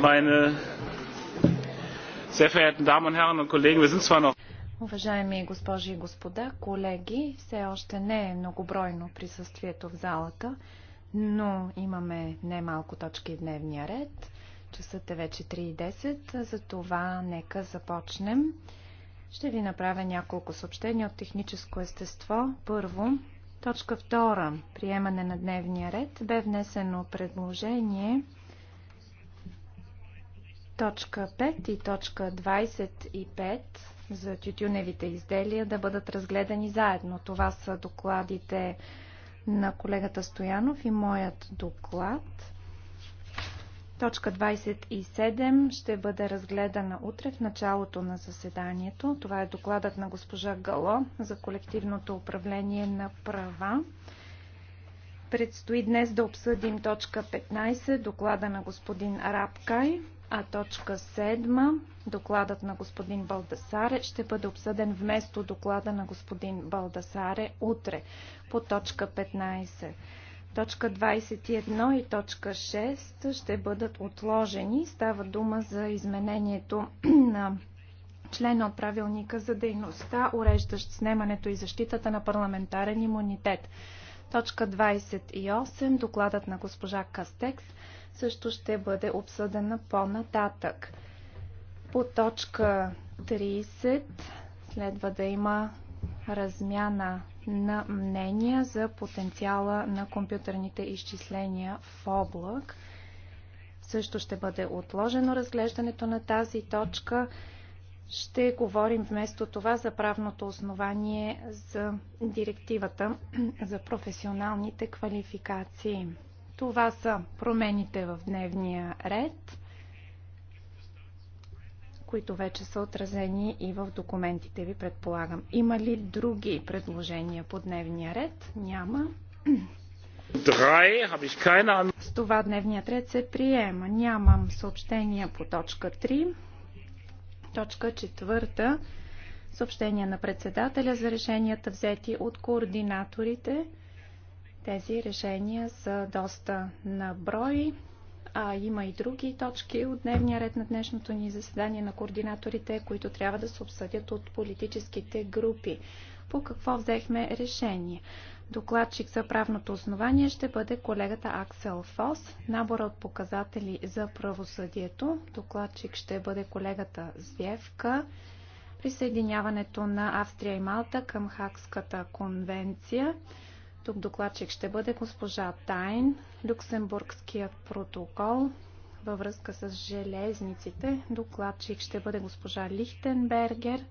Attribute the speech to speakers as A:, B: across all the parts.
A: meine sehr verehrten Damen und Herren und Kollegen, wir sind zwar noch
B: Уважаеми госпожи и господа, колеги, все още не е многобройно присъствието в залата, но имаме немалко точки в дневния ред. Часът е вече 3.10, за това нека започнем. Ще ви направя няколко съобщения от техническо естество. Първо, точка втора Приемане на дневния ред бе внесено предложение Точка 5 и точка 25 за тютюневите изделия да бъдат разгледани заедно. Това са докладите на колегата Стоянов и моят доклад. Точка 27 ще бъде разгледана утре в началото на заседанието. Това е докладът на госпожа Гало за колективното управление на права. Предстои днес да обсъдим точка 15, доклада на господин Рабкай. А точка 7, докладът на господин Балдасаре, ще бъде обсъден вместо доклада на господин Балдасаре утре по точка 15. Точка 21 и точка 6 ще бъдат отложени. Става дума за изменението на члена от правилника за дейността, уреждащ снемането и защитата на парламентарен имунитет. Точка 28, докладът на госпожа Кастекс също ще бъде обсъдена по-нататък. По точка 30 следва да има размяна на мнения за потенциала на компютърните изчисления в облак. Също ще бъде отложено разглеждането на тази точка. Ще говорим вместо това за правното основание за директивата за професионалните квалификации. Това са промените в дневния ред, които вече са отразени и в документите ви, предполагам. Има ли други предложения по дневния ред? Няма. С това дневният ред се приема. Нямам съобщения по точка 3. Точка 4. съобщения на председателя за решенията взети от координаторите – тези решения са доста на брой, а има и други точки от дневния ред на днешното ни заседание на координаторите, които трябва да се обсъдят от политическите групи. По какво взехме решение? Докладчик за правното основание ще бъде колегата Аксел Фос. Набора от показатели за правосъдието. Докладчик ще бъде колегата Зевка. Присъединяването на Австрия и Малта към Хакската конвенция. Тук докладчик ще бъде госпожа Тайн. Люксембургският протокол във връзка с железниците. Докладчик ще бъде госпожа Лихтенбергер.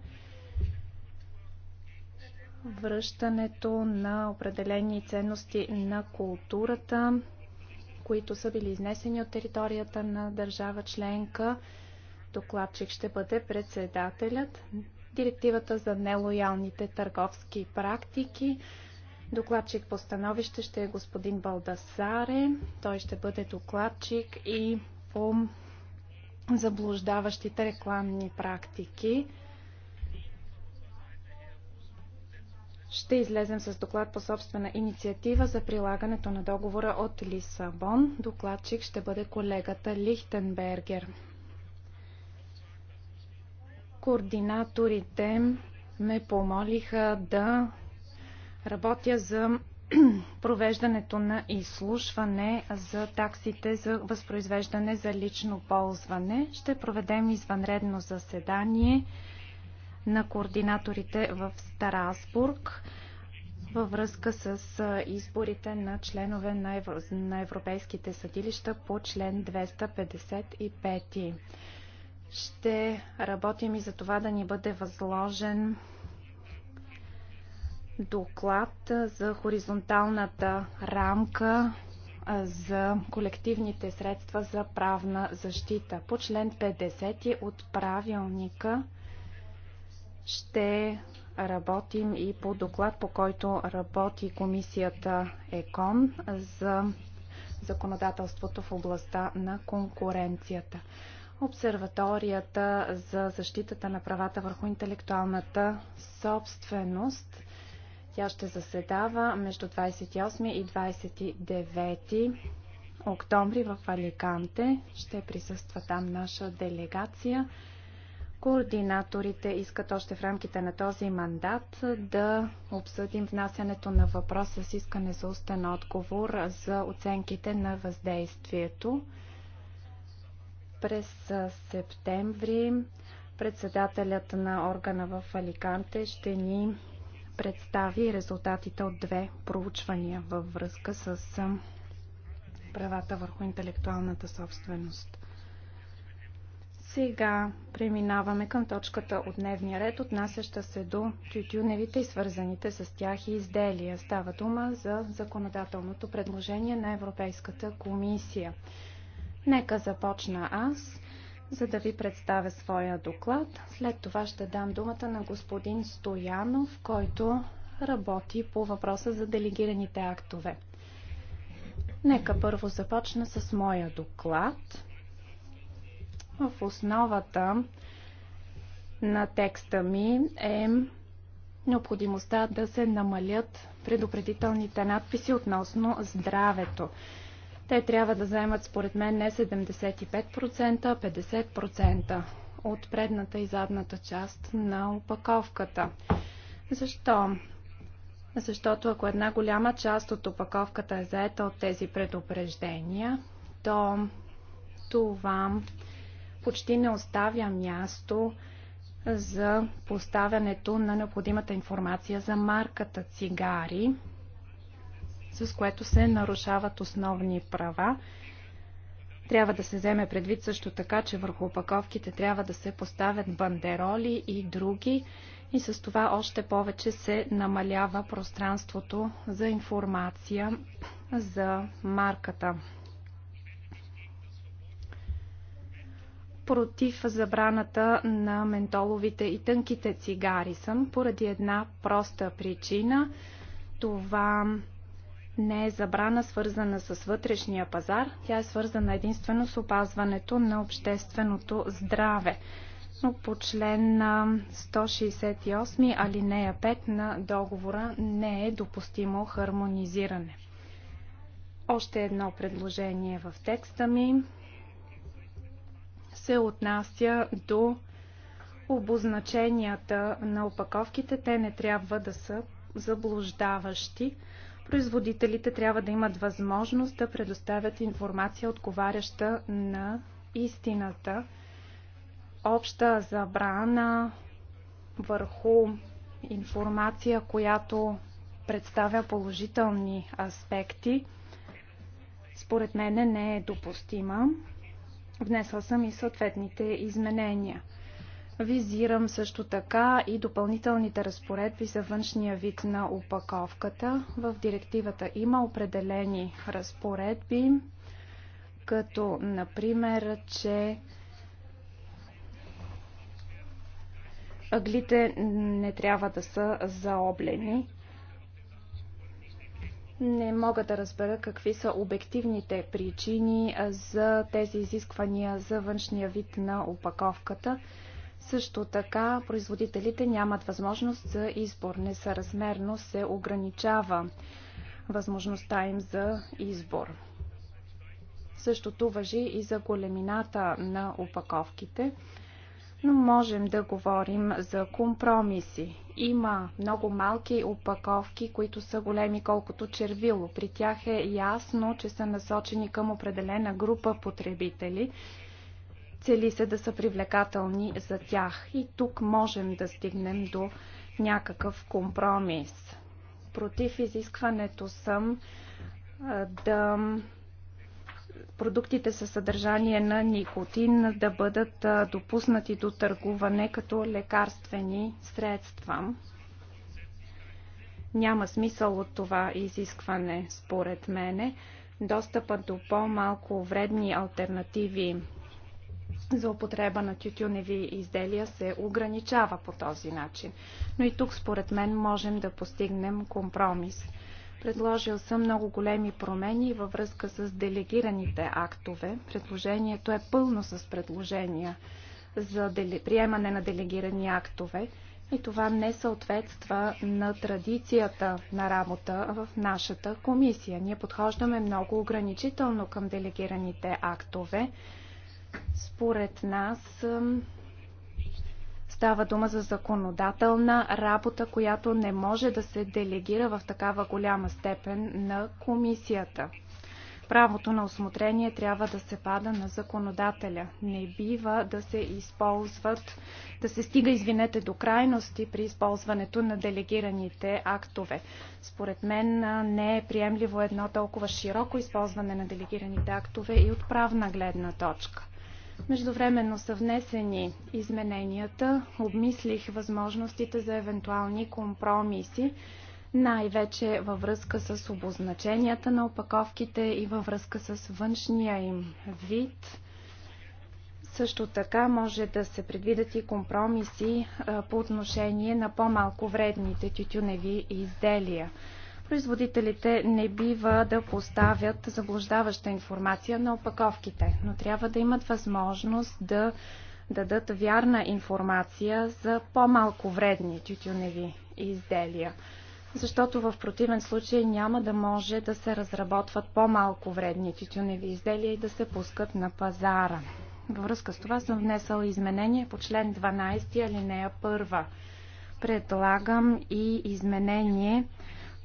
B: Връщането на определени ценности на културата, които са били изнесени от територията на държава членка. Докладчик ще бъде председателят. Директивата за нелоялните търговски практики Докладчик по становище ще е господин Балдасаре. Той ще бъде докладчик и по заблуждаващите рекламни практики. Ще излезем с доклад по собствена инициатива за прилагането на договора от Лисабон. Докладчик ще бъде колегата Лихтенбергер. Координаторите ме помолиха да Работя за провеждането на изслушване за таксите за възпроизвеждане за лично ползване. Ще проведем извънредно заседание на координаторите в Старасбург във връзка с изборите на членове на, Евро... на европейските съдилища по член 255. Ще работим и за това да ни бъде възложен доклад за хоризонталната рамка за колективните средства за правна защита. По член 50 от правилника ще работим и по доклад, по който работи комисията ЕКОН за законодателството в областта на конкуренцията. Обсерваторията за защитата на правата върху интелектуалната собственост тя ще заседава между 28 и 29 октомври в Аликанте. Ще присъства там наша делегация. Координаторите искат още в рамките на този мандат да обсъдим внасянето на въпроса с искане за устен отговор за оценките на въздействието. През септември председателят на органа в Аликанте ще ни представи резултатите от две проучвания във връзка с правата върху интелектуалната собственост. Сега преминаваме към точката от дневния ред, отнасяща се до тютюневите и свързаните с тях и изделия. Става дума за законодателното предложение на Европейската комисия. Нека започна аз за да ви представя своя доклад. След това ще дам думата на господин Стоянов, който работи по въпроса за делегираните актове. Нека първо започна с моя доклад. В основата на текста ми е необходимостта да се намалят предупредителните надписи относно здравето. Те трябва да заемат според мен не 75%, а 50% от предната и задната част на опаковката. Защо? Защото ако една голяма част от опаковката е заета от тези предупреждения, то това почти не оставя място за поставянето на необходимата информация за марката цигари, с което се нарушават основни права. Трябва да се вземе предвид също така, че върху опаковките трябва да се поставят бандероли и други и с това още повече се намалява пространството за информация за марката. против забраната на ментоловите и тънките цигари съм поради една проста причина. Това не е забрана свързана с вътрешния пазар, тя е свързана единствено с опазването на общественото здраве. Но по член 168 алинея 5 на договора не е допустимо хармонизиране. Още едно предложение в текста ми се отнася до обозначенията на опаковките. Те не трябва да са заблуждаващи производителите трябва да имат възможност да предоставят информация, отговаряща на истината. Обща забрана върху информация, която представя положителни аспекти, според мен не е допустима. Внесла съм и съответните изменения – Визирам също така и допълнителните разпоредби за външния вид на упаковката. В директивата има определени разпоредби, като например, че ъглите не трябва да са заоблени. Не мога да разбера какви са обективните причини за тези изисквания за външния вид на опаковката. Също така производителите нямат възможност за избор. Несъразмерно се ограничава възможността им за избор. Същото въжи и за големината на опаковките, но можем да говорим за компромиси. Има много малки опаковки, които са големи колкото червило. При тях е ясно, че са насочени към определена група потребители Цели се да са привлекателни за тях. И тук можем да стигнем до някакъв компромис. Против изискването съм да продуктите със съдържание на никотин да бъдат допуснати до търгуване като лекарствени средства. Няма смисъл от това изискване, според мене. Достъпът до по-малко вредни альтернативи за употреба на тютюневи изделия се ограничава по този начин. Но и тук, според мен, можем да постигнем компромис. Предложил съм много големи промени във връзка с делегираните актове. Предложението е пълно с предложения за приемане на делегирани актове и това не съответства на традицията на работа в нашата комисия. Ние подхождаме много ограничително към делегираните актове. Според нас става дума за законодателна работа, която не може да се делегира в такава голяма степен на комисията. Правото на осмотрение трябва да се пада на законодателя. Не бива да се използват, да се стига, извинете, до крайности при използването на делегираните актове. Според мен не е приемливо едно толкова широко използване на делегираните актове и от правна гледна точка. Междувременно са внесени измененията, обмислих възможностите за евентуални компромиси, най-вече във връзка с обозначенията на опаковките и във връзка с външния им вид. Също така може да се предвидят и компромиси по отношение на по-малко вредните тютюневи изделия. Производителите не бива да поставят заблуждаваща информация на опаковките, но трябва да имат възможност да дадат вярна информация за по-малко вредни тютюневи изделия защото в противен случай няма да може да се разработват по-малко вредни тютюневи изделия и да се пускат на пазара. Във връзка с това съм внесъл изменение по член 12 алинея 1. Предлагам и изменение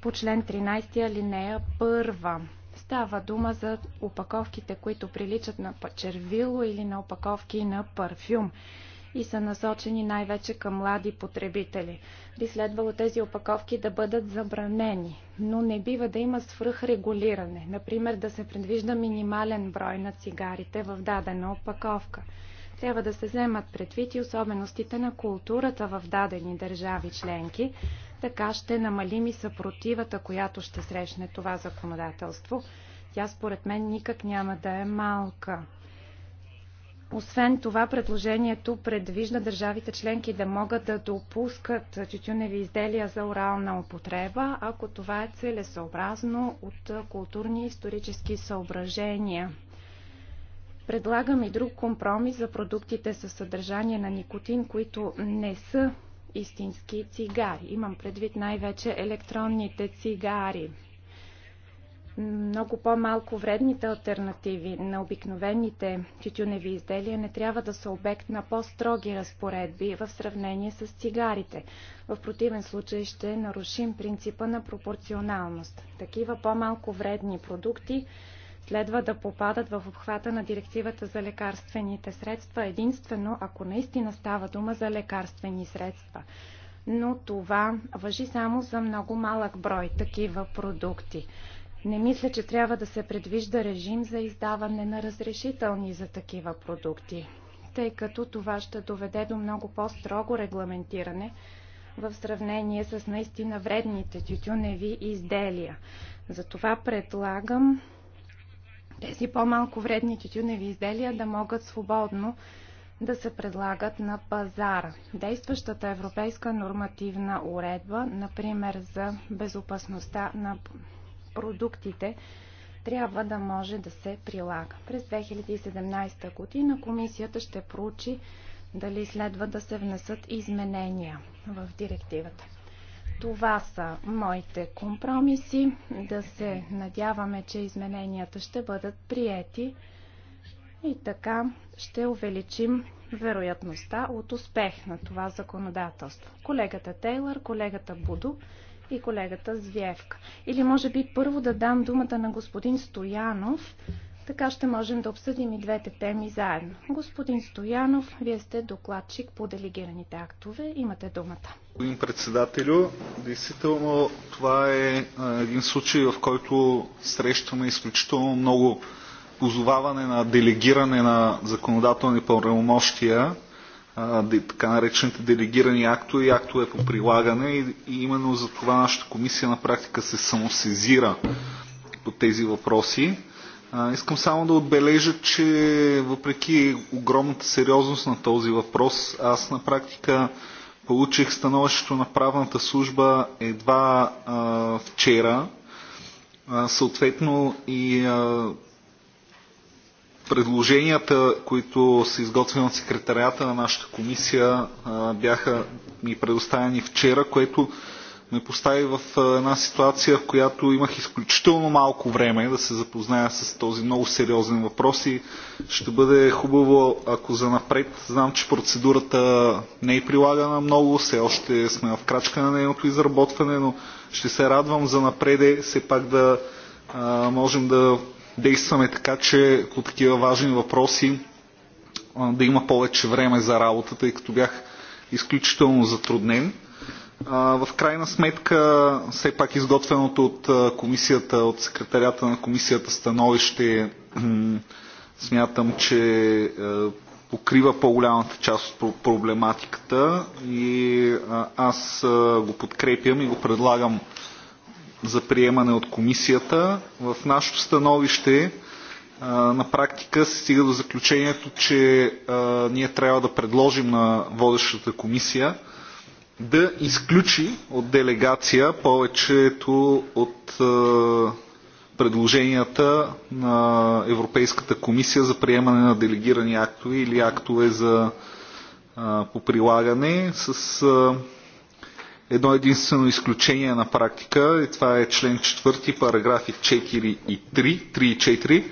B: по член 13 алинея 1. Става дума за опаковките, които приличат на червило или на опаковки на парфюм и са насочени най-вече към млади потребители. Би следвало тези опаковки да бъдат забранени, но не бива да има свръхрегулиране, например да се предвижда минимален брой на цигарите в дадена опаковка. Трябва да се вземат предвид и особеностите на културата в дадени държави членки. Така ще намалим и съпротивата, която ще срещне това законодателство. Тя според мен никак няма да е малка. Освен това, предложението предвижда държавите членки да могат да допускат тютюневи изделия за орална употреба, ако това е целесообразно от културни и исторически съображения. Предлагам и друг компромис за продуктите със съдържание на никотин, които не са истински цигари. Имам предвид най-вече електронните цигари. Много по-малко вредните альтернативи на обикновените тютюневи изделия не трябва да са обект на по-строги разпоредби в сравнение с цигарите. В противен случай ще нарушим принципа на пропорционалност. Такива по-малко вредни продукти следва да попадат в обхвата на директивата за лекарствените средства, единствено ако наистина става дума за лекарствени средства. Но това въжи само за много малък брой такива продукти. Не мисля, че трябва да се предвижда режим за издаване на разрешителни за такива продукти, тъй като това ще доведе до много по-строго регламентиране в сравнение с наистина вредните тютюневи изделия. Затова предлагам тези по-малко вредни тютюневи изделия да могат свободно да се предлагат на пазара. Действащата европейска нормативна уредба, например за безопасността на продуктите, трябва да може да се прилага. През 2017 година комисията ще проучи дали следва да се внесат изменения в директивата. Това са моите компромиси. Да се надяваме, че измененията ще бъдат приети и така ще увеличим вероятността от успех на това законодателство. Колегата Тейлър, колегата Буду и колегата Звевка. Или може би първо да дам думата на господин Стоянов, така ще можем да обсъдим и двете теми заедно. Господин Стоянов, вие сте докладчик по делегираните актове. Имате думата.
C: Господин председателю, действително това е, е един случай, в който срещаме изключително много позоваване на делегиране на законодателни пълномощия, е, така наречените делегирани актове и актове по прилагане. И именно за това нашата комисия на практика се самосезира по тези въпроси искам само да отбележа, че въпреки огромната сериозност на този въпрос, аз на практика получих становището на правната служба едва а, вчера. А, съответно и а, предложенията, които са изготвени от секретарията на нашата комисия, а, бяха ми предоставени вчера, което ме постави в една ситуация, в която имах изключително малко време да се запозная с този много сериозен въпрос и ще бъде хубаво, ако за напред. знам, че процедурата не е прилагана много, все още сме в крачка на нейното изработване, но ще се радвам за напреде все пак да а, можем да действаме така, че по такива важни въпроси а, да има повече време за работата, тъй като бях изключително затруднен в крайна сметка, все пак изготвеното от комисията, от секретарята на комисията становище, смятам, че покрива по-голямата част от проблематиката и аз го подкрепям и го предлагам за приемане от комисията. В нашето становище на практика се стига до заключението, че ние трябва да предложим на водещата комисия да изключи от делегация повечето от е, предложенията на Европейската комисия за приемане на делегирани актове или актове за е, по прилагане с е, едно единствено изключение на практика и това е член 4, параграфи 4 и 3, 3 и 4,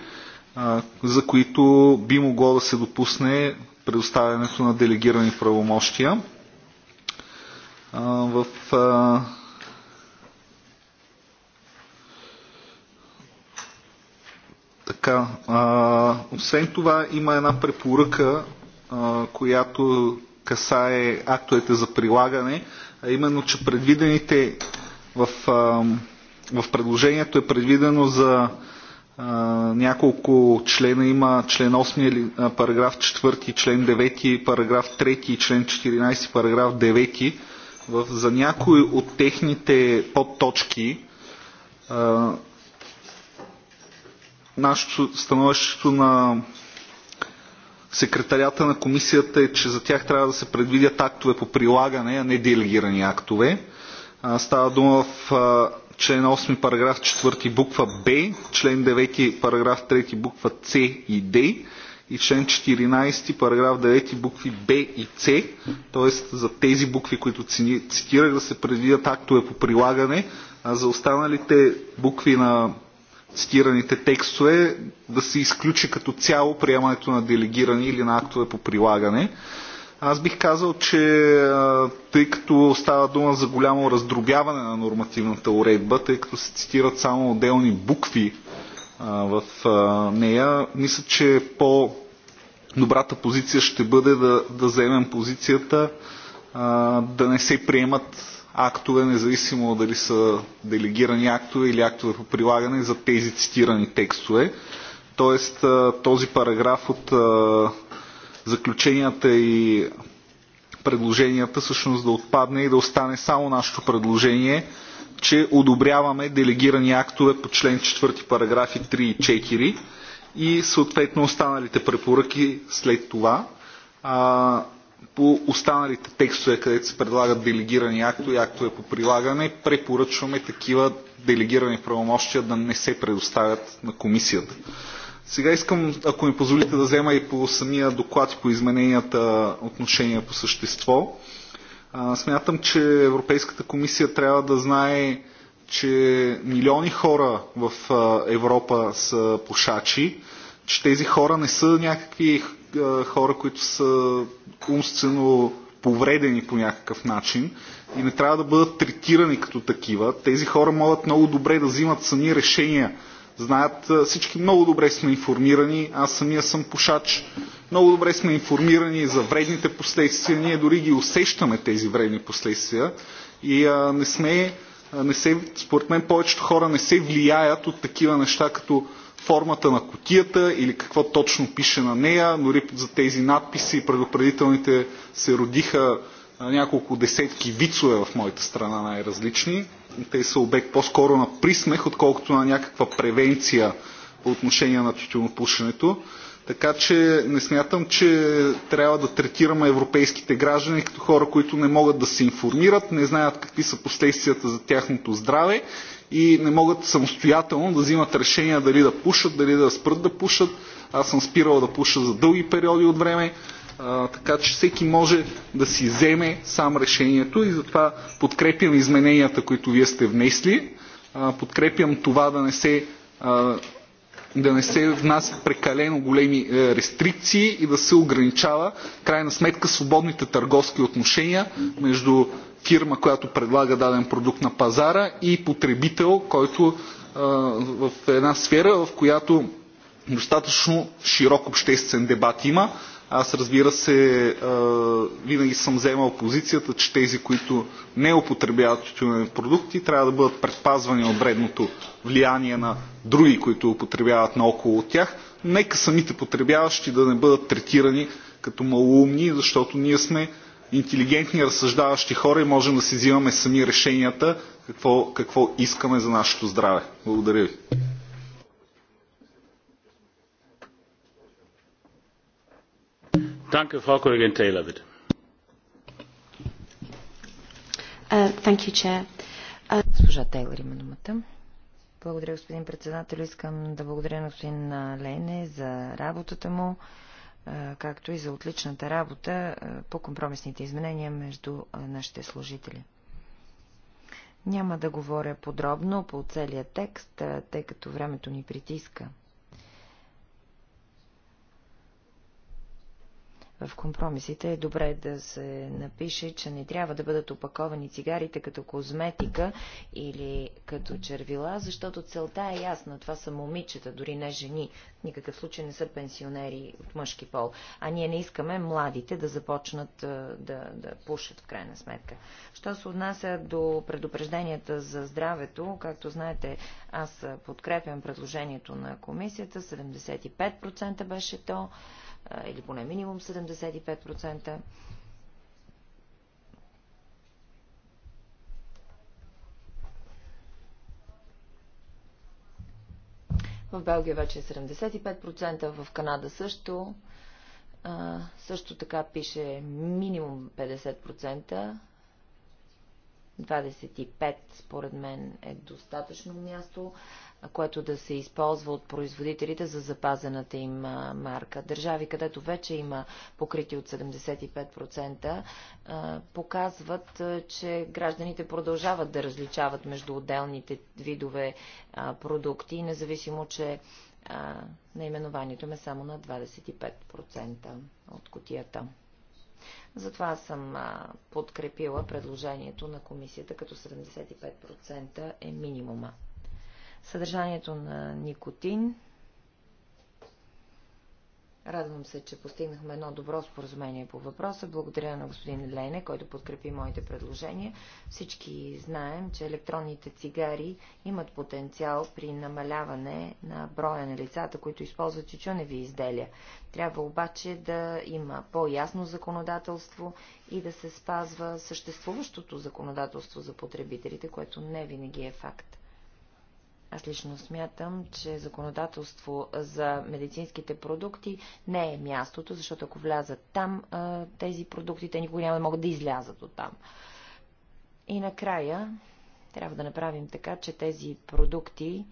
C: за които би могло да се допусне предоставянето на делегирани правомощия в Така, а, освен това има една препоръка, а, която касае актовете за прилагане, а именно, че предвидените в, а, в предложението е предвидено за а, няколко члена, има член 8, параграф 4, член 9, параграф 3, член 14, параграф 9, в, за някои от техните подточки а, нашето становището на секретарята на комисията е, че за тях трябва да се предвидят актове по прилагане, а не делегирани актове. А, става дума в а, член 8, параграф 4, буква Б, член 9, параграф 3, буква С и Д и член 14, параграф 9, букви Б и С, т.е. за тези букви, които цитирах, да се предвидят актове по прилагане, а за останалите букви на цитираните текстове да се изключи като цяло приемането на делегирани или на актове по прилагане. Аз бих казал, че тъй като става дума за голямо раздробяване на нормативната уредба, тъй като се цитират само отделни букви в нея. Мисля, че по добрата позиция ще бъде да, да заемем позицията да не се приемат актове, независимо дали са делегирани актове или актове по прилагане за тези цитирани текстове. Тоест този параграф от заключенията и предложенията всъщност да отпадне и да остане само нашето предложение – че одобряваме делегирани актове по член 4 параграфи 3 и 4 и съответно останалите препоръки след това. А, по останалите текстове, където се предлагат делегирани актове и актове по прилагане, препоръчваме такива делегирани правомощия да не се предоставят на комисията. Сега искам, ако ми позволите, да взема и по самия доклад и по измененията отношения по същество. А, смятам, че Европейската комисия трябва да знае, че милиони хора в Европа са пушачи, че тези хора не са някакви хора, които са умствено повредени по някакъв начин и не трябва да бъдат третирани като такива. Тези хора могат много добре да взимат сами решения знаят, всички много добре сме информирани, аз самия съм пушач, много добре сме информирани за вредните последствия, ние дори ги усещаме тези вредни последствия и а, не сме, не се, според мен повечето хора не се влияят от такива неща като формата на котията или какво точно пише на нея, дори за тези надписи предупредителните се родиха няколко десетки вицове в моята страна най-различни те са обект по-скоро на присмех, отколкото на някаква превенция по отношение на тютюнопушенето. Така че не смятам, че трябва да третираме европейските граждани като хора, които не могат да се информират, не знаят какви са последствията за тяхното здраве и не могат самостоятелно да взимат решения дали да пушат, дали да спрат да пушат. Аз съм спирал да пуша за дълги периоди от време така че всеки може да си вземе сам решението и затова подкрепям измененията, които вие сте внесли. А, подкрепям това да не се а, да не се внасят прекалено големи е, рестрикции и да се ограничава крайна сметка свободните търговски отношения между фирма, която предлага даден продукт на пазара и потребител, който а, е, в една сфера, в която достатъчно широк обществен дебат има аз разбира се, винаги съм вземал позицията, че тези, които не употребяват тютюнени продукти, трябва да бъдат предпазвани от вредното влияние на други, които употребяват наоколо тях. Нека самите потребяващи да не бъдат третирани като малоумни, защото ние сме интелигентни, разсъждаващи хора и можем да си взимаме сами решенията какво, какво искаме за нашето здраве. Благодаря ви. Frau Kollegin Taylor, bitte.
B: Uh, thank you, Chair.
D: Uh, Госпожа Тейлър има думата. Благодаря, господин председател. Искам да благодаря на господин Лейне за работата му, uh, както и за отличната работа по компромисните изменения между нашите служители. Няма да говоря подробно по целия текст, тъй като времето ни притиска. в компромисите е добре да се напише, че не трябва да бъдат опаковани цигарите като козметика или като червила, защото целта е ясна. Това са момичета, дори не жени. В никакъв случай не са пенсионери от мъжки пол. А ние не искаме младите да започнат да, да пушат в крайна сметка. Що се отнася до предупрежденията за здравето, както знаете, аз подкрепям предложението на комисията. 75% беше то или поне минимум 75%. В Белгия вече е 75%, в Канада също. А, също така пише минимум 50%, 25 според мен е достатъчно място, което да се използва от производителите за запазената им марка. Държави, където вече има покрити от 75%, показват, че гражданите продължават да различават между отделните видове продукти, независимо, че наименованието ме е само на 25% от котията. Затова съм подкрепила предложението на комисията, като 75% е минимума. Съдържанието на никотин Радвам се, че постигнахме едно добро споразумение по въпроса. Благодаря на господин Лене, който подкрепи моите предложения. Всички знаем, че електронните цигари имат потенциал при намаляване на броя на лицата, които използват чечуневи изделия. Трябва обаче да има по-ясно законодателство и да се спазва съществуващото законодателство за потребителите, което не винаги е факт. Аз лично смятам, че законодателство за медицинските продукти не е мястото, защото ако влязат там тези продукти, те никога няма да могат да излязат от там. И накрая трябва да направим така, че тези продукти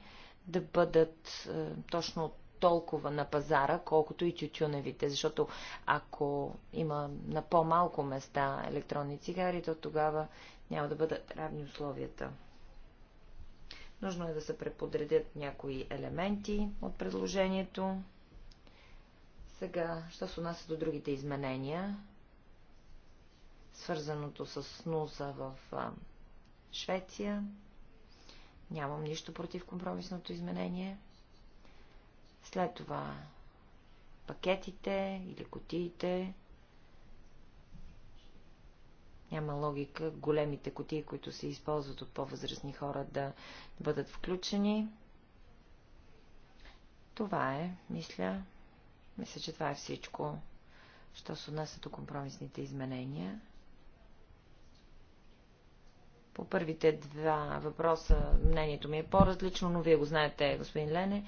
D: да бъдат точно толкова на пазара, колкото и тютюневите, защото ако има на по-малко места електронни цигари, то тогава няма да бъдат равни условията. Нужно е да се преподредят някои елементи от предложението. Сега, що се отнася до другите изменения, свързаното с НУСА в Швеция, нямам нищо против компромисното изменение. След това пакетите или котиите, няма логика големите котии, които се използват от по-възрастни хора, да бъдат включени. Това е, мисля. Мисля, че това е всичко, що се отнася до компромисните изменения. По първите два въпроса мнението ми е по-различно, но вие го знаете, господин Лене.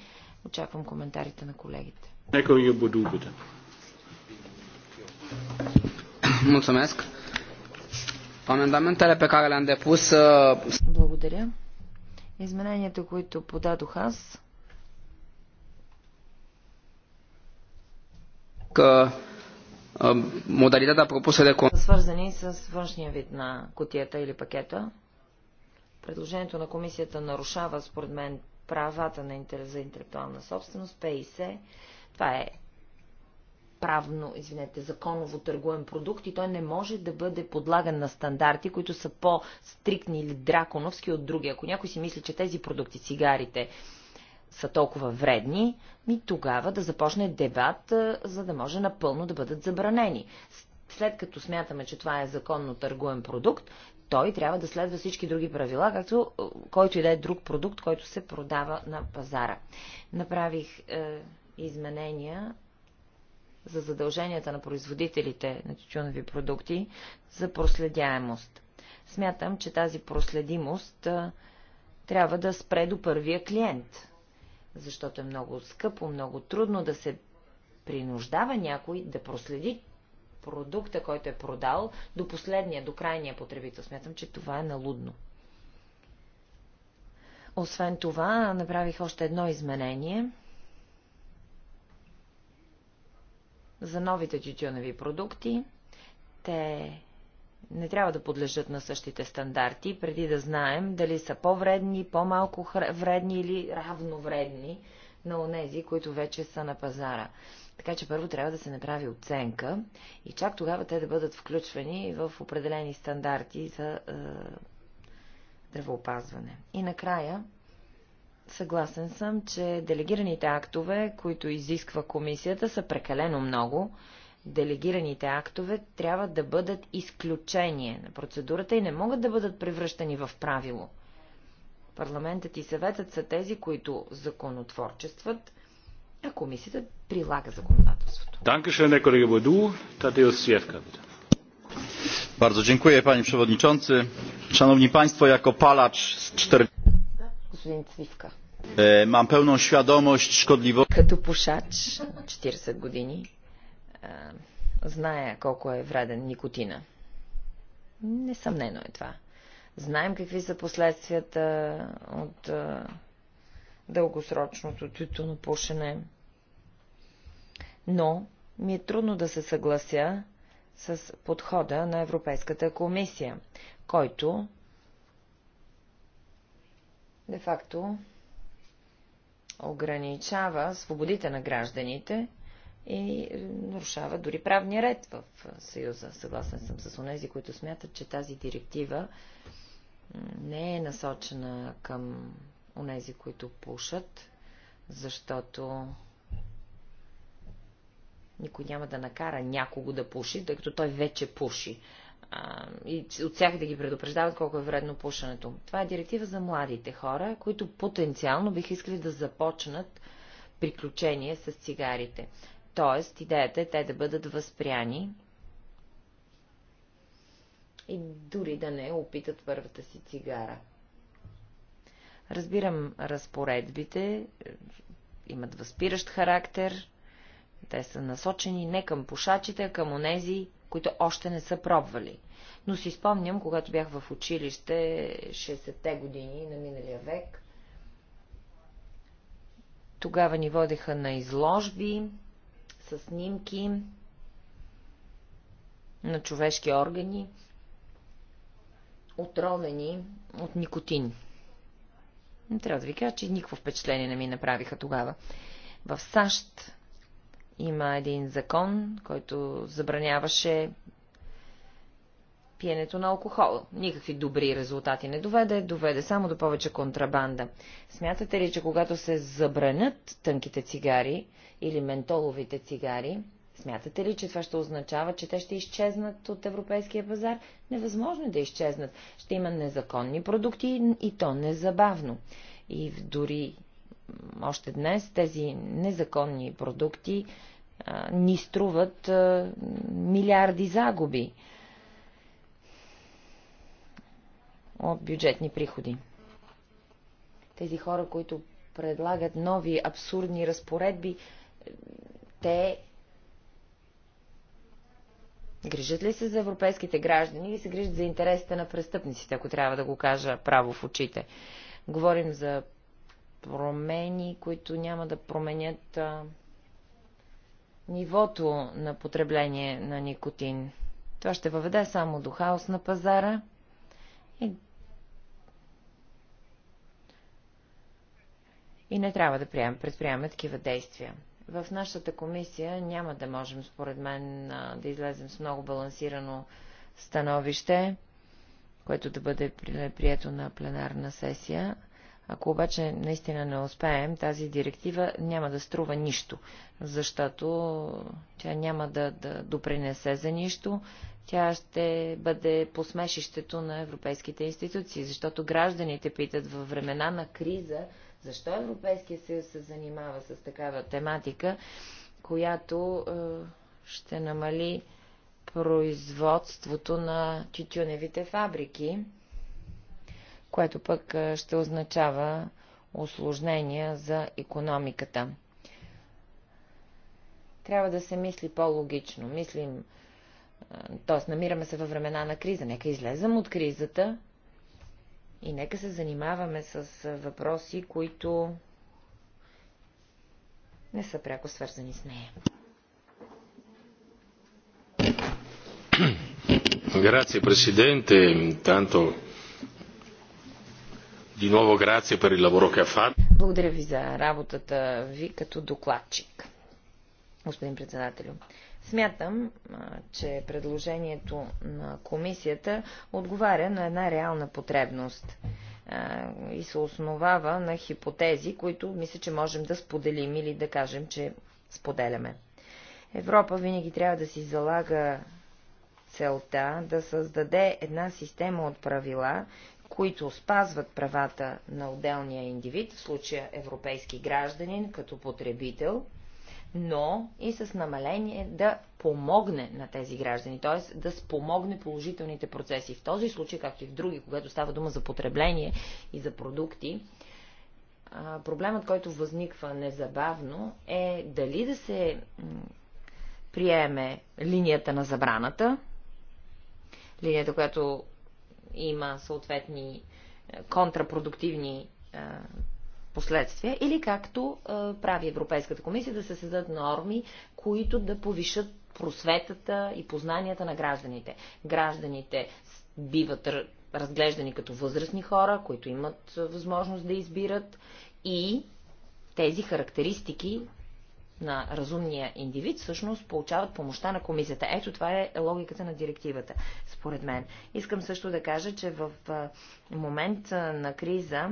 D: Очаквам коментарите
C: на колегите. ви я буду Мусамеска. Amendamentele pe care le-am depus... Uh, Благодаря.
D: Измененията, които подадох аз...
E: Că модалитета пропуса де...
D: Свързани с външния вид на котията или пакета. Предложението на комисията нарушава, според мен, правата на за интелектуална собственост, ПИС. Това е правно, извинете, законово търгуем продукт и той не може да бъде подлаган на стандарти, които са по-стрикни или драконовски от други. Ако някой си мисли, че тези продукти, цигарите, са толкова вредни, ми тогава да започне дебат, за да може напълно да бъдат забранени. След като смятаме, че това е законно търгуем продукт, той трябва да следва всички други правила, както който и да е друг продукт, който се продава на пазара. Направих е, изменения за задълженията на производителите на тютюнови продукти за проследяемост. Смятам, че тази проследимост трябва да спре до първия клиент, защото е много скъпо, много трудно да се принуждава някой да проследи продукта, който е продал, до последния, до крайния потребител. Смятам, че това е налудно. Освен това, направих още едно изменение – за новите тютюнови продукти. Те не трябва да подлежат на същите стандарти, преди да знаем дали са по-вредни, по-малко вредни или равновредни на онези, които вече са на пазара. Така че първо трябва да се направи оценка и чак тогава те да бъдат включвани в определени стандарти за е, здравеопазване. И накрая Съгласен съм, че делегираните актове, които изисква комисията, са прекалено много. Делегираните актове трябва да бъдат изключение на процедурата и не могат да бъдат превръщани в правило. Парламентът и съветът са тези, които законотворчестват, а комисията прилага законодателството.
C: Данкешене, колега Боду, Татеус Сиевка. Bardzo dziękuję, panie przewodniczący. Szanowni państwo, jako palacz z cztery... Господин Цвивка. Е, мам пълна świadomość шкодливо... Като пушач,
D: 40 години, е, зная колко е вреден никотина. Несъмнено е това. Знаем какви са последствията от е, дългосрочното тютюно пушене. Но ми е трудно да се съглася с подхода на Европейската комисия, който де-факто ограничава свободите на гражданите и нарушава дори правния ред в Съюза. Съгласен съм с онези, които смятат, че тази директива не е насочена към онези, които пушат, защото никой няма да накара някого да пуши, тъй като той вече пуши и от всяка да ги предупреждават колко е вредно пушенето. Това е директива за младите хора, които потенциално бих искали да започнат приключение с цигарите. Тоест, идеята е те да бъдат възпряни и дори да не опитат първата си цигара. Разбирам разпоредбите, имат възпиращ характер, те са насочени не към пушачите, а към онези, които още не са пробвали. Но си спомням, когато бях в училище 60-те години на миналия век, тогава ни водеха на изложби с снимки на човешки органи, отровени от никотин. Не трябва да ви кажа, че никакво впечатление не ми направиха тогава. В САЩ има един закон, който забраняваше пиенето на алкохол. Никакви добри резултати не доведе, доведе само до повече контрабанда. Смятате ли, че когато се забранят тънките цигари или ментоловите цигари, смятате ли, че това ще означава, че те ще изчезнат от европейския пазар? Невъзможно е да изчезнат. Ще има незаконни продукти и то незабавно. И дори още днес тези незаконни продукти а, ни струват а, милиарди загуби от бюджетни приходи. Тези хора, които предлагат нови абсурдни разпоредби, те грижат ли се за европейските граждани или се грижат за интересите на престъпниците, ако трябва да го кажа право в очите? Говорим за промени, които няма да променят а, нивото на потребление на никотин. Това ще въведе само до хаос на пазара и, и не трябва да прием, предприемаме такива действия. В нашата комисия няма да можем, според мен, да излезем с много балансирано становище, което да бъде прието на пленарна сесия. Ако обаче наистина не успеем, тази директива няма да струва нищо, защото тя няма да, да допринесе за нищо. Тя ще бъде посмешището на европейските институции, защото гражданите питат във времена на криза, защо Европейския съюз се занимава с такава тематика, която е, ще намали производството на тютюневите фабрики което пък ще означава осложнения за економиката. Трябва да се мисли по-логично. Мислим, т.е. намираме се във времена на криза. Нека излезем от кризата и нека се занимаваме с въпроси, които не са пряко свързани с нея.
A: Grazie Presidente, intanto
D: благодаря ви за работата ви като докладчик, господин председателю. Смятам, че предложението на комисията отговаря на една реална потребност и се основава на хипотези, които мисля, че можем да споделим или да кажем, че споделяме. Европа винаги трябва да си залага целта да създаде една система от правила, които спазват правата на отделния индивид, в случая европейски гражданин като потребител, но и с намаление да помогне на тези граждани, т.е. да спомогне положителните процеси. В този случай, както и в други, когато става дума за потребление и за продукти, проблемът, който възниква незабавно е дали да се приеме линията на забраната, линията, която има съответни е, контрапродуктивни е, последствия, или както е, прави Европейската комисия да се създадат норми, които да повишат просветата и познанията на гражданите. Гражданите биват разглеждани като възрастни хора, които имат възможност да избират и тези характеристики на разумния индивид, всъщност получават помощта на комисията. Ето това е логиката на директивата, според мен. Искам също да кажа, че в момент на криза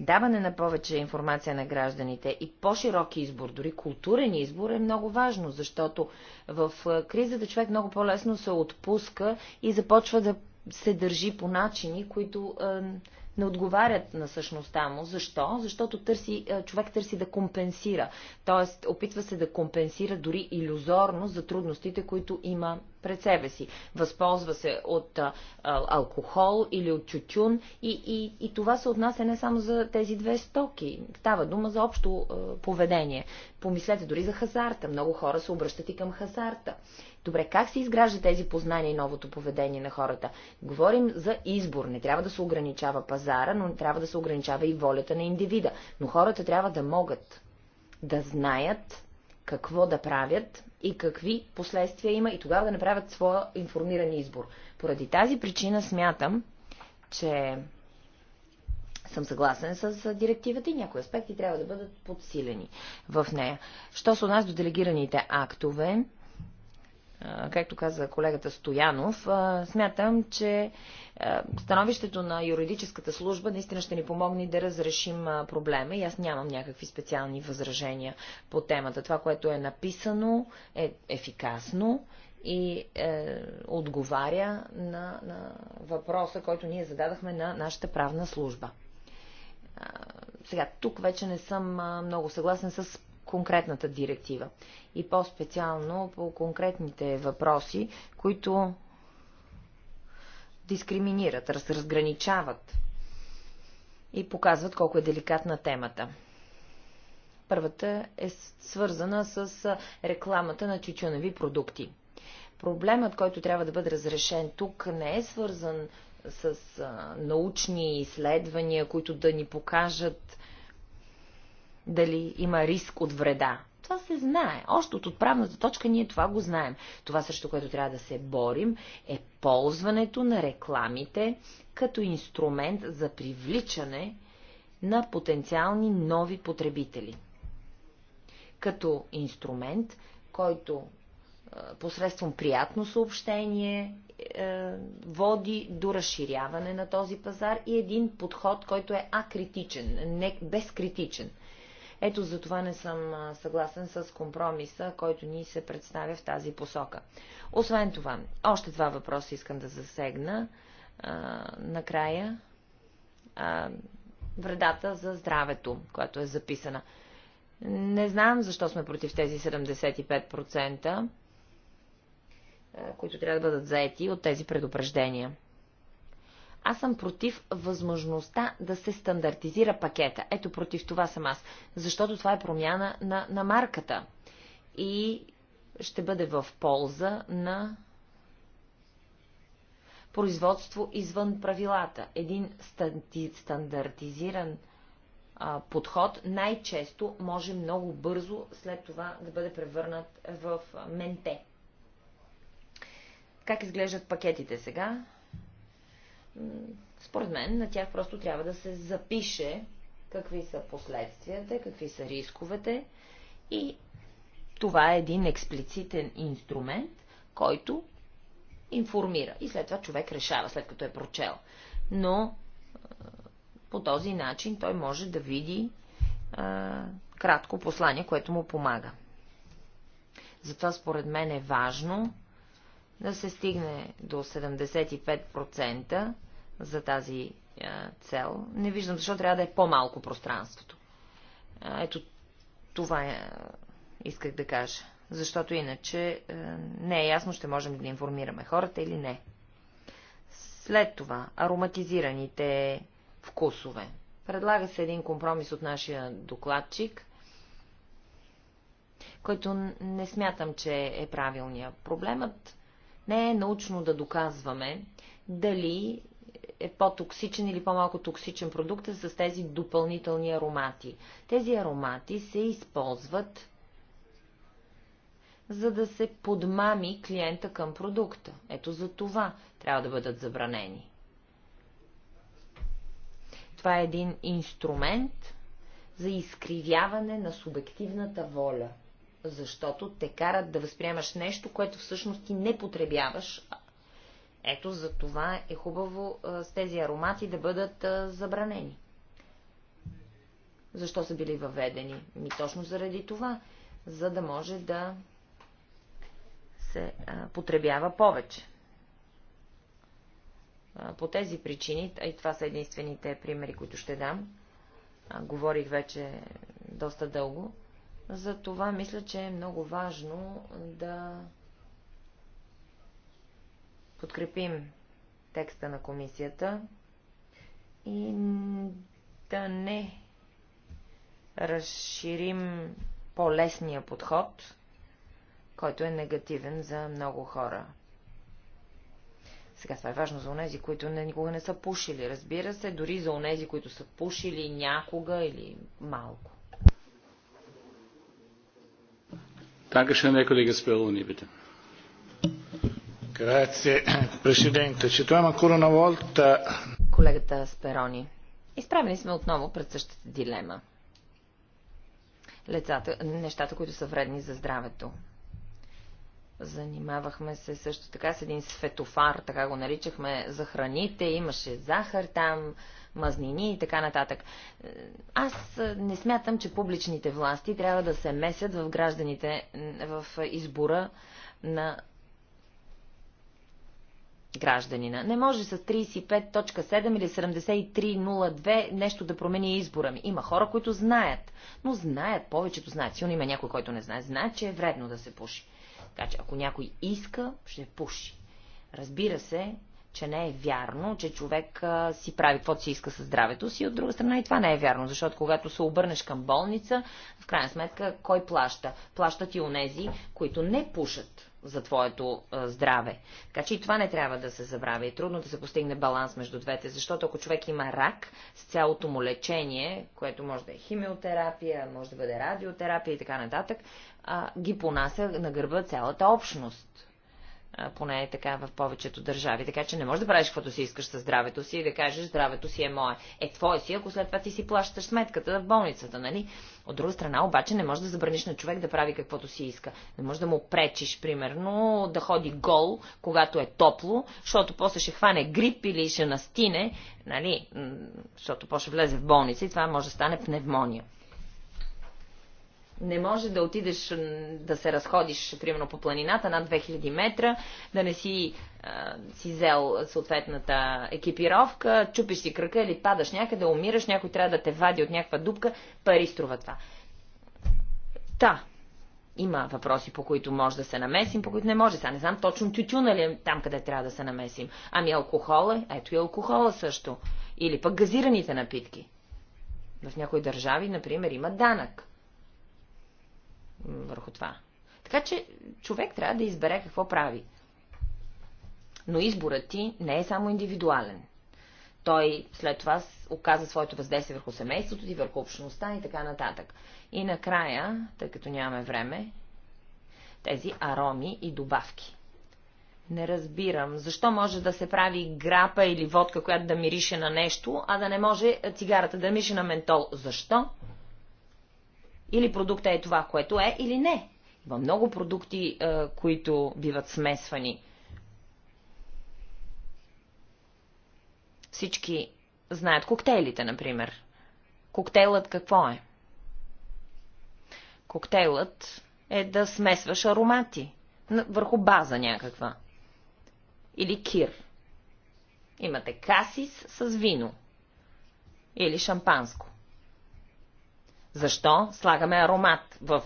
D: даване на повече информация на гражданите и по-широк избор, дори културен избор е много важно, защото в кризата човек много по-лесно се отпуска и започва да се държи по начини, които не отговарят на същността му. Защо? Защото търси, е, човек търси да компенсира. Тоест, опитва се да компенсира дори иллюзорно за трудностите, които има пред себе си. Възползва се от а, е, е, алкохол или от чутюн и, и, и това се отнася не само за тези две стоки. Става дума за общо а, поведение. Помислете дори за хазарта. Много хора се обръщат и към хазарта. Добре, как се изгражда тези познания и новото поведение на хората? Говорим за избор. Не трябва да се ограничава пазара, но не трябва да се ограничава и волята на индивида. Но хората трябва да могат да знаят какво да правят и какви последствия има и тогава да направят своя информиран избор. Поради тази причина смятам, че съм съгласен с директивата и някои аспекти трябва да бъдат подсилени в нея. Що се отнася до делегираните актове, както каза колегата Стоянов, смятам, че становището на юридическата служба наистина ще ни помогне да разрешим проблема и аз нямам някакви специални възражения по темата. Това, което е написано, е ефикасно и е, отговаря на, на въпроса, който ние зададахме на нашата правна служба. Сега, тук вече не съм много съгласен с конкретната директива и по-специално по конкретните въпроси, които дискриминират, разграничават и показват колко е деликатна темата. Първата е свързана с рекламата на чичунови продукти. Проблемът, който трябва да бъде разрешен тук, не е свързан с научни изследвания, които да ни покажат дали има риск от вреда. Това се знае. Още от отправната точка ние това го знаем. Това също, което трябва да се борим, е ползването на рекламите като инструмент за привличане на потенциални нови потребители. Като инструмент, който посредством приятно съобщение е, води до разширяване на този пазар и един подход, който е акритичен, не безкритичен – ето за това не съм съгласен с компромиса, който ни се представя в тази посока. Освен това, още два въпроса искам да засегна а, накрая. А, вредата за здравето, която е записана. Не знам защо сме против тези 75%, които трябва да бъдат заети от тези предупреждения. Аз съм против възможността да се стандартизира пакета. Ето против това съм аз. Защото това е промяна на, на марката. И ще бъде в полза на производство извън правилата. Един стандартизиран а, подход най-често може много бързо след това да бъде превърнат в менте. Как изглеждат пакетите сега? Според мен на тях просто трябва да се запише какви са последствията, какви са рисковете и това е един експлицитен инструмент, който информира и след това човек решава, след като е прочел. Но по този начин той може да види а, кратко послание, което му помага. Затова според мен е важно да се стигне до 75% за тази цел. Не виждам защо трябва да е по-малко пространството. Ето това е, исках да кажа. Защото иначе не е ясно, ще можем да информираме хората или не. След това, ароматизираните вкусове. Предлага се един компромис от нашия докладчик, който не смятам, че е правилния. Проблемът не е научно да доказваме дали е по-токсичен или по-малко токсичен продукт с тези допълнителни аромати. Тези аромати се използват за да се подмами клиента към продукта. Ето за това трябва да бъдат забранени. Това е един инструмент за изкривяване на субективната воля, защото те карат да възприемаш нещо, което всъщност ти не потребяваш, ето за това е хубаво а, с тези аромати да бъдат а, забранени. Защо са били въведени? Ми точно заради това, за да може да се а, потребява повече. А, по тези причини, и това са единствените примери, които ще дам, а, говорих вече доста дълго, за това мисля, че е много важно да подкрепим текста на комисията и да не разширим по-лесния подход, който е негативен за много хора. Сега това е важно за онези, които не, никога не са пушили, разбира се, дори за онези, които са пушили някога или малко.
A: Dankeschön, Herr Kollege Speroni, bitte. Грация, президента. Четвам акура на
D: Колегата Сперони. Изправени сме отново пред същата дилема. Лецата нещата, които са вредни за здравето. Занимавахме се също така с един светофар, така го наричахме, за храните, имаше захар там, мазнини и така нататък. Аз не смятам, че публичните власти трябва да се месят в гражданите в избора на гражданина. Не може с 35.7 или 73.02 нещо да промени избора ми. Има хора, които знаят, но знаят, повечето знаят. Силно има някой, който не знае. Знаят, че е вредно да се пуши. Така че, ако някой иска, ще пуши. Разбира се, че не е вярно, че човек а, си прави каквото си иска със здравето си. От друга страна и това не е вярно, защото когато се обърнеш към болница, в крайна сметка, кой плаща? Плащат и онези, които не пушат за твоето здраве. Така че и това не трябва да се забравя. И трудно да се постигне баланс между двете, защото ако човек има рак с цялото му лечение, което може да е химиотерапия, може да бъде радиотерапия и така нататък, а, ги понася на гърба цялата общност поне е така в повечето държави. Така че не можеш да правиш каквото си искаш със здравето си и да кажеш здравето си е мое. Е твое си, ако след това ти си плащаш сметката в болницата, нали? От друга страна обаче не можеш да забраниш на човек да прави каквото си иска. Не можеш да му пречиш, примерно, да ходи гол, когато е топло, защото после ще хване грип или ще настине, нали? Защото после ще влезе в болница и това може да стане пневмония. Не може да отидеш да се разходиш, примерно по планината над 2000 метра, да не си, а, си взел съответната екипировка, чупиш си кръка или падаш някъде, умираш, някой трябва да те вади от някаква дупка, пари струва това. Та, има въпроси, по които може да се намесим, по които не може. Сега не знам точно тютюна ли е там, къде трябва да се намесим. Ами алкохола, е, ето и алкохола също. Или пък газираните напитки. В някои държави, например, има данък върху това. Така че човек трябва да избере какво прави. Но изборът ти не е само индивидуален. Той след това оказа своето въздействие върху семейството ти, върху общността и така нататък. И накрая, тъй като нямаме време, тези ароми и добавки. Не разбирам, защо може да се прави грапа или водка, която да мирише на нещо, а да не може цигарата да мирише на ментол. Защо? Или продукта е това, което е, или не. Има много продукти, е, които биват смесвани. Всички знаят коктейлите, например. Коктейлът какво е? Коктейлът е да смесваш аромати върху база някаква. Или кир. Имате касис с вино. Или шампанско. Защо слагаме аромат в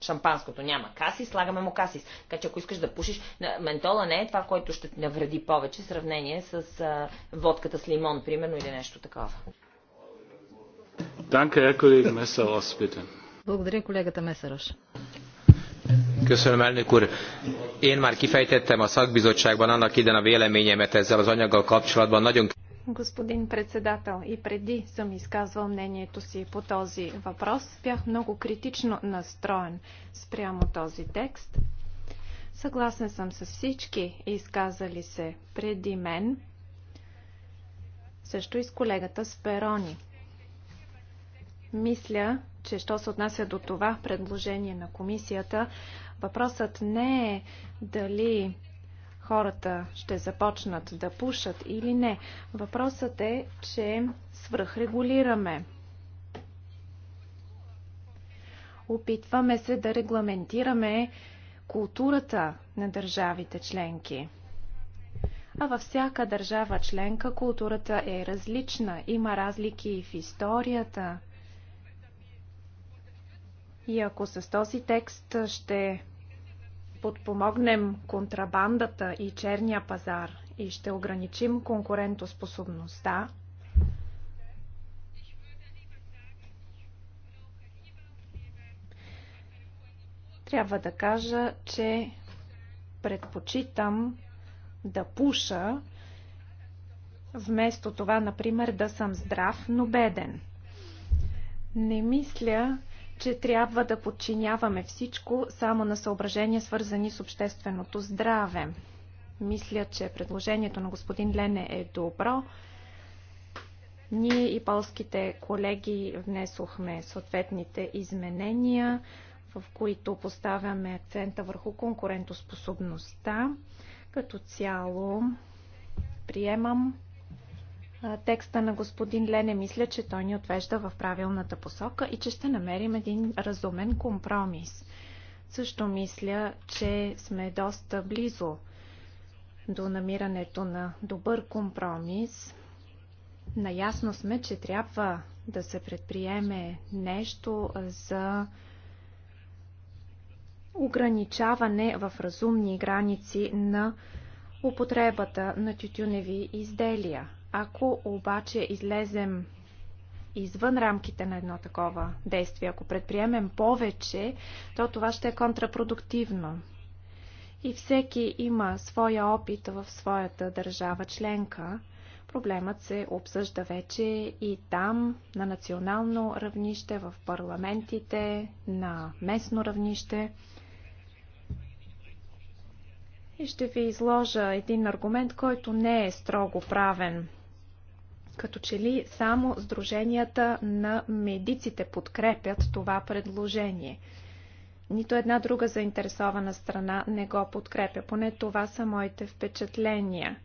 D: шампанското? Няма касис, слагаме му касис. Така че ако искаш да пушиш, ментола не е това, което ще ти навреди повече в сравнение с а, водката с лимон, примерно, или нещо такова.
A: Danke, колега Месарос, bitte.
E: Благодаря, колегата Месарош.
C: Köszönöm, elnök úr. Én már kifejtettem a szakbizottságban annak idején a véleményemet ezzel az anyaggal kapcsolatban. Nagyon
B: Господин председател, и преди съм изказвал мнението си по този въпрос. Бях много критично настроен спрямо този текст. Съгласен съм с всички изказали се преди мен, също и с колегата Сперони. Мисля, че що се отнася до това предложение на комисията, въпросът не е дали хората ще започнат да пушат или не. Въпросът е, че свръхрегулираме. Опитваме се да регламентираме културата на държавите членки. А във всяка държава членка културата е различна. Има разлики и в историята. И ако с този текст ще подпомогнем контрабандата и черния пазар и ще ограничим конкурентоспособността, трябва да кажа, че предпочитам да пуша, вместо това, например, да съм здрав, но беден. Не мисля, че трябва да подчиняваме всичко само на съображения, свързани с общественото здраве. Мисля, че предложението на господин Лене е добро. Ние и полските колеги внесохме съответните изменения, в които поставяме акцента върху конкурентоспособността. Като цяло приемам текста на господин Лене. Мисля, че той ни отвежда в правилната посока и че ще намерим един разумен компромис. Също мисля, че сме доста близо до намирането на добър компромис. Наясно сме, че трябва да се предприеме нещо за ограничаване в разумни граници на употребата на тютюневи изделия. Ако обаче излезем извън рамките на едно такова действие, ако предприемем повече, то това ще е контрапродуктивно. И всеки има своя опит в своята държава членка. Проблемът се обсъжда вече и там, на национално равнище, в парламентите, на местно равнище. И ще ви изложа един аргумент, който не е строго правен – като че ли само сдруженията на медиците подкрепят това предложение. Нито една друга заинтересована страна не го подкрепя. Поне това са моите впечатления.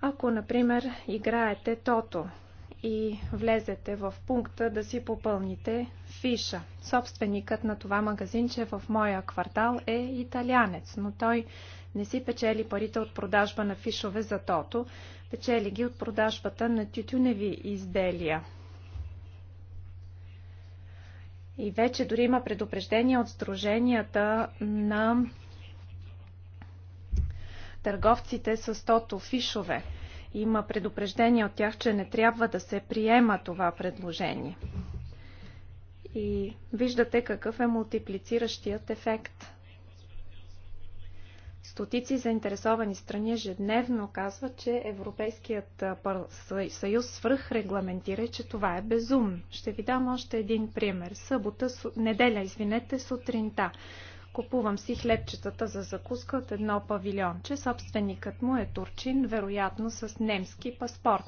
B: Ако, например, играете тото и влезете в пункта да си попълните фиша. Собственикът на това магазинче в моя квартал е италянец, но той не си печели парите от продажба на фишове за тото, печели ги от продажбата на тютюневи изделия. И вече дори има предупреждения от сдруженията на търговците с тото фишове. Има предупреждения от тях, че не трябва да се приема това предложение. И виждате какъв е мултиплициращият ефект – Стотици заинтересовани страни ежедневно казват, че Европейският съюз свръхрегламентира, че това е безумно. Ще ви дам още един пример. Събота, неделя, извинете, сутринта. Купувам си хлебчетата за закуска от едно павилионче. Собственикът му е турчин, вероятно с немски паспорт.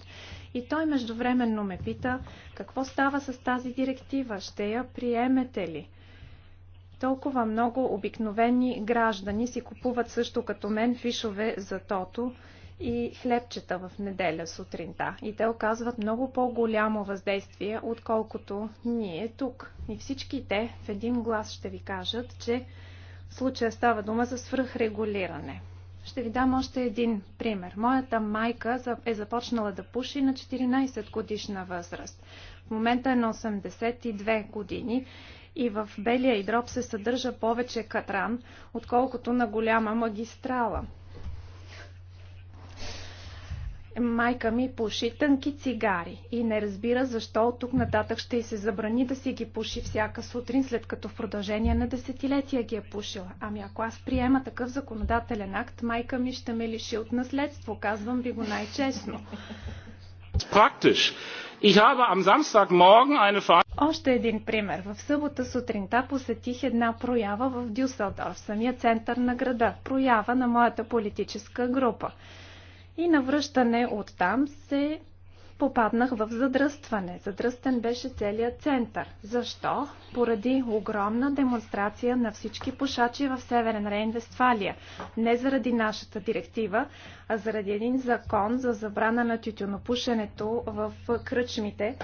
B: И той междувременно ме пита, какво става с тази директива? Ще я приемете ли? Толкова много обикновени граждани си купуват също като мен фишове за тото и хлебчета в неделя сутринта. И те оказват много по-голямо въздействие, отколкото ние тук. И всички те в един глас ще ви кажат, че в случая става дума за свръхрегулиране. Ще ви дам още един пример. Моята майка е започнала да пуши на 14 годишна възраст. В момента е на 82 години и в белия и дроб се съдържа повече катран, отколкото на голяма магистрала. Майка ми пуши тънки цигари и не разбира защо от тук нататък ще й се забрани да си ги пуши всяка сутрин, след като в продължение на десетилетия ги е пушила. Ами ако аз приема такъв законодателен акт, майка ми ще ме лиши от наследство, казвам ви го най-честно.
A: Практично.
B: Още един пример. В събота сутринта посетих една проява в Дюсселдорф, самия център на града. Проява на моята политическа група. И навръщане от там се попаднах в задръстване. Задръстен беше целият център. Защо? Поради огромна демонстрация на всички пушачи в Северен Рейн-Вестфалия. Не заради нашата директива, а заради един закон за забрана на тютюнопушенето в кръчмите,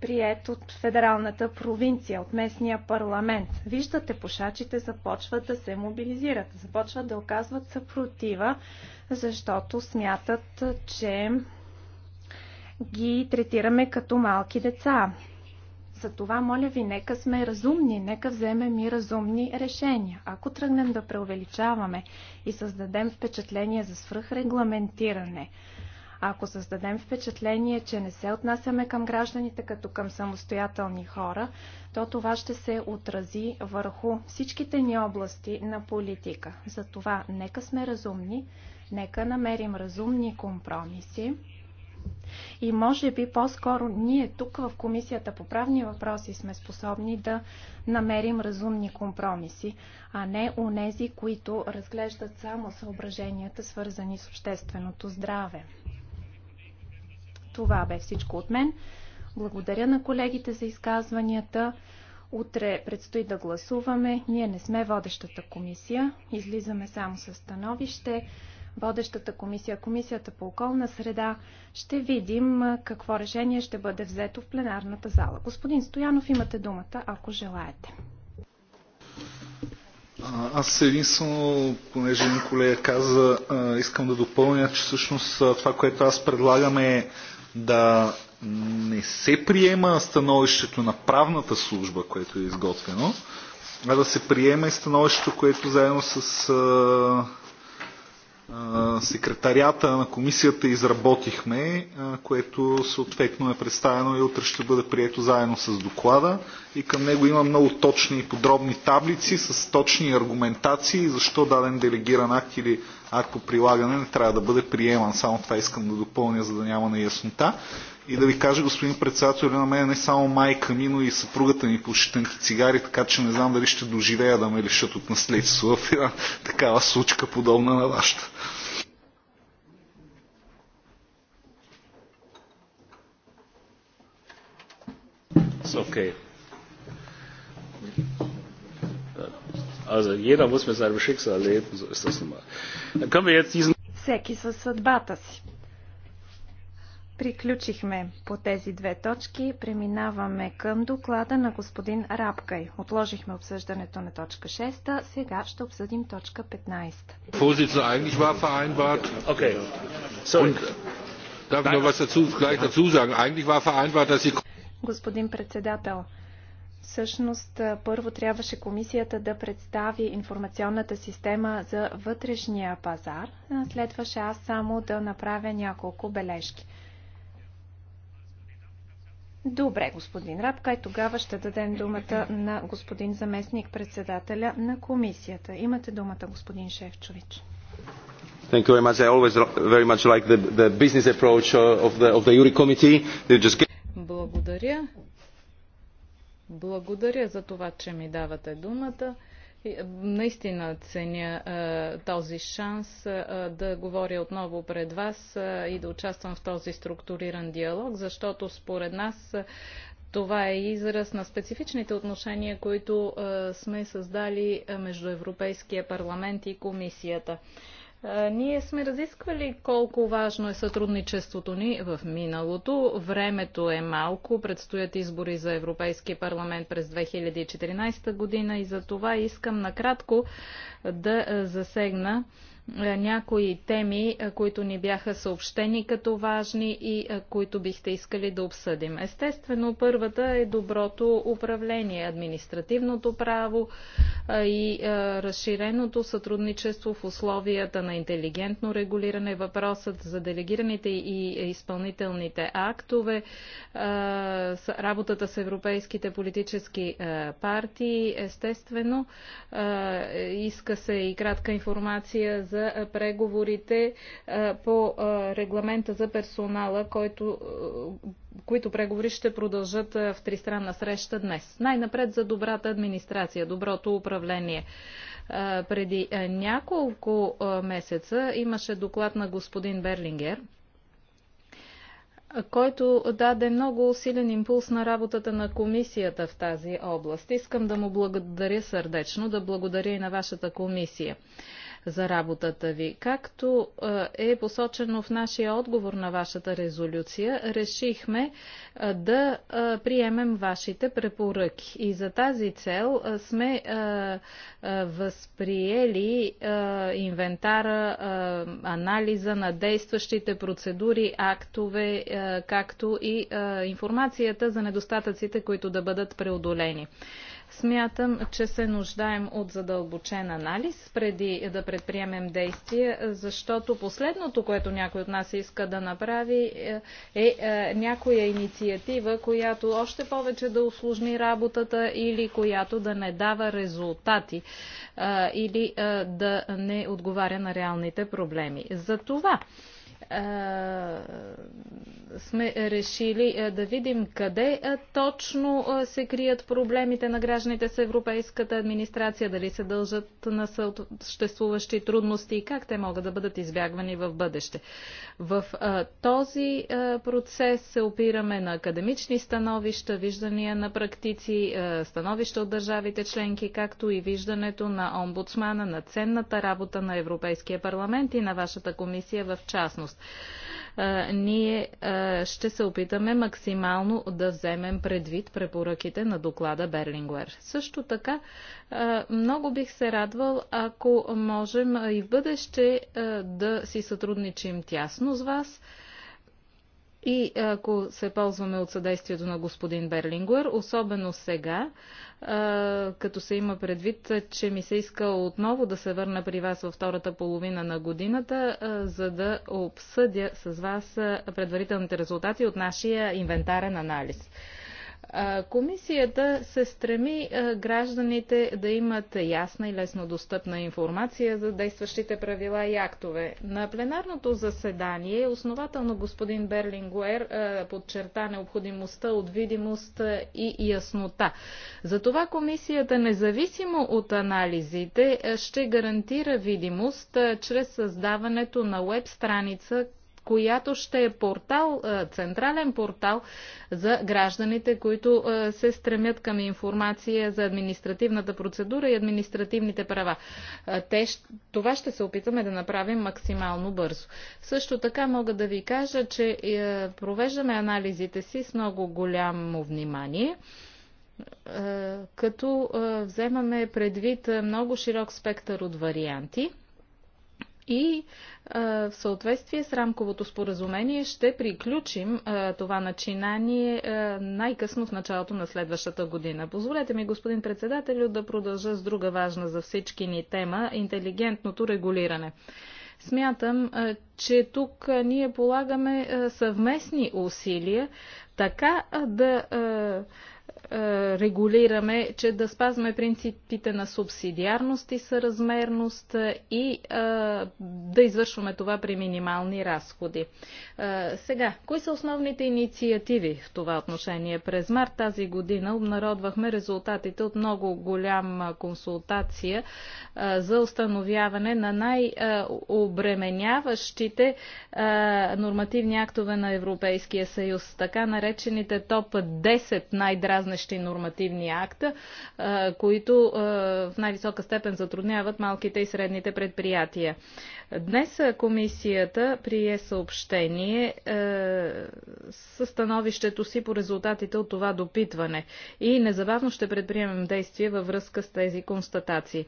B: прият от федералната провинция, от местния парламент. Виждате, пушачите започват да се мобилизират, започват да оказват съпротива, защото смятат, че ги третираме като малки деца. Затова, моля ви, нека сме разумни, нека вземем и разумни решения. Ако тръгнем да преувеличаваме и създадем впечатление за свръхрегламентиране, ако създадем впечатление, че не се отнасяме към гражданите като към самостоятелни хора, то това ще се отрази върху всичките ни области на политика. Затова нека сме разумни, нека намерим разумни компромиси, и може би по-скоро ние тук в Комисията по правни въпроси сме способни да намерим разумни компромиси, а не нези, които разглеждат само съображенията, свързани с общественото здраве. Това бе всичко от мен. Благодаря на колегите за изказванията. Утре предстои да гласуваме. Ние не сме водещата комисия. Излизаме само със становище водещата комисия, комисията по околна среда, ще видим какво решение ще бъде взето в пленарната зала. Господин Стоянов, имате думата, ако желаете.
C: Аз единствено, понеже един колега каза, искам да допълня, че всъщност това, което аз предлагам е да не се приема становището на правната служба, което е изготвено, а да се приема и становището, което заедно с секретарията на комисията изработихме, което съответно е представено и утре ще бъде прието заедно с доклада. И към него има много точни и подробни таблици с точни аргументации защо даден делегиран акт или акт по прилагане не трябва да бъде приеман. Само това искам да допълня, за да няма неяснота. И да ви кажа, господин председател, на мен е не само майка ми, но и съпругата ми пуши тънки цигари, така че не знам дали ще доживея да ме лишат от наследство в една такава случка, подобна на вашата.
A: It's okay. Also jeder muss mit seinem Schicksal leben, so ist das nun mal. Dann können wir jetzt diesen
B: Всеки със съдбата си. Приключихме по тези две точки. Преминаваме към доклада на господин Рапкай. Отложихме обсъждането на точка 6. Сега ще обсъдим точка 15.
A: Vorsitzender, eigentlich war vereinbart. Okay. Sorry. Darf ich noch was dazu, gleich dazu sagen? Eigentlich war vereinbart, dass Sie...
B: Господин председател, Всъщност, първо трябваше комисията да представи информационната система за вътрешния пазар. Следваше аз само да направя няколко бележки. Добре, господин Рапка, и тогава ще дадем думата на господин заместник председателя на комисията. Имате думата, господин Шевчович.
C: Thank you very much. I always very much like the, the business approach uh, of the, of the committee. just...
E: Благодаря. Благодаря за това, че ми давате думата. Наистина ценя е, този шанс е, да говоря отново пред вас е, и да участвам в този структуриран диалог, защото според нас това е израз на специфичните отношения, които сме създали между Европейския парламент и комисията. Ние сме разисквали колко важно е сътрудничеството ни в миналото. Времето е малко, предстоят избори за Европейския парламент през 2014 година и за това искам накратко да засегна е, някои теми, е, които ни бяха съобщени като важни и е, които бихте искали да обсъдим. Естествено, първата е доброто управление, административното право и разширеното сътрудничество в условията на интелигентно регулиране, въпросът за делегираните и изпълнителните актове, работата с европейските политически партии, естествено, иска се и кратка информация за за преговорите по регламента за персонала, който, които преговори ще продължат в тристранна среща днес. Най-напред за добрата администрация, доброто управление. Преди няколко месеца имаше доклад на господин Берлингер, който даде много силен импулс на работата на комисията в тази област. Искам да му благодаря сърдечно, да благодаря и на вашата комисия за работата ви. Както е, е посочено в нашия отговор на вашата резолюция, решихме е, да е, приемем вашите препоръки. И за тази цел сме възприели инвентара, анализа на действащите процедури, актове, както и информацията за недостатъците, които да бъдат преодолени. Смятам, че се нуждаем от задълбочен анализ преди да предприемем действия, защото последното, което някой от нас иска да направи, е, е, е някоя инициатива, която още повече да усложни работата или която да не дава резултати е, или да не отговаря на реалните проблеми. За това сме решили е, да видим къде е, точно е, се крият проблемите на гражданите с европейската администрация, дали се дължат на съществуващи трудности и как те могат да бъдат избягвани в бъдеще. В този процес се опираме на академични становища, виждания на практици, становища от държавите членки, както и виждането на омбудсмана на ценната работа на Европейския парламент и на вашата комисия в частност ние ще се опитаме максимално да вземем предвид препоръките на доклада Берлингуер. Също така, много бих се радвал, ако можем и в бъдеще да си сътрудничим тясно с вас, и ако се ползваме от съдействието на господин Берлингуер, особено сега, като се има предвид, че ми се иска отново да се върна при вас във втората половина на годината, за да обсъдя с вас предварителните резултати от нашия инвентарен анализ. Комисията се стреми гражданите да имат ясна и лесно достъпна информация за действащите правила и актове. На пленарното заседание основателно господин Берлингуер подчерта необходимостта от видимост и яснота. Затова комисията, независимо от анализите, ще гарантира видимост чрез създаването на веб страница, която ще е портал, е, централен портал за гражданите, които е, се стремят към информация за административната процедура и административните права. Е, те, това ще се опитаме да направим максимално бързо. Също така мога да ви кажа, че провеждаме анализите си с много голямо внимание като вземаме предвид много широк спектър от варианти и в съответствие с рамковото споразумение ще приключим това начинание най-късно в началото на следващата година. Позволете ми, господин председателю, да продължа с друга важна за всички ни тема – интелигентното регулиране. Смятам, че тук ние полагаме съвместни усилия така да е, регулираме, че да спазваме принципите на субсидиарност и съразмерност е, и е, да извършваме това при минимални разходи. сега, кои са основните инициативи в това отношение? През март тази година обнародвахме резултатите от много голяма консултация за установяване на най-обременяващите нормативни актове на Европейския съюз, така наречените топ 10 най-дразни обхванещи нормативни акта, които в най-висока степен затрудняват малките и средните предприятия. Днес комисията прие съобщение с становището си по резултатите от това допитване и незабавно ще предприемем действия във връзка с тези констатации.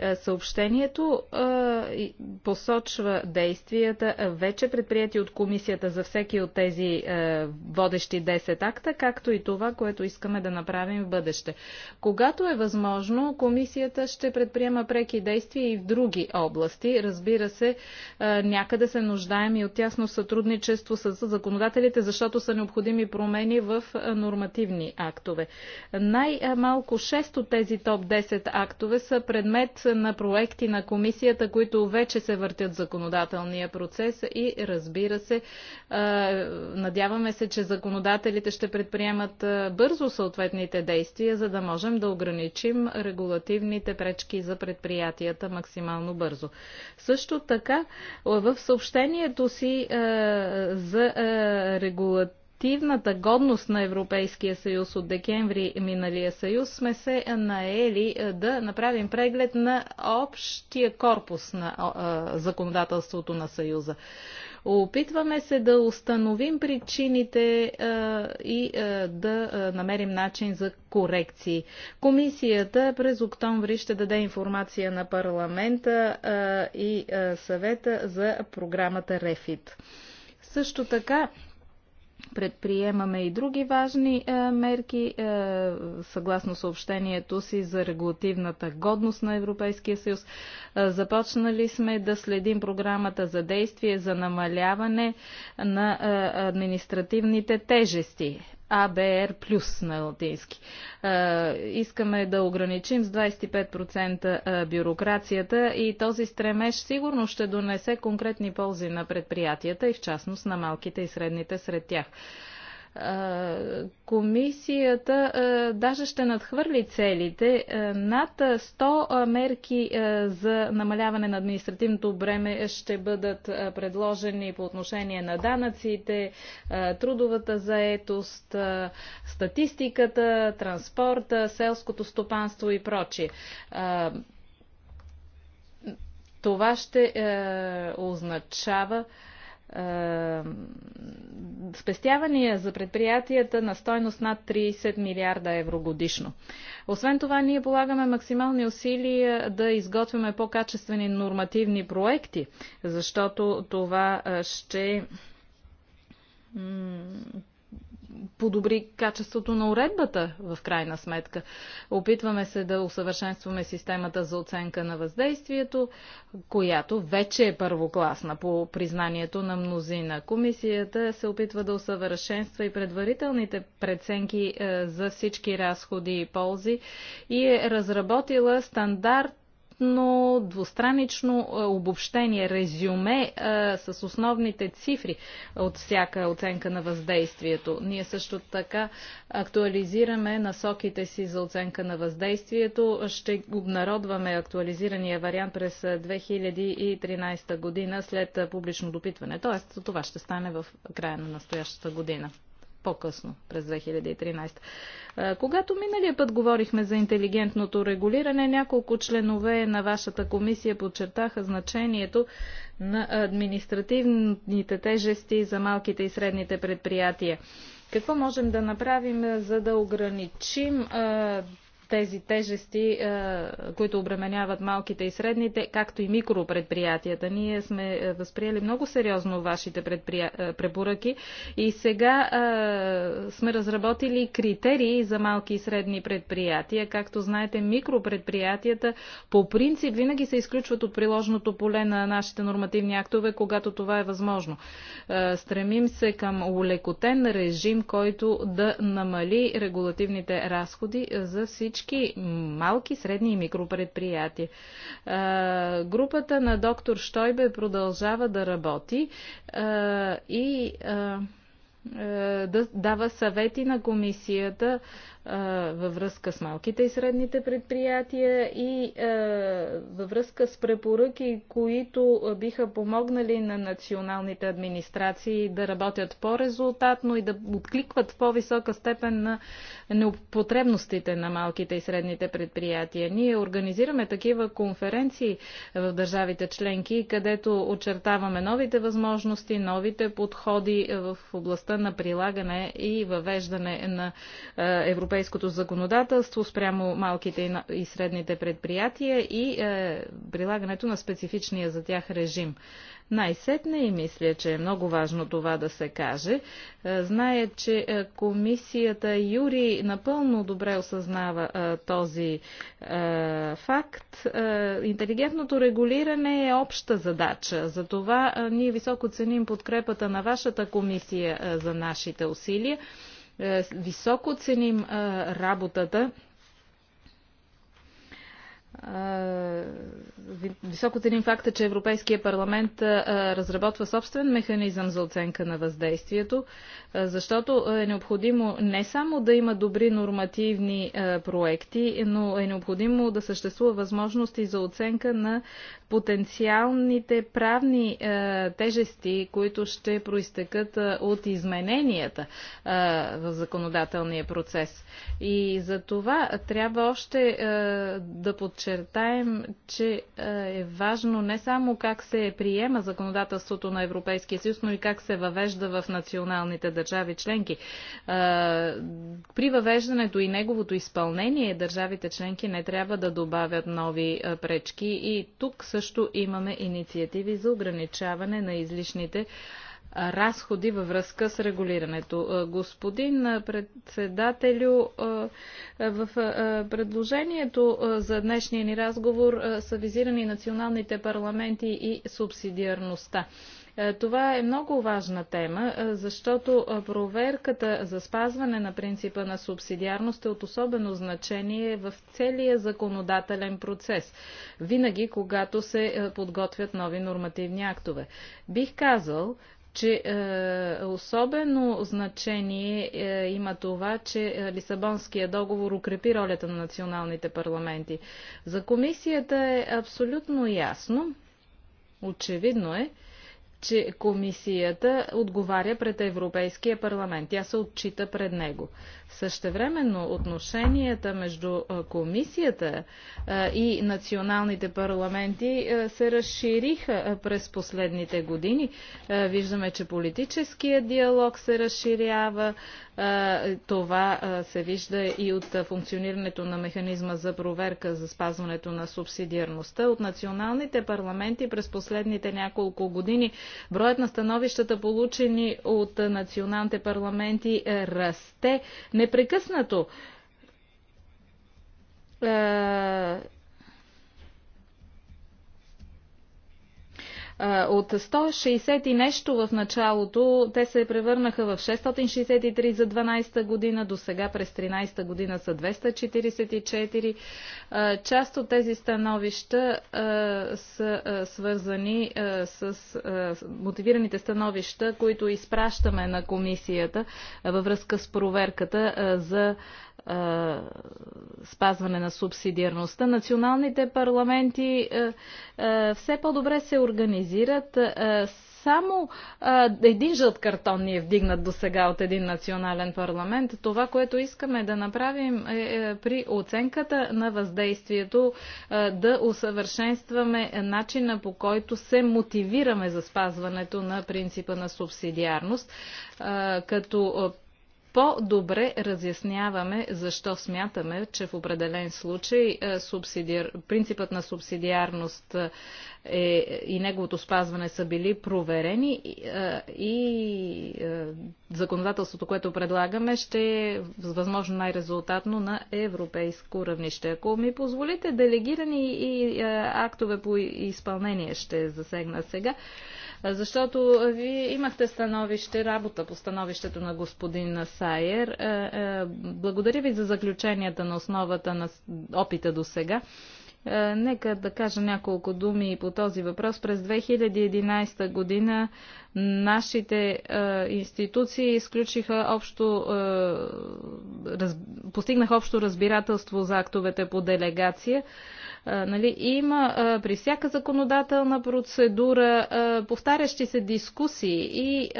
E: Е, съобщението е, посочва действията е, вече предприяти от комисията за всеки от тези водещи 10 акта, както и това, което искаме да направим в бъдеще. Когато е възможно, комисията ще предприема преки действия и в други области. Разбира се, някъде се нуждаем и от тясно сътрудничество с законодателите, защото са необходими промени в нормативни актове. Най-малко 6 от тези топ 10 актове са предмет на проекти на комисията, които вече се въртят в законодателния процес и разбира се, надяваме се, че законодателите ще предприемат бързо съответните действия, за да можем да ограничим регулативните пречки за предприятията максимално бързо. Също така, в съобщението си за регулативните нормативната годност на Европейския съюз от декември миналия съюз сме се наели е, да направим преглед на общия корпус на законодателството на съюза. Опитваме се да установим причините а, е, и а, е, да а, намерим начин за корекции. Комисията през октомври ще даде информация на парламента а, и а, съвета за програмата РЕФИТ. Също така Предприемаме и други важни е, мерки е, съгласно съобщението си за регулативната годност на Европейския съюз. Е, започнали сме да следим програмата за действие за намаляване на административните тежести. АБР плюс на латински. Искаме да ограничим с 25% бюрокрацията и този стремеж сигурно ще донесе конкретни ползи на предприятията и в частност на малките и средните сред тях. Комисията даже ще надхвърли целите. Над 100 мерки за намаляване на административното бреме ще бъдат предложени по отношение на данъците, трудовата заетост, статистиката, транспорта, селското стопанство и прочие. Това ще е, означава е, спестявания за предприятията на стойност над 30 милиарда евро годишно. Освен това, ние полагаме максимални усилия да изготвяме по-качествени нормативни проекти, защото това е, ще подобри качеството на уредбата в крайна сметка. Опитваме се да усъвършенстваме системата за оценка на въздействието, която вече е първокласна по признанието на мнозина. Комисията се опитва да усъвършенства и предварителните преценки е, за всички разходи и ползи и е разработила стандарт цялостно двустранично е, обобщение, резюме а, е, с основните цифри от всяка оценка на въздействието. Ние също така актуализираме насоките си за оценка на въздействието. Ще обнародваме актуализирания вариант през 2013 е, година след публично допитване. Тоест, това ще стане в края на настоящата година по-късно, през 2013. Когато миналия път говорихме за интелигентното регулиране, няколко членове на вашата комисия подчертаха значението на административните тежести за малките и средните предприятия. Какво можем да направим, за да ограничим тези тежести, е, които обременяват малките и средните, както и микропредприятията. Ние сме е, възприели много сериозно вашите предприя... Е, препоръки и сега сме разработили критерии за малки и средни предприятия. Както знаете, микропредприятията по принцип винаги се изключват от приложното поле на нашите нормативни актове, когато това е възможно. Стремим се към улекотен режим, който да намали регулативните разходи за всички всички малки, средни и микропредприятия. А, групата на доктор Штойбе продължава да работи а, и а, да дава съвети на комисията във връзка с малките и средните предприятия и във връзка с препоръки, които биха помогнали на националните администрации да работят по-резултатно и да откликват в по-висока степен на потребностите на малките и средните предприятия. Ние организираме такива конференции в държавите членки, където очертаваме новите възможности, новите подходи в областта на прилагане и въвеждане на европейските европейското законодателство спрямо малките и средните предприятия и е, прилагането на специфичния за тях режим. Най-сетне и мисля, че е много важно това да се каже. Е, знае, зная, че е, комисията Юри напълно добре осъзнава е, този факт. Интелигентното регулиране е обща задача. Затова ние високо ценим подкрепата на вашата комисия за нашите усилия. Е, високо ценим е, работата Високо ценим факта, че Европейския парламент разработва собствен механизъм за оценка на въздействието, защото е необходимо не само да има добри нормативни проекти, но е необходимо да съществува възможности за оценка на потенциалните правни тежести, които ще проистекат от измененията в законодателния процес. И за това трябва още да подчертаваме, подчертаем, че е, е важно не само как се приема законодателството на Европейския съюз, но и как се въвежда в националните държави членки. Е, при въвеждането и неговото изпълнение държавите членки не трябва да добавят нови е, пречки и тук също имаме инициативи за ограничаване на излишните разходи във връзка с регулирането. Е, господин председателю, е, е, в предложението за днешния ни разговор са визирани националните парламенти и субсидиарността. Това е много важна тема, защото проверката за спазване на принципа на субсидиарност е от особено значение в целия законодателен процес, винаги когато се подготвят нови нормативни актове. Бих казал, че е, особено значение е, има това, че е, Лисабонския договор укрепи ролята на националните парламенти. За комисията е абсолютно ясно, очевидно е, че комисията отговаря пред Европейския парламент. Тя се отчита пред него. Същевременно отношенията между комисията и националните парламенти се разшириха през последните години. Виждаме, че политическият диалог се разширява. Това се вижда и от функционирането на механизма за проверка за спазването на субсидиарността. От националните парламенти през последните няколко години броят на становищата, получени от националните парламенти, расте непрекъснато. Е, От 160 и нещо в началото, те се превърнаха в 663 за 12 година, до сега през 13 година са 244. Част от тези становища са свързани с мотивираните становища, които изпращаме на комисията във връзка с проверката за спазване на субсидиарността. Националните парламенти все по-добре се организират. Само един жълт картон ни е вдигнат до сега от един национален парламент. Това, което искаме да направим е, е при оценката на въздействието да усъвършенстваме начина по който се мотивираме за спазването на принципа на субсидиарност, като по-добре разясняваме защо смятаме, че в определен случай е, субсидиар... принципът на субсидиарност е, е... и неговото спазване са били проверени и е, законодателството, което предлагаме, ще е възможно най-резултатно на европейско равнище. Ако ми позволите, делегирани и актове по изпълнение ще засегна сега. Защото вие имахте становище, работа по становището на господин Сайер. Е, е, благодаря ви за заключенията на основата на опита до сега. Е, нека да кажа няколко думи по този въпрос. През 2011 година нашите е, институции изключиха общо, е, раз, постигнах общо разбирателство за актовете по делегация. Нали, има при всяка законодателна процедура повтарящи се дискусии и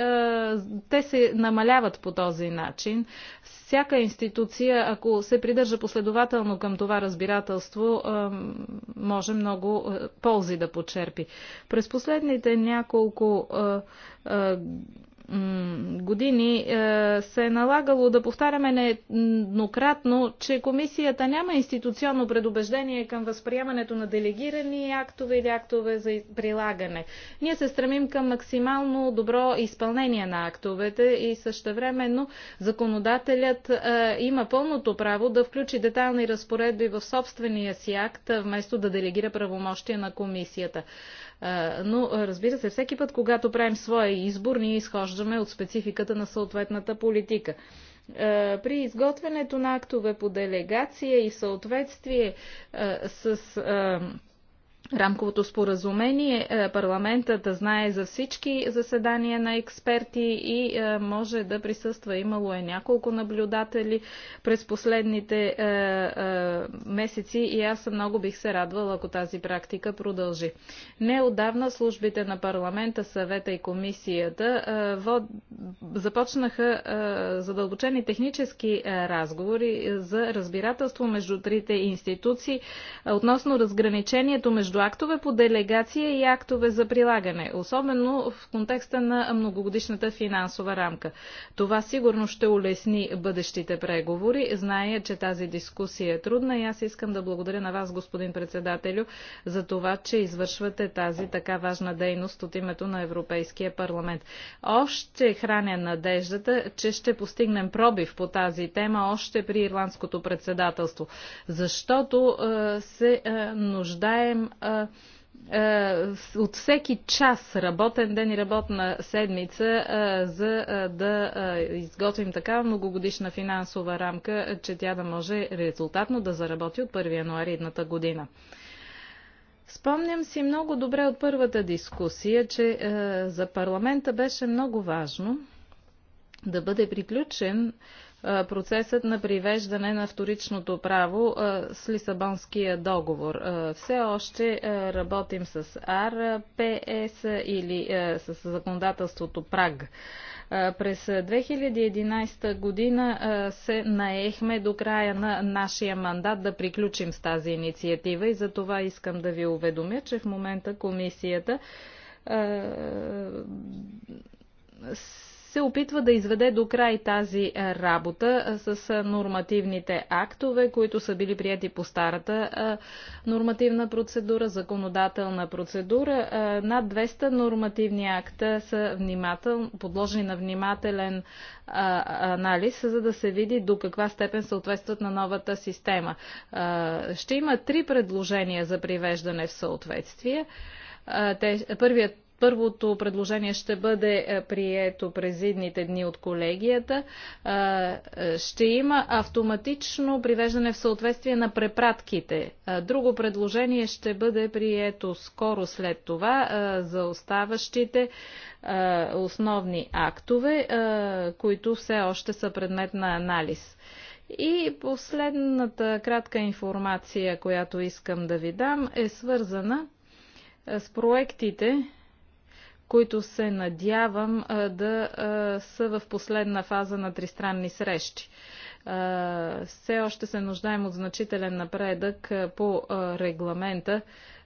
E: те се намаляват по този начин. Всяка институция, ако се придържа последователно към това разбирателство, може много ползи да почерпи. През последните няколко години е, се е налагало да повтаряме нееднократно, че комисията няма институционно предубеждение към възприемането на делегирани актове или актове за прилагане. Ние се стремим към максимално добро изпълнение на актовете и същевременно законодателят е, има пълното право да включи детайлни разпоредби в собствения си акт, вместо да делегира правомощия на комисията. Но разбира се, всеки път, когато правим своя избор, ние изхождаме от спецификата на съответната политика при изготвянето на актове по делегация и съответствие с рамковото споразумение. Е, парламентът знае за всички заседания на експерти и е, може да присъства. Имало е няколко наблюдатели през последните е, месеци и аз много бих се радвала, ако тази практика продължи. Неодавна службите на парламента, съвета и комисията започнаха задълбочени технически разговори за разбирателство между трите институции относно разграничението между между актове по делегация и актове за прилагане, особено в контекста на многогодишната финансова рамка. Това сигурно ще улесни бъдещите преговори. Зная, че тази дискусия е трудна и аз искам да благодаря на вас, господин председателю, за това, че извършвате тази така важна дейност от името на Европейския парламент. Още храня надеждата, че ще постигнем пробив по тази тема още при ирландското председателство, защото е, се е, нуждаем е, от всеки час работен ден и работна седмица, за да изготвим такава многогодишна финансова рамка, че тя да може резултатно да заработи от 1 януари едната година. Спомням си много добре от първата дискусия, че за парламента беше много важно да бъде приключен процесът на привеждане на вторичното право с Лисабонския договор. Все още работим с РПС или с законодателството ПРАГ. През 2011 година се наехме до края на нашия мандат да приключим с тази инициатива и за това искам да ви уведомя, че в момента комисията се опитва да изведе до край тази е, работа е, с е, нормативните актове, които са били прияти по старата нормативна процедура, законодателна процедура. Над 200 нормативни акта са внимател, подложени на внимателен анализ, за да се види до каква степен съответстват на новата система. Ще има три предложения за привеждане в съответствие. Те, първият Първото предложение ще бъде е, прието през идните дни от колегията. Е, ще има автоматично привеждане в съответствие на препратките. Е, друго предложение ще бъде прието скоро след това за оставащите основни актове, които все още са предмет на анализ. И последната кратка информация, която искам да ви дам, е свързана с проектите, които се надявам да са в последна фаза на тристранни срещи. Все още се нуждаем от значителен напредък по регламента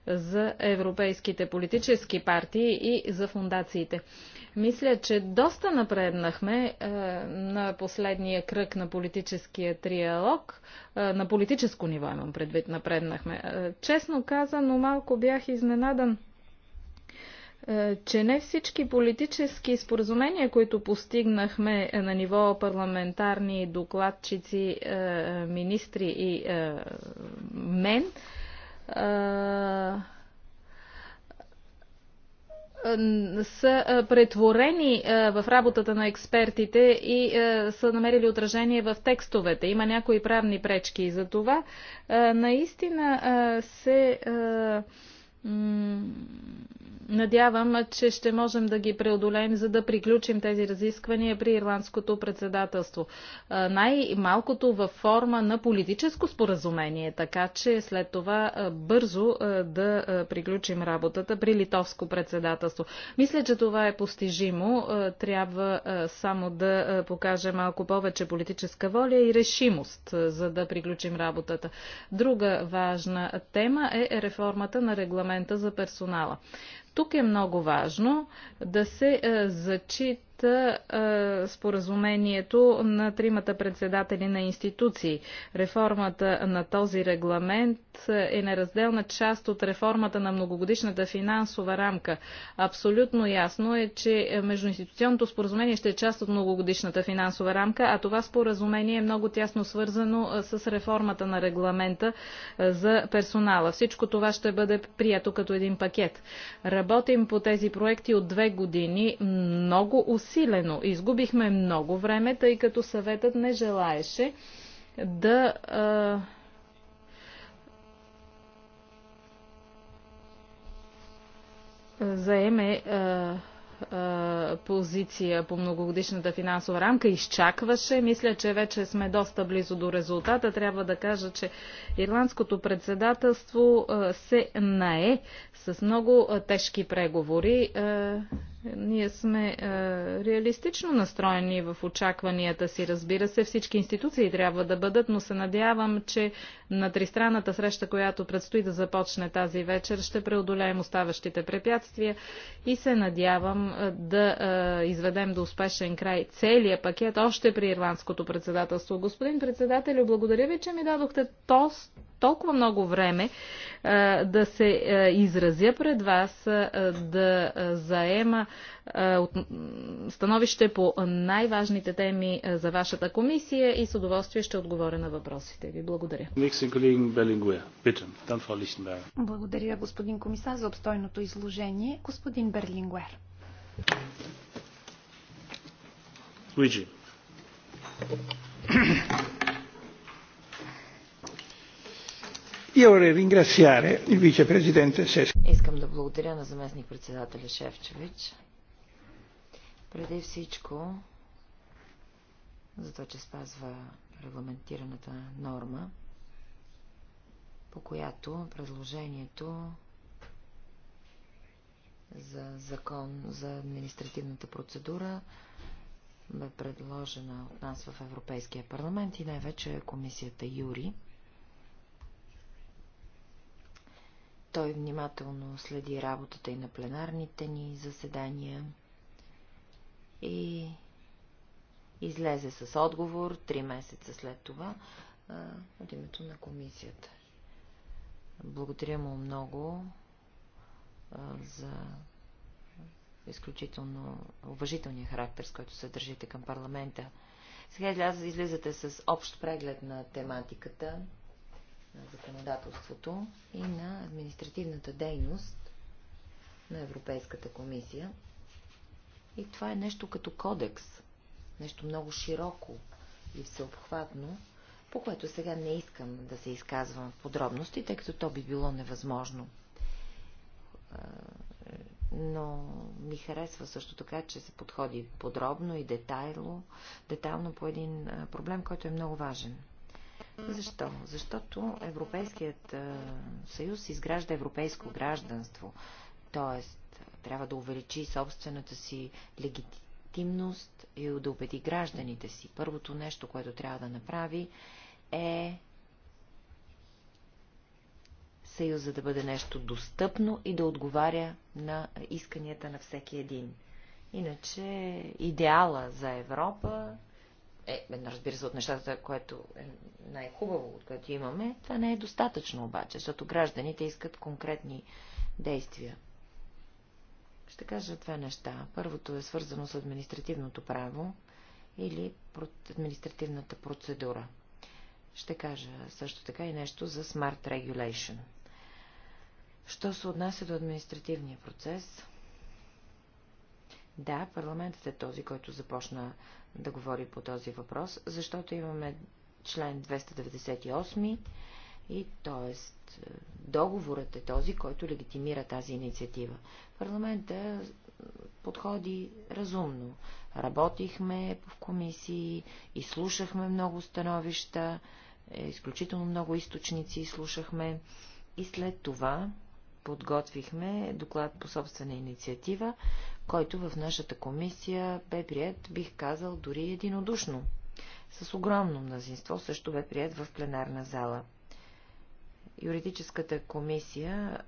E: за европейските политически партии и за фундациите. Мисля, че доста напреднахме на последния кръг на политическия триалог. на политическо ниво имам предвид напреднахме. честно казано, малко бях изненадан е, че не всички политически споразумения, които постигнахме е, на ниво парламентарни докладчици, е, министри и мен, са претворени в работата на експертите и са намерили отражение в текстовете. Има някои правни пречки и за това наистина се Надявам, че ще можем да ги преодолеем, за да приключим тези разисквания при ирландското председателство. Най-малкото във форма на политическо споразумение, така че след това бързо да приключим работата при литовско председателство. Мисля, че това е постижимо. Трябва само да покаже малко повече политическа воля и решимост, за да приключим работата. Друга важна тема е реформата на регламент регламента за персонала. Тук е много важно да се е, зачита проекта споразумението на тримата председатели на институции. Реформата на този регламент е неразделна част от реформата на многогодишната финансова рамка. Абсолютно ясно е, че междуинституционното споразумение ще е част от многогодишната финансова рамка, а това споразумение е много тясно свързано с реформата на регламента за персонала. Всичко това ще бъде прието като един пакет. Работим по тези проекти от две години. Много усилия засилено. Изгубихме много време, тъй като съветът не желаеше да а, заеме а, а, позиция по многогодишната финансова рамка. Изчакваше. Мисля, че вече сме доста близо до резултата. Трябва да кажа, че ирландското председателство а, се нае с много тежки преговори. Ние сме е, реалистично настроени в очакванията си. Разбира се, всички институции трябва да бъдат, но се надявам, че на тристранната среща, която предстои да започне тази вечер, ще преодолеем оставащите препятствия и се надявам е, да е, изведем до успешен край целият пакет, още при ирландското председателство. Господин председател, благодаря ви, че ми дадохте тост толкова много време е, да се е, изразя пред вас, да заема е, от, становище по най-важните теми е, за вашата комисия и с удоволствие ще отговоря на въпросите ви. Благодаря.
B: Благодаря, господин комисар, за обстойното изложение. Господин Берлингуер.
A: Луиджи.
D: Искам да благодаря на заместник председателя Шефчевич. Преди всичко, за това, че спазва регламентираната норма, по която предложението за закон за административната процедура бе предложена от нас в Европейския парламент и най-вече комисията Юри – Той внимателно следи работата и на пленарните ни заседания и излезе с отговор три месеца след това а, от името на комисията. Благодаря му много а, за изключително уважителния характер, с който се държите към парламента. Сега излизате с общ преглед на тематиката на законодателството и на административната дейност на Европейската комисия. И това е нещо като кодекс, нещо много широко и всеобхватно, по което сега не искам да се изказвам в подробности, тъй като то би било невъзможно. Но ми харесва също така, че се подходи подробно и детайло, детайлно по един проблем, който е много важен – защо? Защото Европейският е, съюз изгражда европейско гражданство, т.е. трябва да увеличи собствената си легитимност и да убеди гражданите си. Първото нещо, което трябва да направи е съюз, за да бъде нещо достъпно и да отговаря на исканията на всеки един. Иначе идеала за Европа е, разбира се, от нещата, което е най-хубаво, от което имаме, това не е достатъчно обаче, защото гражданите искат конкретни действия. Ще кажа две неща. Първото е свързано с административното право или административната процедура. Ще кажа също така и нещо за Smart Regulation. Що се отнася до административния процес? Да, парламентът е този, който започна да говори по този въпрос, защото имаме член 298 и т.е. договорът е този, който легитимира тази инициатива. Парламента подходи разумно. Работихме в комисии, изслушахме много становища, е, изключително много източници изслушахме и след това подготвихме доклад по собствена инициатива, който в нашата комисия бе прият, бих казал, дори единодушно. С огромно мнозинство също бе прият в пленарна зала. Юридическата комисия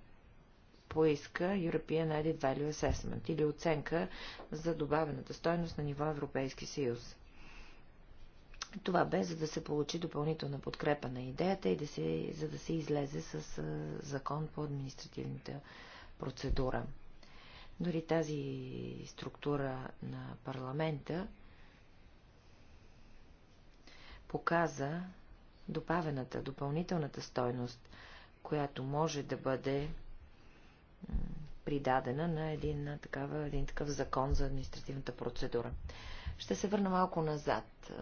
D: поиска European Added Value Assessment или оценка за добавената стойност на ниво Европейски съюз. Това бе, за да се получи допълнителна подкрепа на идеята и да се, за да се излезе с закон по административната процедура. Дори тази структура на парламента показа добавената, допълнителната стойност, която може да бъде придадена на един, на такава, един такъв закон за административната процедура. Ще се върна малко назад. Е,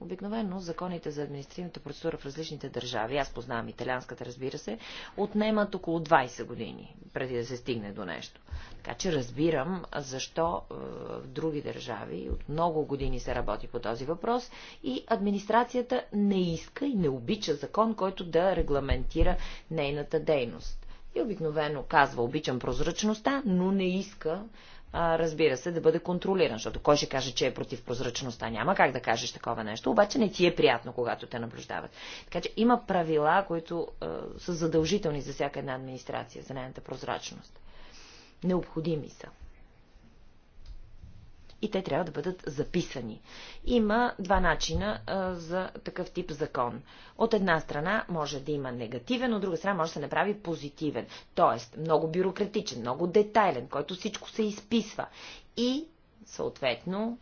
D: обикновено законите за административната процедура в различните държави, аз познавам италианската, разбира се, отнемат около 20 години, преди да се стигне до нещо. Така че разбирам защо е, в други държави от много години се работи по този въпрос и администрацията не иска и не обича закон, който да регламентира нейната дейност. И обикновено казва, обичам прозрачността, но не иска а, разбира се, да бъде контролиран, защото кой ще каже, че е против прозрачността? Няма как да кажеш такова нещо, обаче не ти е приятно, когато те наблюдават. Така че има правила, които а, са задължителни за всяка една администрация, за нейната прозрачност. Необходими са и те трябва да бъдат записани. Има два начина а, за такъв тип закон. От една страна може да има негативен, от друга страна може да се направи позитивен. Тоест, много бюрократичен, много детайлен, който всичко се изписва. И, съответно,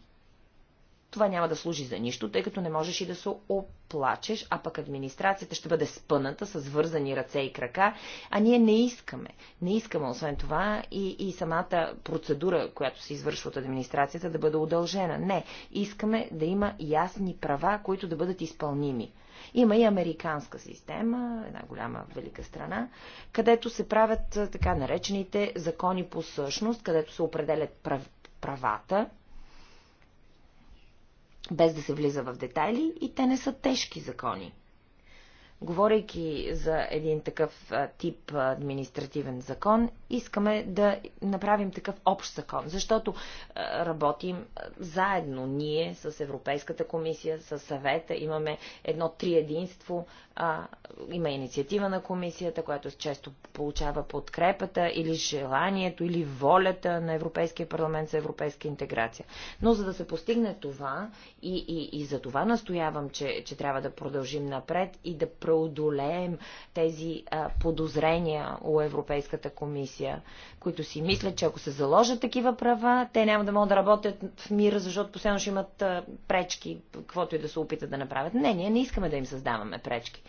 D: това няма да служи за нищо, тъй като не можеш и да се оплачеш, а пък администрацията ще бъде спъната с вързани ръце и крака, а ние не искаме. Не искаме, освен това, и, и самата процедура, която се извършва от администрацията, да бъде удължена. Не, искаме да има ясни права, които да бъдат изпълними. Има и американска система, една голяма велика страна, където се правят така наречените закони по същност, където се определят прав... правата, без да се влиза в детайли и те не са тежки закони. Говорейки за един такъв тип административен закон, искаме да направим такъв общ закон, защото работим заедно ние с Европейската комисия, с съвета, имаме едно триединство, има инициатива на комисията, която често получава подкрепата или желанието, или волята на Европейския парламент за европейска интеграция. Но за да се постигне това и, и, и за това настоявам, че, че трябва да продължим напред и да преодолеем тези а, подозрения у Европейската комисия, които си мислят, че ако се заложат такива права, те няма да могат да работят в мира, защото постоянно ще имат а, пречки, каквото и да се опитат да направят. Не, ние не искаме да им създаваме пречки.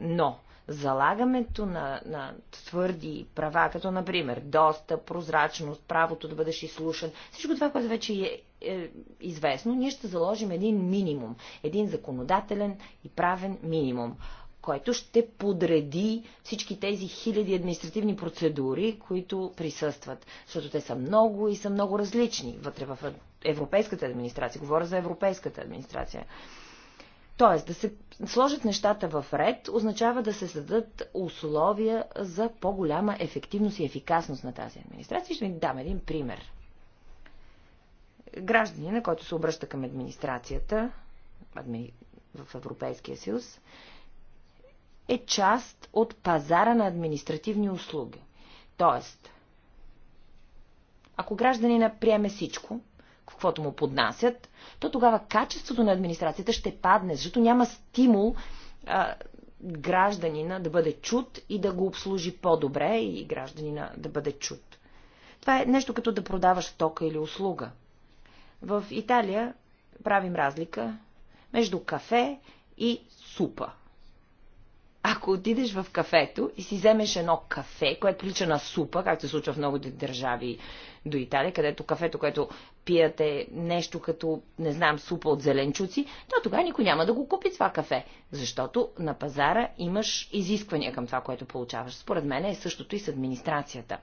D: Но залагането на, на твърди права, като например доста, прозрачност, правото да бъдеш изслушан, всичко това, което вече е, е известно, ние ще заложим един минимум, един законодателен и правен минимум който ще подреди всички тези хиляди административни процедури, които присъстват. Защото те са много и са много различни вътре в европейската администрация. Говоря за европейската администрация. Тоест, да се сложат нещата в ред, означава да се създадат условия за по-голяма ефективност и ефикасност на тази администрация. Ще ви дам един пример. Гражданина, който се обръща към администрацията в Европейския съюз, е част от пазара на административни услуги. Тоест, ако гражданина приеме всичко, каквото му поднасят, то тогава качеството на администрацията ще падне, защото няма стимул а, гражданина да бъде чут и да го обслужи по-добре и гражданина да бъде чут. Това е нещо като да продаваш стока или услуга. В Италия правим разлика между кафе и супа ако отидеш в кафето и си вземеш едно кафе, което прилича на супа, както се случва в много държави до Италия, където кафето, което пият нещо като, не знам, супа от зеленчуци, то тогава никой няма да го купи това кафе, защото на пазара имаш изисквания към това, което получаваш. Според мен е същото и с администрацията.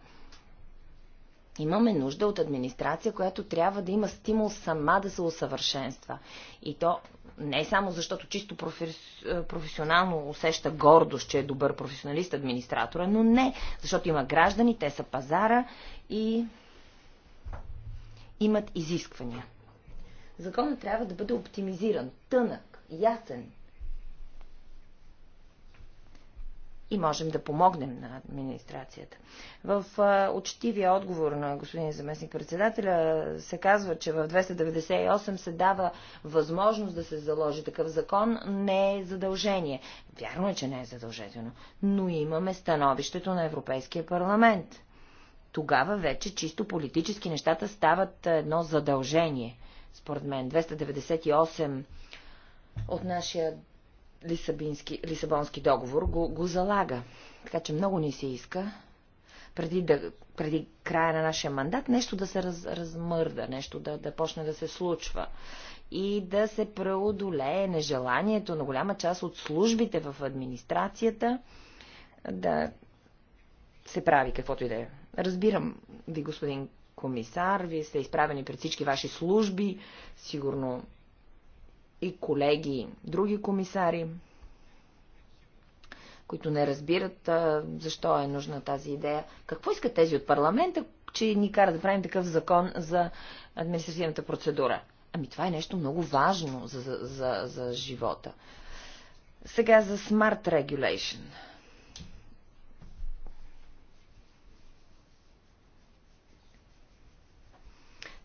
D: Имаме нужда от администрация, която трябва да има стимул сама да се усъвършенства. И то не е само защото чисто е, професионално усеща гордост, че е добър професионалист администратора, но не, защото има граждани, те са пазара и имат изисквания. Законът трябва да бъде оптимизиран, тънък, ясен, и можем да помогнем на администрацията. В очетивия учтивия отговор на господин заместник председателя се казва, че в 298 се дава възможност да се заложи такъв закон. Не е задължение. Вярно е, че не е задължително. Но имаме становището на Европейския парламент. Тогава вече чисто политически нещата стават едно задължение. Според мен 298 от нашия Лисабонски договор го, го залага. Така че много ни се иска преди, да, преди края на нашия мандат нещо да се раз, размърда, нещо да, да почне да се случва и да се преодолее нежеланието на голяма част от службите в администрацията да се прави каквото и да е. Разбирам ви, господин комисар, вие сте изправени пред всички ваши служби, сигурно и колеги, други комисари, които не разбират а, защо е нужна тази идея. Какво искат тези от парламента, че ни кара да правим такъв закон за административната процедура? Ами това е нещо много важно за, за, за, за живота. Сега за Smart Regulation.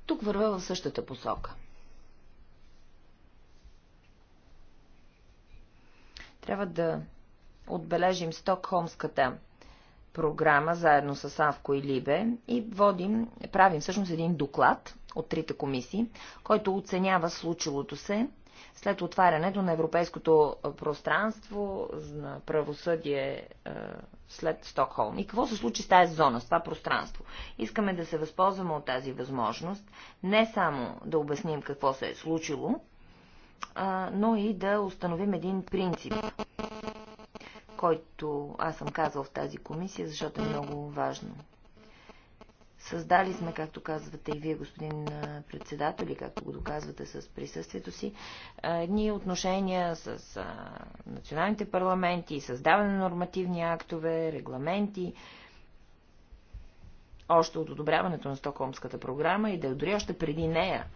D: Тук върва в същата посока – Трябва да отбележим Стокхолмската програма заедно с Авко и Либе и водим, правим всъщност един доклад от трите комисии, който оценява случилото се след отварянето на европейското пространство на правосъдие е, след Стокхолм. И какво се случи с тази зона, с това пространство? Искаме да се възползваме от тази възможност, не само да обясним какво се е случило, но и да установим един принцип, който аз съм казал в тази комисия, защото е много важно. Създали сме, както казвате и вие, господин председател, и както го доказвате с присъствието си, едни отношения с националните парламенти, създаване на нормативни актове, регламенти, още от одобряването на Стокхолмската програма и да дори още преди нея –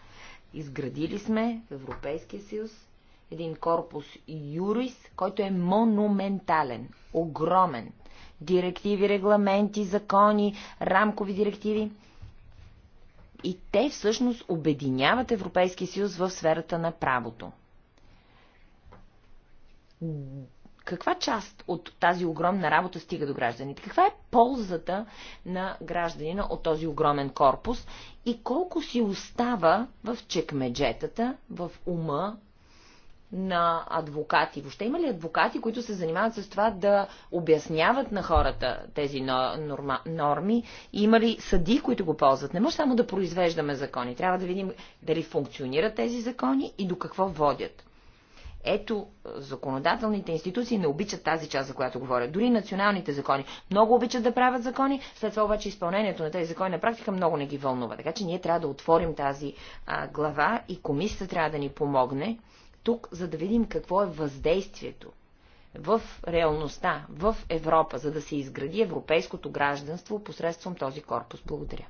D: Изградили сме в Европейския съюз един корпус юрис, който е монументален, огромен. Директиви, регламенти, закони, рамкови директиви. И те всъщност обединяват Европейския съюз в сферата на правото каква част от тази огромна работа стига до гражданите? Каква е ползата на гражданина от този огромен корпус и колко си остава в чекмеджетата, в ума на адвокати? Въобще има ли адвокати, които се занимават с това да обясняват на хората тези норми? И има ли съди, които го ползват? Не може само да произвеждаме закони. Трябва да видим дали функционират тези закони и до какво водят. Ето, законодателните институции не обичат тази част, за която говоря. Дори националните закони много обичат да правят закони, след това обаче изпълнението на тези закони на практика много не ги вълнува. Така че ние трябва да отворим тази а, глава и комисията трябва да ни помогне тук, за да видим какво е въздействието в реалността, в Европа, за да се изгради европейското гражданство посредством този корпус. Благодаря.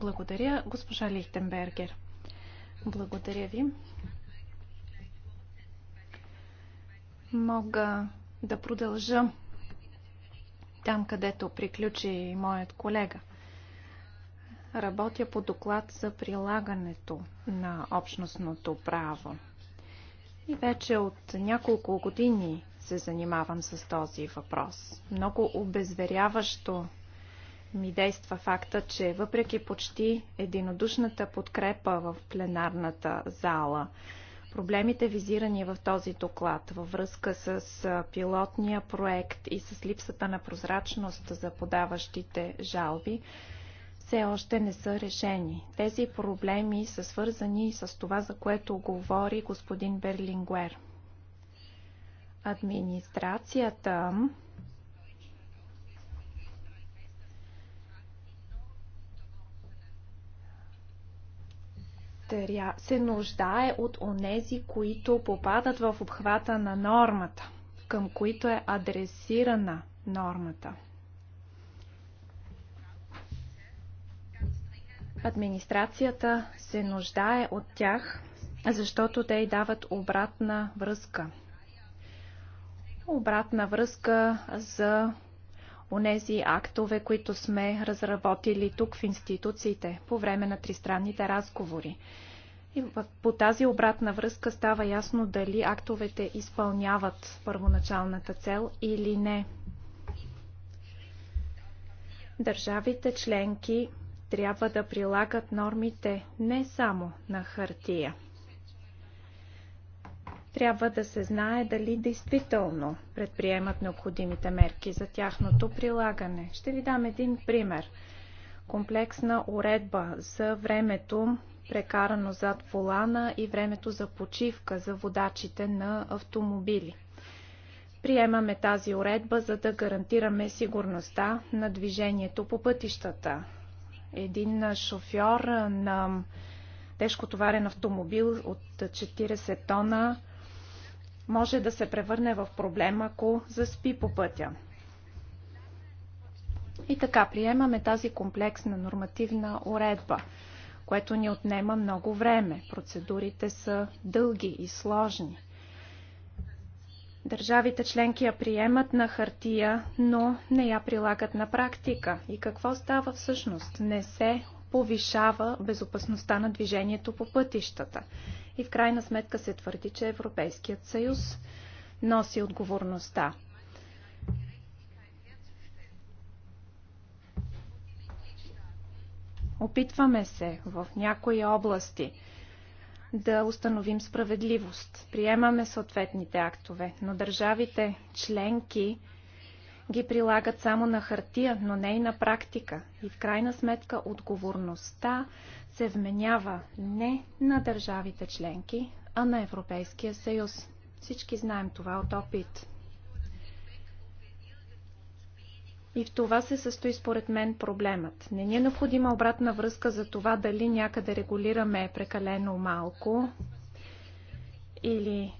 B: Благодаря, госпожа Лихтенбергер. Благодаря ви. Мога да продължа там, където приключи и моят колега. Работя по доклад за прилагането на общностното право. И вече от няколко години се занимавам с този въпрос. Много обезверяващо ми действа факта, че въпреки почти единодушната подкрепа в пленарната зала, проблемите визирани в този доклад във връзка с пилотния проект и с липсата на прозрачност за подаващите жалби, все още не са решени. Тези проблеми са свързани с това, за което говори господин Берлингуер. Администрацията тря... се нуждае от онези, които попадат в обхвата на нормата, към които е адресирана нормата. Администрацията се нуждае от тях, защото те й дават обратна връзка. Обратна връзка за онези актове, които сме разработили тук в институциите по време на тристранните разговори. И по тази обратна връзка става ясно дали актовете изпълняват първоначалната цел или не. Държавите членки трябва да прилагат нормите не само на хартия – трябва да се знае дали действително предприемат необходимите мерки за тяхното прилагане. Ще ви дам един пример. Комплексна уредба за времето прекарано зад волана и времето за почивка за водачите на автомобили. Приемаме тази уредба, за да гарантираме сигурността на движението по пътищата. Един шофьор на тежкотоварен автомобил от 40 тона може да се превърне в проблем, ако заспи по пътя. И така, приемаме тази комплексна нормативна уредба, което ни отнема много време. Процедурите са дълги и сложни. Държавите членки я приемат на хартия, но не я прилагат на практика. И какво става всъщност? Не се повишава безопасността на движението по пътищата и в крайна сметка се твърди, че Европейският съюз носи отговорността. Опитваме се в някои области да установим справедливост. Приемаме съответните актове, но държавите членки ги прилагат само на хартия, но не и на практика. И в крайна сметка отговорността се вменява не на държавите членки, а на Европейския съюз. Всички знаем това от опит. И в това се състои според мен проблемът. Не ни е необходима обратна връзка за това дали някъде регулираме прекалено малко или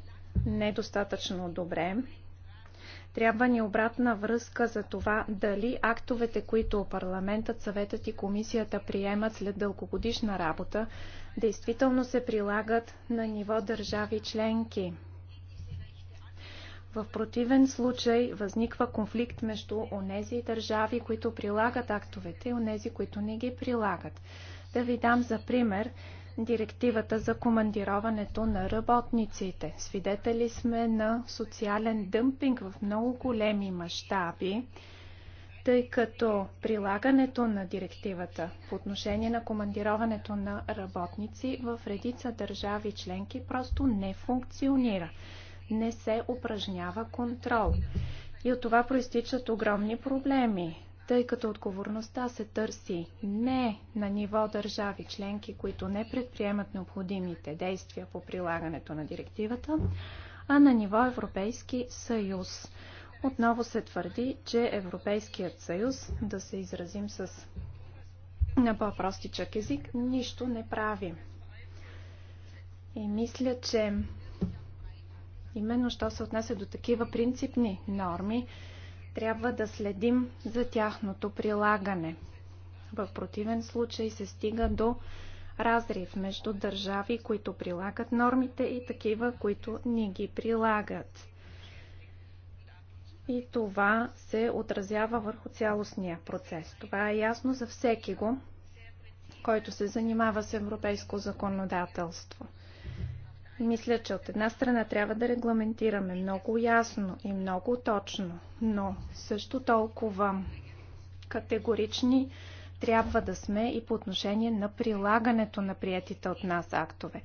B: недостатъчно добре. Трябва ни обратна връзка за това дали актовете, които парламентът, съветът и комисията приемат след дългогодишна работа, действително се прилагат на ниво държави членки. В противен случай възниква конфликт между онези държави, които прилагат актовете и онези, които не ги прилагат. Да ви дам за пример директивата за командироването на работниците. Свидетели сме на социален дъмпинг в много големи мащаби, тъй като прилагането на директивата по отношение на командироването на работници в редица държави членки просто не функционира. Не се упражнява контрол. И от това проистичат огромни проблеми тъй като отговорността се търси не на ниво държави членки, които не предприемат необходимите действия по прилагането на директивата, а на ниво Европейски съюз. Отново се твърди, че Европейският съюз, да се изразим с на по-простичък език, нищо не прави. И мисля, че именно що се отнася до такива принципни норми, трябва да следим за тяхното прилагане. В противен случай се стига до разрив между държави, които прилагат нормите и такива, които не ги прилагат. И това се отразява върху цялостния процес. Това е ясно за всеки го, който се занимава с европейско законодателство. Мисля, че от една страна трябва да регламентираме много ясно и много точно, но също толкова категорични трябва да сме и по отношение на прилагането на приятите от нас актове.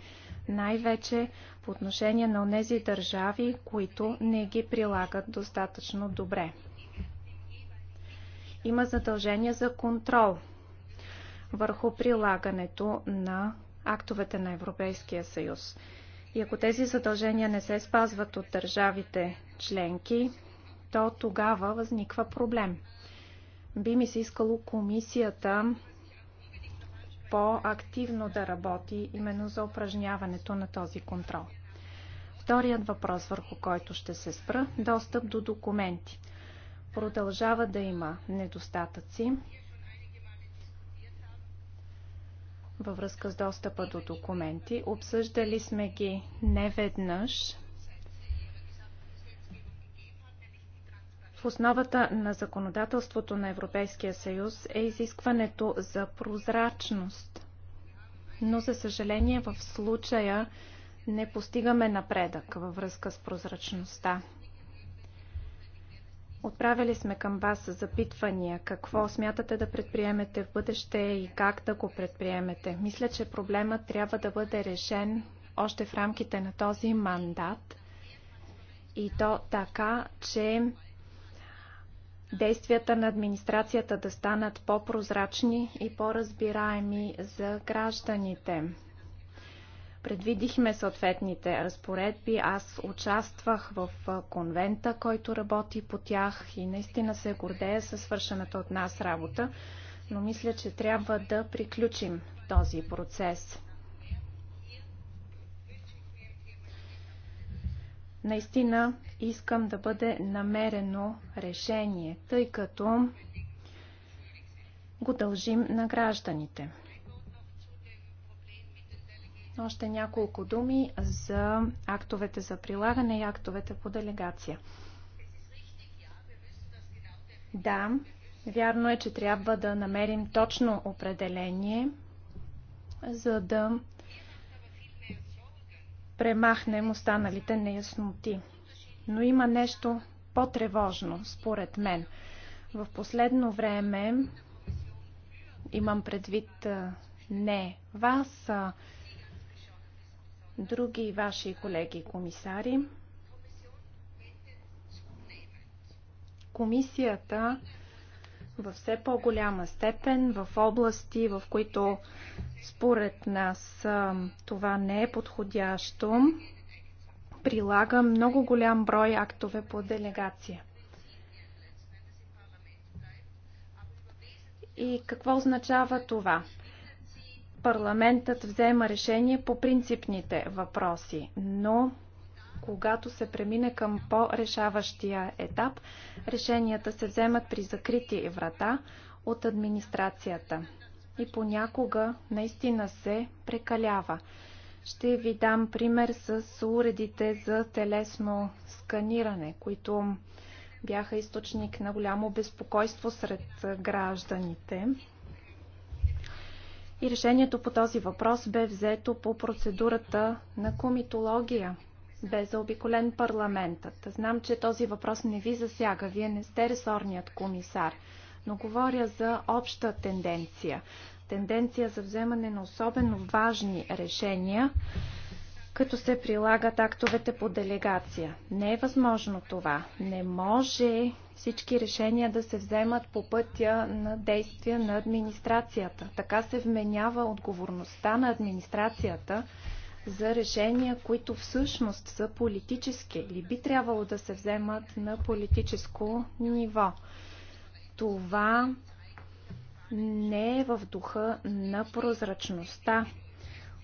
B: Най-вече по отношение на онези държави, които не ги прилагат достатъчно добре. Има задължение за контрол върху прилагането на актовете на Европейския съюз. И ако тези задължения не се спазват от държавите членки, то тогава възниква проблем. Би ми се искало комисията по-активно да работи именно за упражняването на този контрол. Вторият въпрос, върху който ще се спра – достъп до документи. Продължава да има недостатъци. във връзка с достъпа до документи. Обсъждали сме ги неведнъж. В основата на законодателството на Европейския съюз е изискването за прозрачност. Но, за съжаление, в случая не постигаме напредък във връзка с прозрачността. Отправили сме към вас запитвания. Какво смятате да предприемете в бъдеще и как да го предприемете? Мисля, че проблемът трябва да бъде решен още в рамките на този мандат и то така, че действията на администрацията да станат по-прозрачни и по-разбираеми за гражданите. Предвидихме съответните разпоредби. Аз участвах в конвента, който работи по тях и наистина се гордея със свършената от нас работа, но мисля, че трябва да приключим този процес. Наистина искам да бъде намерено решение, тъй като го дължим на гражданите. Още няколко думи за актовете за прилагане и актовете по делегация. Да, вярно е, че трябва да намерим точно определение, за да премахнем останалите неясноти. Но има нещо по-тревожно, според мен. В последно време имам предвид не вас, а други ваши колеги комисари. Комисията в все по-голяма степен в области, в които според нас това не е подходящо, прилага много голям брой актове по делегация. И какво означава това? парламентът взема решение по принципните въпроси, но когато се премине към по-решаващия етап, решенията се вземат при закрити врата от администрацията. И понякога наистина се прекалява. Ще ви дам пример с уредите за телесно сканиране, които бяха източник на голямо безпокойство сред гражданите. И решението по този въпрос бе взето по процедурата на комитология. Бе заобиколен парламентът. Знам, че този въпрос не ви засяга. Вие не сте ресорният комисар. Но говоря за обща тенденция. Тенденция за вземане на особено важни решения като се прилагат актовете по делегация. Не е възможно това. Не може всички решения да се вземат по пътя на действия на администрацията. Така се вменява отговорността на администрацията за решения, които всъщност са политически или би трябвало да се вземат на политическо ниво. Това не е в духа на прозрачността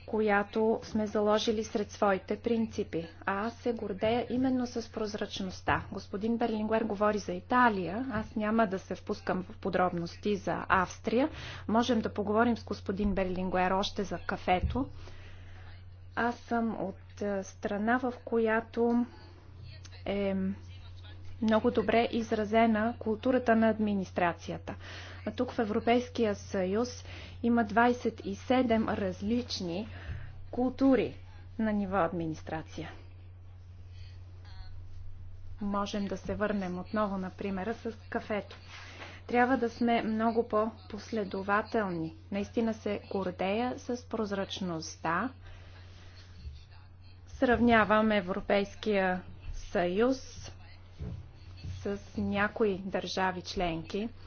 B: която сме заложили сред своите принципи. А аз се гордея именно с прозрачността. Господин Берлингуер говори за Италия, аз няма да се впускам в подробности за Австрия. Можем да поговорим с господин Берлингуер още за кафето. Аз съм от е, страна, в която е много добре изразена културата на администрацията. А тук в Европейския съюз има 27 различни култури на ниво администрация. Можем да се върнем отново на примера с кафето. Трябва да сме много по-последователни. Наистина се гордея с прозрачността. Сравнявам Европейския съюз с някои държави членки –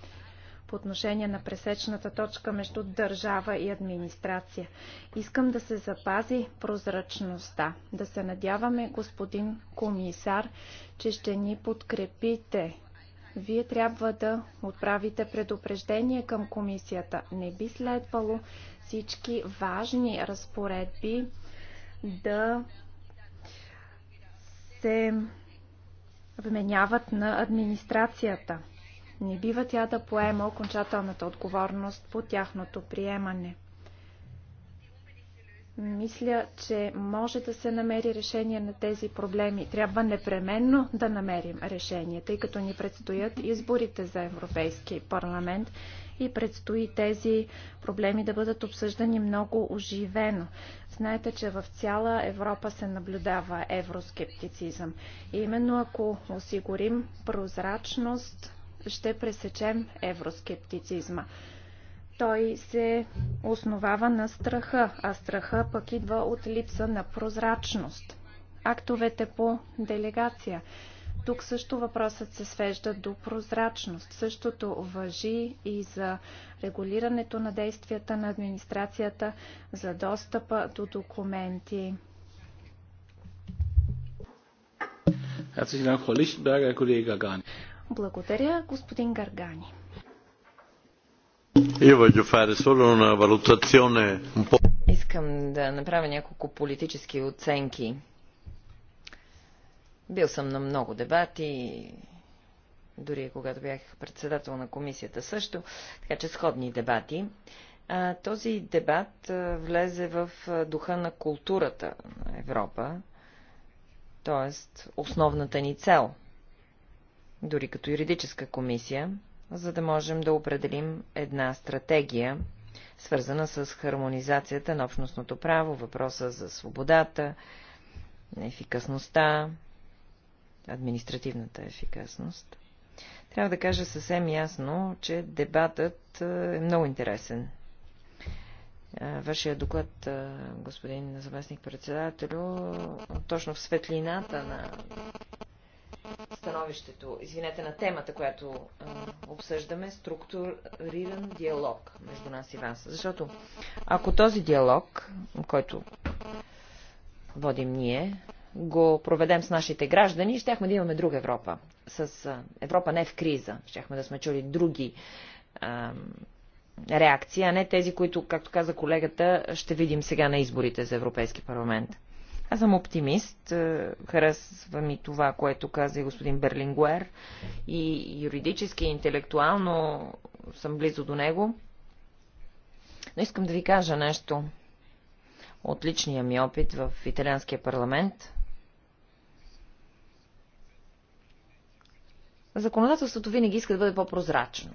B: по отношение на пресечната точка между държава и администрация. Искам да се запази прозрачността, да се надяваме, господин комисар, че ще ни подкрепите. Вие трябва да отправите предупреждение към комисията. Не би следвало всички важни разпоредби да се вменяват на администрацията. Не бива тя да поема окончателната отговорност по тяхното приемане. Мисля, че може да се намери решение на тези проблеми. Трябва непременно да намерим решение, тъй като ни предстоят изборите за Европейски парламент и предстои тези проблеми да бъдат обсъждани много оживено. Знаете, че в цяла Европа се наблюдава евроскептицизъм. И именно ако осигурим прозрачност, ще пресечем евроскептицизма. Той се основава на страха, а страха пък идва от липса на прозрачност. Актовете по делегация. Тук също въпросът се свежда до прозрачност. Същото въжи и за регулирането на действията на администрацията, за достъпа до документи.
A: Herzlichen Dank, Frau Lichtenberger, Herr Kollege Gagani.
B: Благодаря, господин Гаргани.
D: Искам да направя няколко политически оценки. Бил съм на много дебати, дори когато бях председател на комисията също, така че сходни дебати. А, този дебат а, влезе в духа на културата на Европа, т.е. основната ни цел – дори като юридическа комисия, за да можем да определим една стратегия, свързана с хармонизацията на общностното право, въпроса за свободата, ефикасността, административната ефикасност. Трябва да кажа съвсем ясно, че дебатът е, е много интересен. Е, вашия доклад, е, господин заместник председател, точно в светлината на становището, извинете, на темата, която а, обсъждаме, структуриран диалог между нас и вас. Защото ако този диалог, който водим ние, го проведем с нашите граждани, щяхме да имаме друга Европа. С а, Европа не в криза. Щяхме да сме чули други а, реакции, а не тези, които, както каза колегата, ще видим сега на изборите за Европейски парламент. Аз съм оптимист. Е, харесва ми това, което каза и господин Берлингуер. И юридически, и интелектуално съм близо до него. Но искам да ви кажа нещо от личния ми опит в италианския парламент. Законодателството винаги иска да бъде по-прозрачно.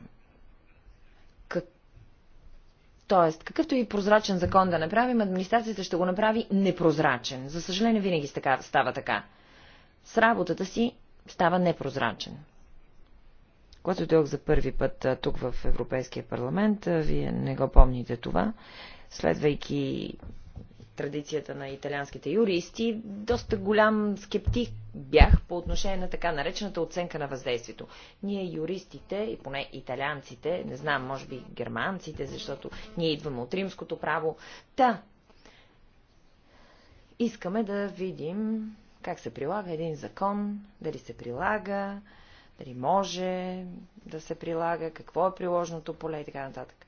D: Тоест, какъвто и прозрачен закон да направим, администрацията ще го направи непрозрачен. За съжаление, винаги става така. С работата си става непрозрачен. Когато дойдох за първи път тук в Европейския парламент, вие не го помните това, следвайки традицията на италианските юристи, доста голям скептик бях по отношение на така наречената оценка на въздействието. Ние юристите, и поне италианците, не знам, може би германците, защото ние идваме от римското право, та искаме да видим как се прилага един закон, дали се прилага, дали може да се прилага, какво е приложното поле и така нататък.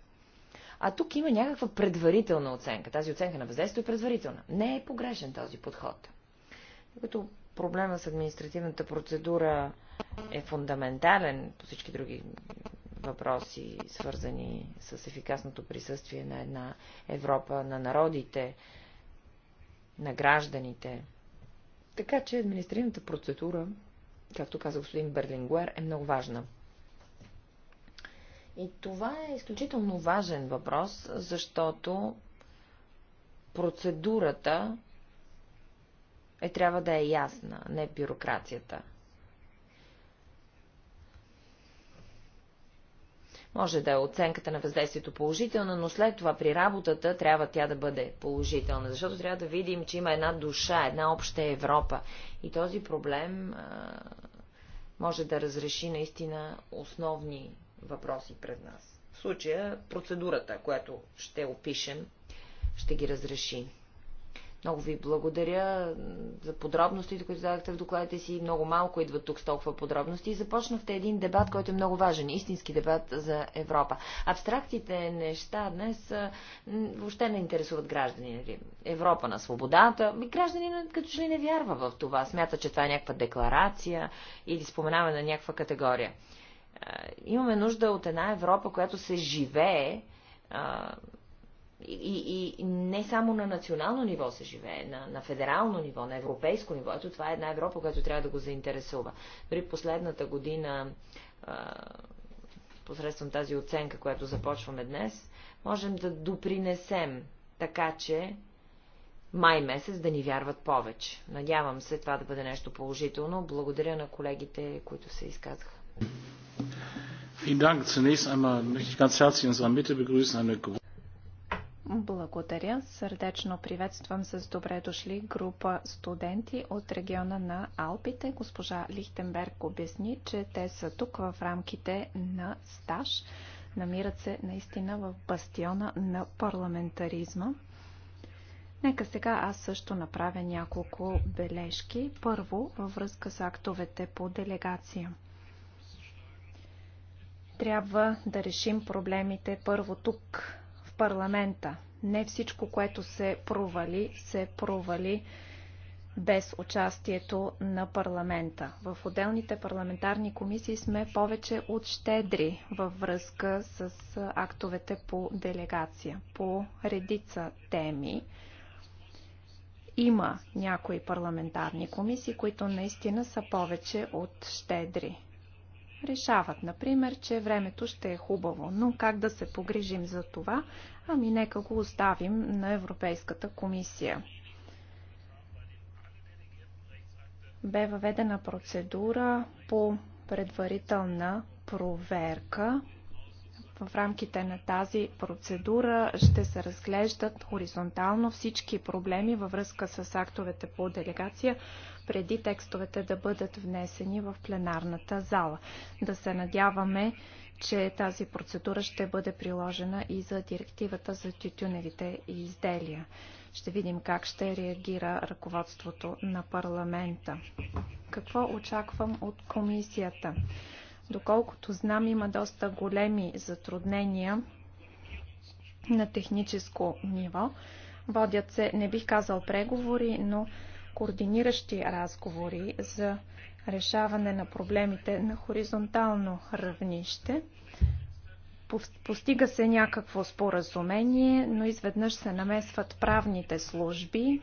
D: А тук има някаква предварителна оценка. Тази оценка на въздействие е предварителна. Не е погрешен този подход. Като проблема с административната процедура е фундаментален по всички други въпроси, свързани с ефикасното присъствие на една Европа, на народите, на гражданите. Така че административната процедура, както каза господин Берлингуер, е много важна. И това е изключително важен въпрос, защото процедурата е, трябва да е ясна, не бюрокрацията. Може да е оценката на въздействието положителна, но след това при работата трябва тя да бъде положителна, защото трябва да видим, че има една душа, една обща Европа. И този проблем а, може да разреши наистина основни въпроси пред нас. В случая процедурата, която ще опишем, ще ги разреши. Много ви благодаря за подробностите, които дадахте в докладите си. Много малко идват тук с толкова подробности. И започнахте един дебат, който е много важен. Истински дебат за Европа. Абстрактите неща днес въобще не интересуват граждани. Нали? Европа на свободата. Граждани като че ли не вярва в това. Смята, че това е някаква декларация или споменава на някаква категория имаме нужда от една Европа, която се живее а, и, и не само на национално ниво се живее, на, на федерално ниво, на европейско ниво. Ето това е една Европа, която трябва да го заинтересува. Дори последната година, а, посредством тази оценка, която започваме днес, можем да допринесем така, че май месец да ни вярват повече. Надявам се това да бъде нещо положително. Благодаря на колегите, които се изказаха.
B: Благодаря. Сърдечно приветствам с добре дошли група студенти от региона на Алпите. Госпожа Лихтенберг обясни, че те са тук в рамките на стаж. Намират се наистина в бастиона на парламентаризма. Нека сега аз също направя няколко бележки. Първо, във връзка с актовете по делегация – трябва да решим проблемите първо тук, в парламента. Не всичко, което се провали, се провали без участието на парламента. В отделните парламентарни комисии сме повече от щедри във връзка с актовете по делегация, по редица теми. Има някои парламентарни комисии, които наистина са повече от щедри решават, например, че времето ще е хубаво, но как да се погрижим за това? Ами нека го оставим на Европейската комисия. Бе въведена процедура по предварителна проверка в рамките на тази процедура ще се разглеждат хоризонтално всички проблеми във връзка с актовете по делегация, преди текстовете да бъдат внесени в пленарната зала. Да се надяваме, че тази процедура ще бъде приложена и за директивата за тютюневите изделия. Ще видим как ще реагира ръководството на парламента. Какво очаквам от комисията? Доколкото знам, има доста големи затруднения на техническо ниво. Водят се, не бих казал преговори, но координиращи разговори за решаване на проблемите на хоризонтално равнище. Постига се някакво споразумение, но изведнъж се намесват правните служби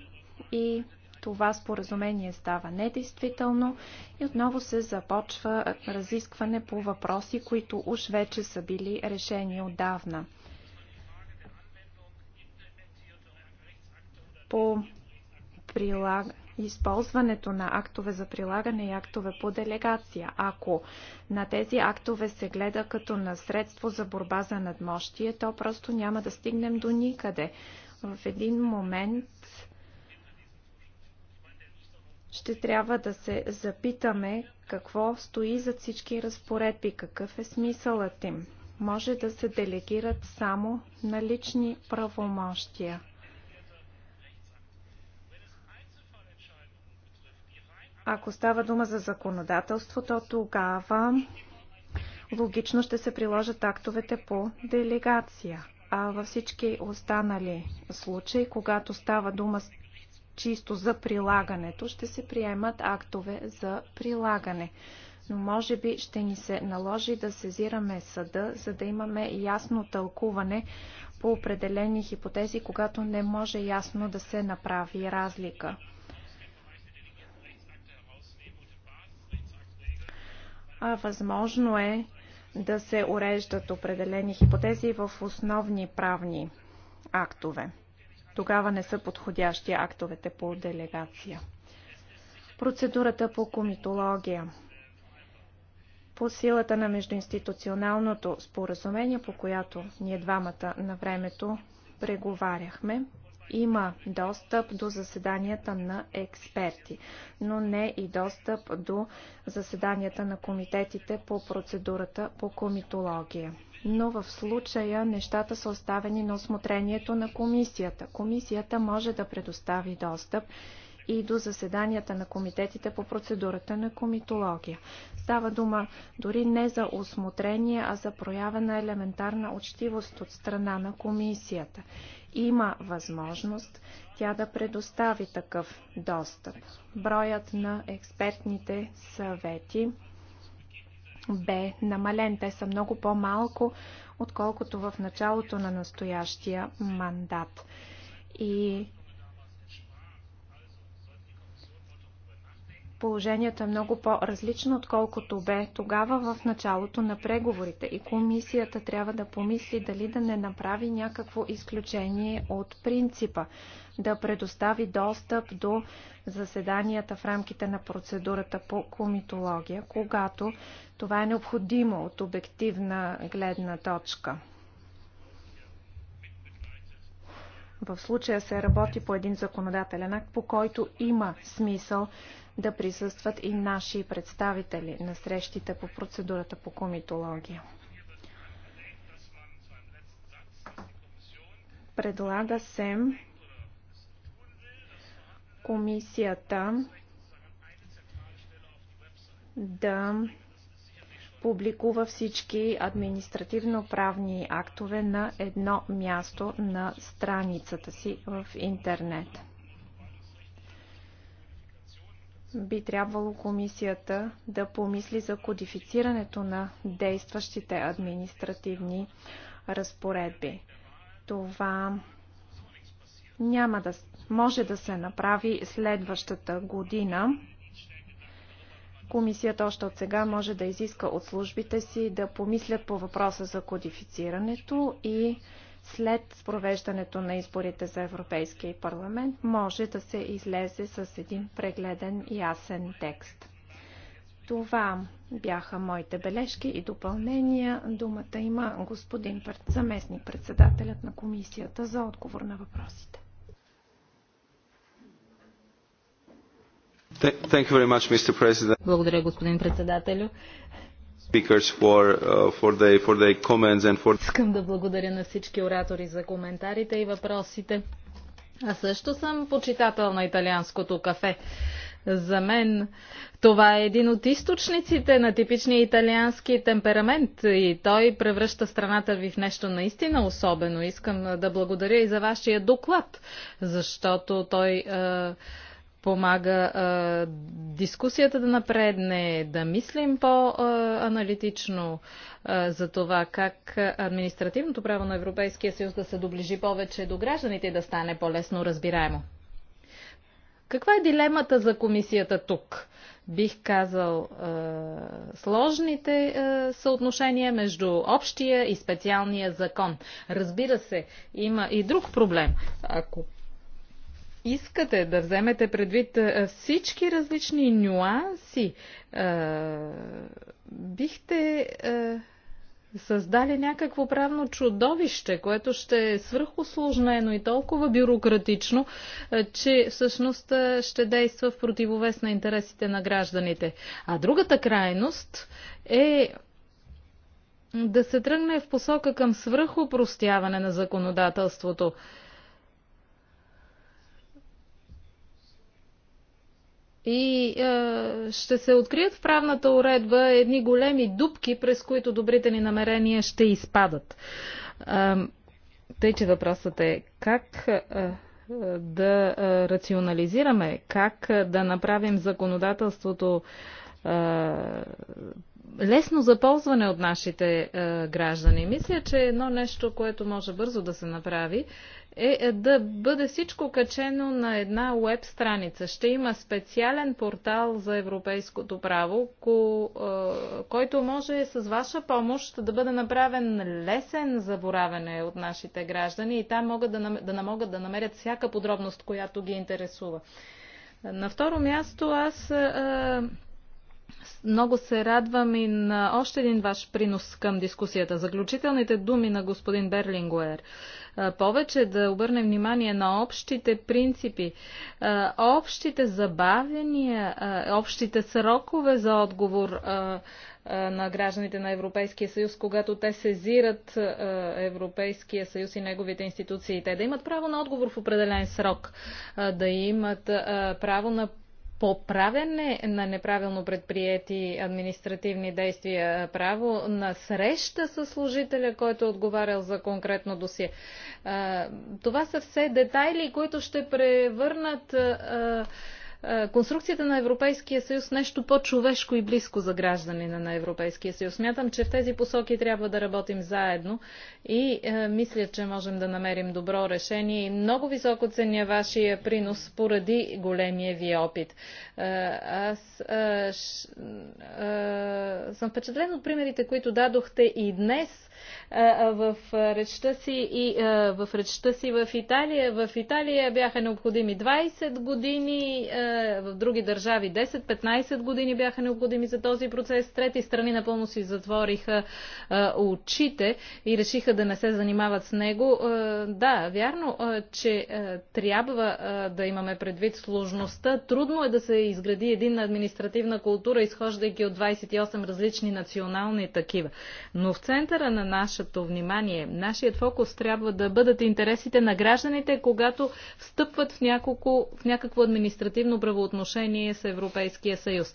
B: и това споразумение става недействително и отново се започва разискване по въпроси, които уж вече са били решени отдавна. По прилаг... използването на актове за прилагане и актове по делегация. Ако на тези актове се гледа като на средство за борба за надмощие, то просто няма да стигнем до никъде. В един момент ще трябва да се запитаме какво стои за всички разпоредби, какъв е смисълът им. Може да се делегират само на лични правомощия. Ако става дума за законодателство, то тогава логично ще се приложат актовете по делегация. А във всички останали случаи, когато става дума чисто за прилагането, ще се приемат актове за прилагане. Но може би ще ни се наложи да сезираме съда, за да имаме ясно тълкуване по определени хипотези, когато не може ясно да се направи разлика. А възможно е да се уреждат определени хипотези в основни правни актове. Тогава не са подходящи актовете по делегация. Процедурата по комитология по силата на междуинституционалното споразумение, по която ние двамата на времето преговаряхме, има достъп до заседанията на експерти, но не и достъп до заседанията на комитетите по процедурата по комитология но в случая нещата са оставени на осмотрението на комисията. Комисията може да предостави достъп и до заседанията на комитетите по процедурата на комитология. Става дума дори не за осмотрение, а за проява на елементарна учтивост от страна на комисията. Има възможност тя да предостави такъв достъп. Броят на експертните съвети бе намален. Те са много по-малко, отколкото в началото на настоящия мандат. И положението е много по-различно, отколкото бе тогава в началото на преговорите. И комисията трябва да помисли дали да не направи някакво изключение от принципа, да предостави достъп до заседанията в рамките на процедурата по комитология, когато това е необходимо от обективна гледна точка. В случая се работи по един законодателен акт, по който има смисъл да присъстват и наши представители на срещите по процедурата по комитология. Предлага се комисията да публикува всички административно-правни актове на едно място на страницата си в интернет би трябвало комисията да помисли за кодифицирането на действащите административни разпоредби. Това няма да може да се направи следващата година. Комисията още от сега може да изиска от службите си да помислят по въпроса за кодифицирането и след провеждането на изборите за Европейския парламент може да се излезе с един прегледен ясен текст. Това бяха моите бележки и допълнения. Думата има господин заместник председателят на комисията за отговор на въпросите.
E: Благодаря, господин председателю
C: speakers for, uh, for, the, for the comments and for...
E: Искам да благодаря на всички оратори за коментарите и въпросите. А също съм почитател на италианското кафе. За мен това е един от източниците на типичния италиански темперамент и той превръща страната ви в нещо наистина особено. Искам да благодаря и за вашия доклад, защото той е, помага а, дискусията да напредне, да мислим по-аналитично за това как административното право на Европейския съюз да се доближи повече до гражданите и да стане по-лесно разбираемо. Каква е дилемата за комисията тук? Бих казал е, сложните е, съотношения между общия и специалния закон. Разбира се, има и друг проблем. Ако искате да вземете предвид всички различни нюанси, бихте създали някакво правно чудовище, което ще е свръхосложнено и толкова бюрократично, че всъщност ще действа в противовес на интересите на гражданите. А другата крайност е да се тръгне в посока към свръхопростяване на законодателството. и е, ще се открият в правната уредба едни големи дупки, през които добрите ни намерения ще изпадат. Е, тъй, че въпросът е как е, да е, рационализираме, как е, да направим законодателството е, лесно за ползване от нашите е, граждани. Мисля, че едно нещо, което може бързо да се направи, е, е да бъде всичко качено на една веб страница. Ще има специален портал за европейското право, е, който може с ваша помощ да бъде направен лесен за боравене от нашите граждани и там могат да, да могат да намерят всяка подробност, която ги интересува. На второ място аз е, много се радвам и на още един ваш принос към дискусията. Заключителните думи на господин Берлингуер. Повече да обърнем внимание на общите принципи, общите забавения, общите срокове за отговор на гражданите на Европейския съюз, когато те сезират Европейския съюз и неговите институции. Те да имат право на отговор в определен срок, да имат право на Поправене на неправилно предприяти административни действия, е, право на среща с служителя, който е отговарял за конкретно досие. Е, това са все детайли, които ще превърнат е, е, конструкцията на Европейския съюз нещо по-човешко и близко за гражданина на Европейския съюз. Смятам, че в тези посоки трябва да работим заедно и е, мисля, че можем да намерим добро решение и много високо ценя вашия принос поради големия ви опит. Е, аз съм впечатлен от примерите, които дадохте и днес в речта си и в речта си в Италия. В Италия бяха необходими 20 години в други държави 10-15 години бяха необходими за този процес. Трети страни напълно си затвориха очите и решиха да не се занимават с него. Да, вярно, че трябва да имаме предвид сложността. Трудно е да се изгради един административна култура, изхождайки от 28 различни национални такива. Но в центъра на нашето внимание, нашият фокус трябва да бъдат интересите на гражданите, когато встъпват в, няколко, в някакво административно хуманно правоотношение с Европейския съюз.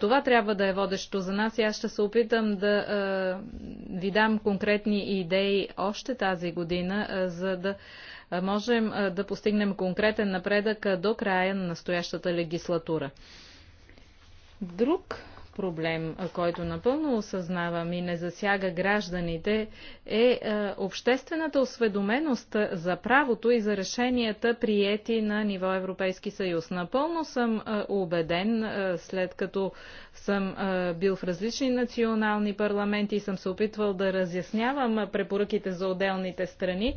E: Това трябва да е водещо за нас и аз ще се опитам да ви дам конкретни идеи още тази година, за да можем да постигнем конкретен напредък до края на настоящата легислатура. Друг проблем, който напълно осъзнавам и не засяга гражданите, е обществената осведоменост за правото и за решенията приети на ниво Европейски съюз. Напълно съм убеден, след като съм бил в различни национални парламенти и съм се опитвал да разяснявам препоръките за отделните страни,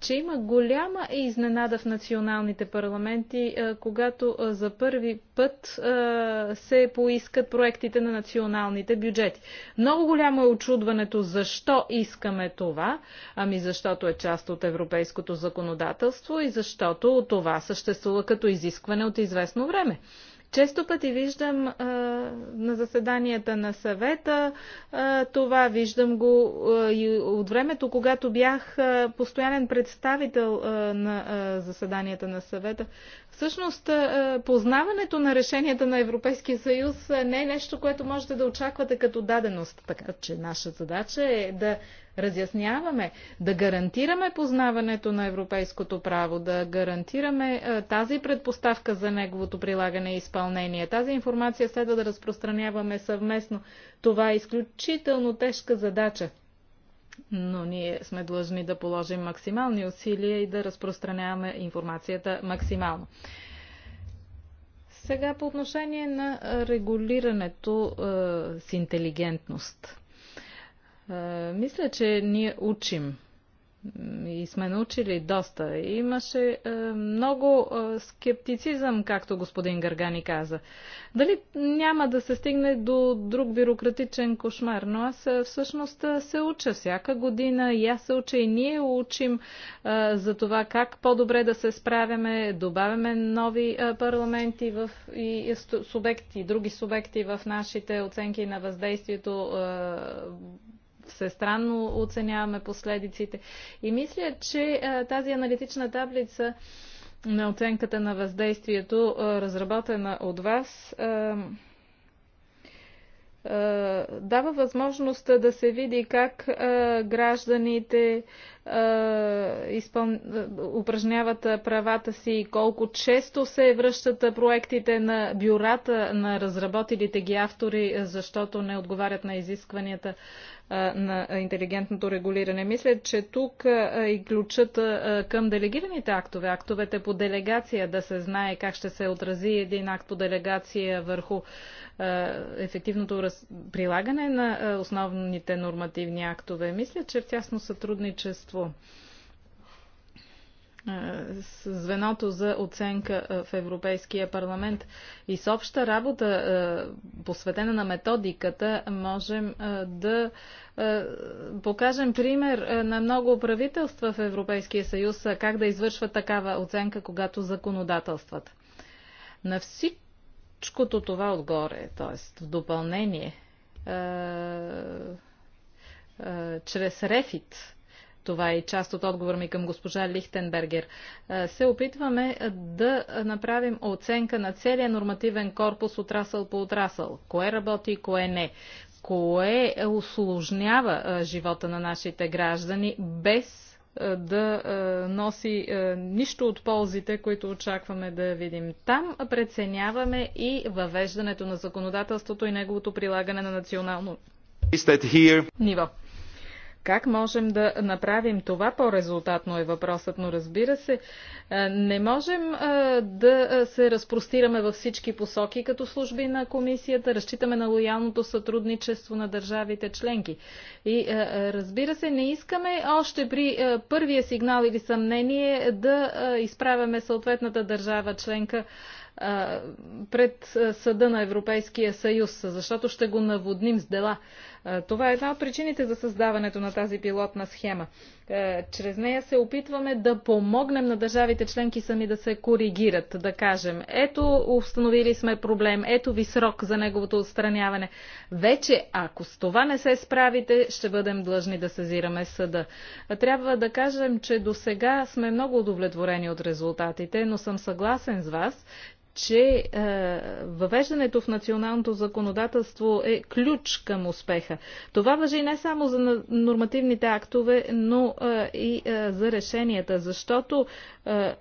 E: че има голяма изненада в националните парламенти, когато за първи път се поискат проектите на националните бюджети. Много голямо е очудването защо искаме това. Ами защото е част от европейското законодателство и защото това съществува като изискване от известно време. Често пъти виждам а, на заседанията на съвета а, това, виждам го а, и от времето, когато бях а, постоянен представител а, на а, заседанията на съвета. Всъщност, а, познаването на решенията на Европейския съюз не е нещо, което можете да очаквате като даденост. Така че наша задача е да разясняваме, да гарантираме познаването на европейското право, да гарантираме е, тази предпоставка за неговото прилагане и изпълнение. Тази информация следва да разпространяваме съвместно. Това е изключително тежка задача. Но ние сме длъжни да положим максимални усилия и да разпространяваме информацията максимално. Сега по отношение на регулирането е, с интелигентност. Е, мисля, че ние учим и сме научили доста. Имаше е, много е, скептицизъм, както господин Гаргани каза. Дали няма да се стигне до друг бюрократичен кошмар, но аз е, всъщност е, се уча всяка година и аз се уча и ние учим е, за това как по-добре да се справяме, добавяме нови е, парламенти в, и, и субекти, други субекти в нашите оценки на въздействието. Е, всестранно оценяваме последиците. И мисля, че тази аналитична таблица на оценката на въздействието, разработена от вас, дава възможност да се види как гражданите изпълн... упражняват правата си и колко често се връщат проектите на бюрата на разработилите ги автори, защото не отговарят на изискванията на интелигентното регулиране. Мисля, че тук и ключът към делегираните актове, актовете по делегация, да се знае как ще се отрази един акт по делегация върху ефективното раз... прилагане на основните нормативни актове. Мисля, че в тясно сътрудничество е, звеното за оценка е, в Европейския парламент. И с обща работа, е, посветена на методиката, можем да покажем пример на много правителства в Европейския съюз как да извършват такава оценка, когато законодателстват. На всичкото това отгоре, т.е. в допълнение, чрез Рефит, това е и част от отговор ми към госпожа Лихтенбергер, е, се опитваме да направим оценка на целия нормативен корпус отрасъл по отрасъл. Кое работи и кое не кое осложнява е, живота на нашите граждани без е, да носи нищо от ползите, които очакваме да видим. Там преценяваме и въвеждането на законодателството и неговото прилагане на национално ниво. Как можем да направим това по-резултатно е въпросът, но разбира се, е, не можем е, да е, се разпростираме във всички посоки като служби на комисията, разчитаме на лоялното сътрудничество на държавите членки. И разбира се, не искаме още при първия сигнал или съмнение да изправяме съответната държава членка пред съда на Европейския съюз, защото ще го наводним с дела. Е, това е една от причините за създаването на тази пилотна схема. Е, чрез нея се опитваме да помогнем на държавите членки сами да се коригират, да кажем, ето установили сме проблем, ето ви срок за неговото отстраняване. Вече ако с това не се справите, ще бъдем длъжни да сезираме съда. Трябва да кажем, че до сега сме много удовлетворени от резултатите, но съм съгласен с вас, че е, въвеждането в националното законодателство е ключ към успеха. Това въжи не само за нормативните актове, но е, и е, за решенията, защото е,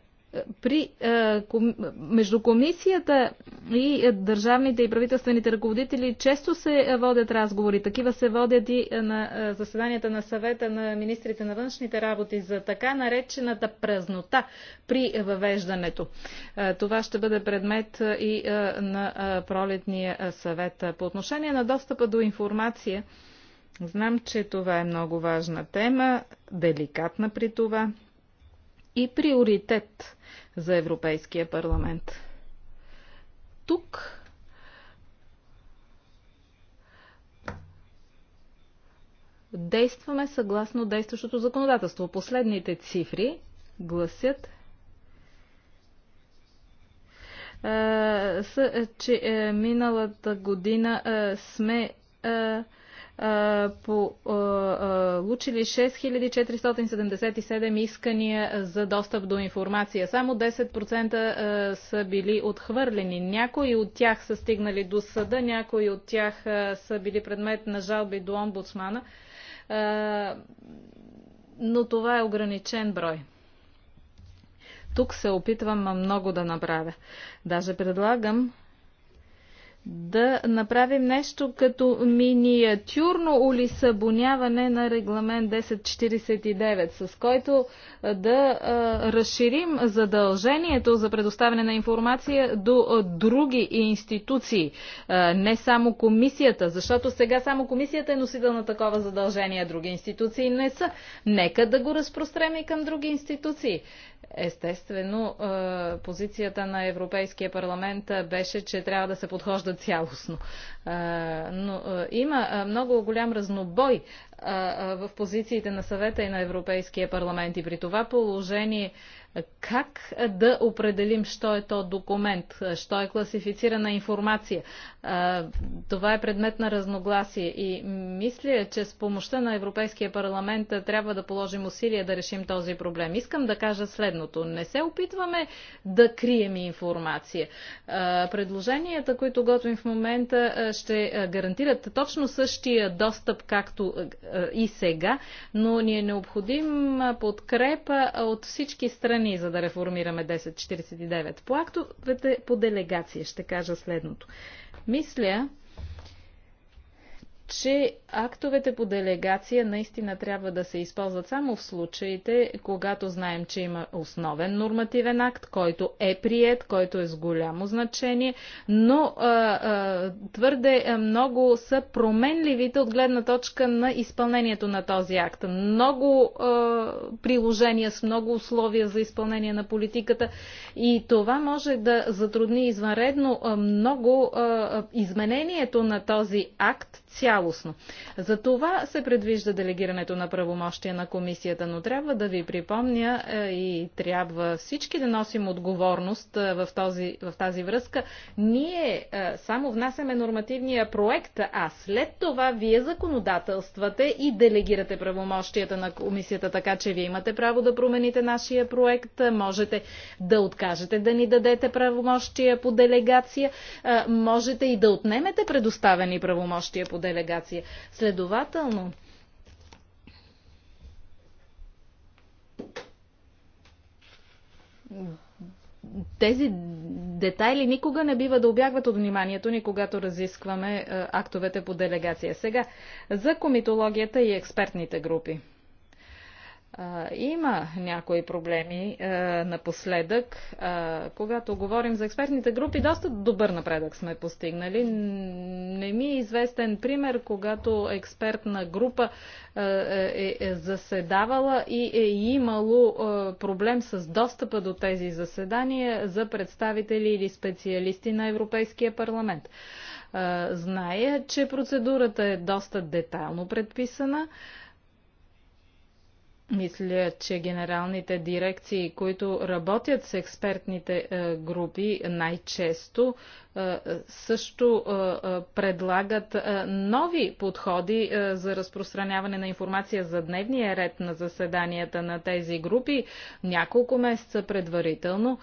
E: при, е, ком, между комисията и е, държавните и правителствените ръководители често се е, водят разговори. Такива се водят и е, на заседанията на съвета на министрите на външните работи за така наречената празнота при въвеждането. Е, това ще бъде предмет и е, на пролетния съвет. По отношение на достъпа до информация, знам, че това е много важна тема, деликатна при това и приоритет за Европейския парламент. Тук действаме съгласно действащото законодателство. Последните цифри гласят са, че е, миналата година сме получили 6477 искания за достъп до информация. Само 10% са били отхвърлени. Някои от тях са стигнали до съда, някои от тях са били предмет на жалби до омбудсмана, но това е ограничен брой. Тук се опитвам много да направя. Даже предлагам да направим нещо като миниатюрно улисабоняване на регламент 1049, с който да разширим задължението за предоставяне на информация до други институции, не само комисията, защото сега само комисията е носител на такова задължение, други институции не са. Нека да го разпрострем и към други институции. Естествено, е, позицията на Европейския парламент беше, че трябва да се подхожда цялостно. Е, но е, има много голям разнобой в позициите на съвета и на Европейския парламент. И при това положение как да определим, що е то документ, що е класифицирана информация, това е предмет на разногласие и мисля, че с помощта на Европейския парламент трябва да положим усилия да решим този проблем. Искам да кажа следното. Не се опитваме да крием информация. Предложенията, които готвим в момента, ще гарантират точно същия достъп, както и сега, но ни е необходим подкрепа от всички страни, за да реформираме 1049. По актовете по делегация ще кажа следното. Мисля, че актовете по делегация наистина трябва да се използват само в случаите, когато знаем, че има основен нормативен акт, който е прият, който е с голямо значение, но а, а, твърде много са променливите от гледна точка на изпълнението на този акт. Много а, приложения с много условия за изпълнение на политиката и това може да затрудни извънредно а, много а, изменението на този акт цял цялостно. За това се предвижда делегирането на правомощия на комисията, но трябва да ви припомня е, и трябва всички да носим отговорност е, в, този, в тази връзка. Ние е, само внасяме нормативния проект, а след това вие законодателствате и делегирате правомощията на комисията, така че вие имате право да промените нашия проект, можете да откажете да ни дадете правомощия по делегация, можете и да отнемете предоставени правомощия по делегация делегация. Следователно, тези детайли никога не бива да обягват от вниманието ни, когато разискваме е, актовете по делегация. Сега, за комитологията и експертните групи. Има някои проблеми напоследък. когато говорим за експертните групи, доста добър напредък сме постигнали. Не ми е известен пример, когато експертна група е, е, е заседавала и е имало проблем с достъпа до тези заседания за представители или специалисти на Европейския парламент. Зная, че процедурата е доста детайлно предписана. Мисля, че генералните дирекции, които работят с експертните е, групи най-често, също предлагат нови подходи за разпространяване на информация за дневния ред на заседанията на тези групи. Няколко месеца предварително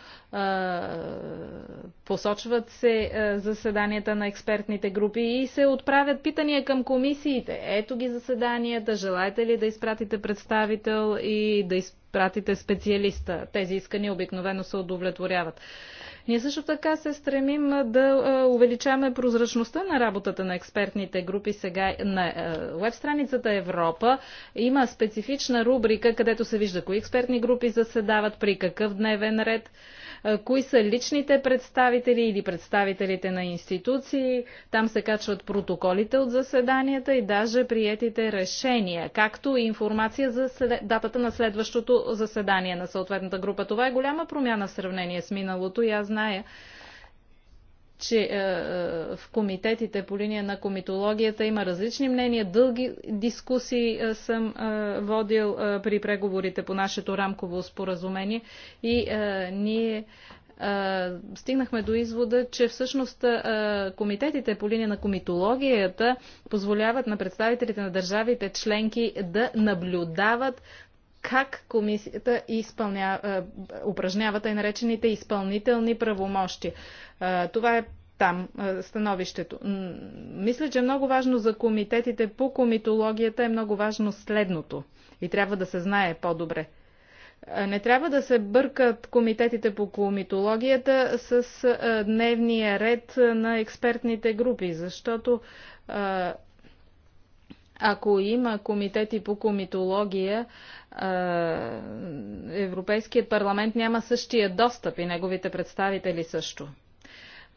E: посочват се заседанията на експертните групи и се отправят питания към комисиите. Ето ги заседанията, желаете ли да изпратите представител и да изпратите специалиста. Тези искания обикновено се удовлетворяват. Ние също така се стремим да увеличаваме прозрачността на работата на експертните групи сега на веб страницата Европа. Има специфична рубрика, където се вижда кои експертни групи заседават, при какъв дневен ред кои са личните представители или представителите на институции. Там се качват протоколите от заседанията и даже приетите решения, както и информация за след... датата на следващото заседание на съответната група. Това е голяма промяна в сравнение с миналото и аз зная, че е, е, в комитетите по линия на комитологията има различни мнения. Дълги дискусии е, съм водил при преговорите по нашето рамково споразумение и ние стигнахме до извода, че всъщност комитетите по линия на комитологията позволяват на представителите на държавите членки да наблюдават как комисията изпълня, упражнява тъй наречените изпълнителни правомощи. Това е там становището. Мисля, че е много важно за комитетите по комитологията е много важно следното и трябва да се знае по-добре. Не трябва да се бъркат комитетите по комитологията с дневния ред на експертните групи, защото ако има комитети по комитология, Европейският парламент няма същия достъп и неговите представители също.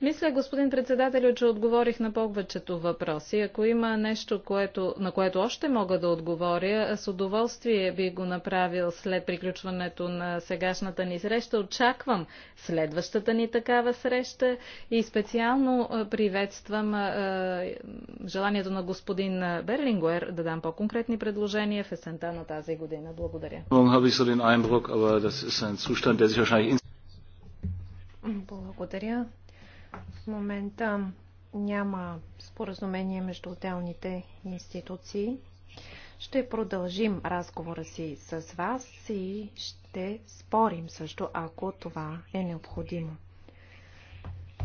E: Мисля, господин председателю, че отговорих на повечето въпроси. Ако има нещо, което, на което още мога да отговоря, с удоволствие би го направил след приключването на сегашната ни среща. Очаквам следващата ни такава среща и специално е, приветствам е, желанието на господин Берлингуер да дам по-конкретни предложения в есента на тази година. Благодаря.
B: Благодаря. В момента няма споразумение между отделните институции. Ще продължим разговора си с вас и ще спорим също, ако това е необходимо.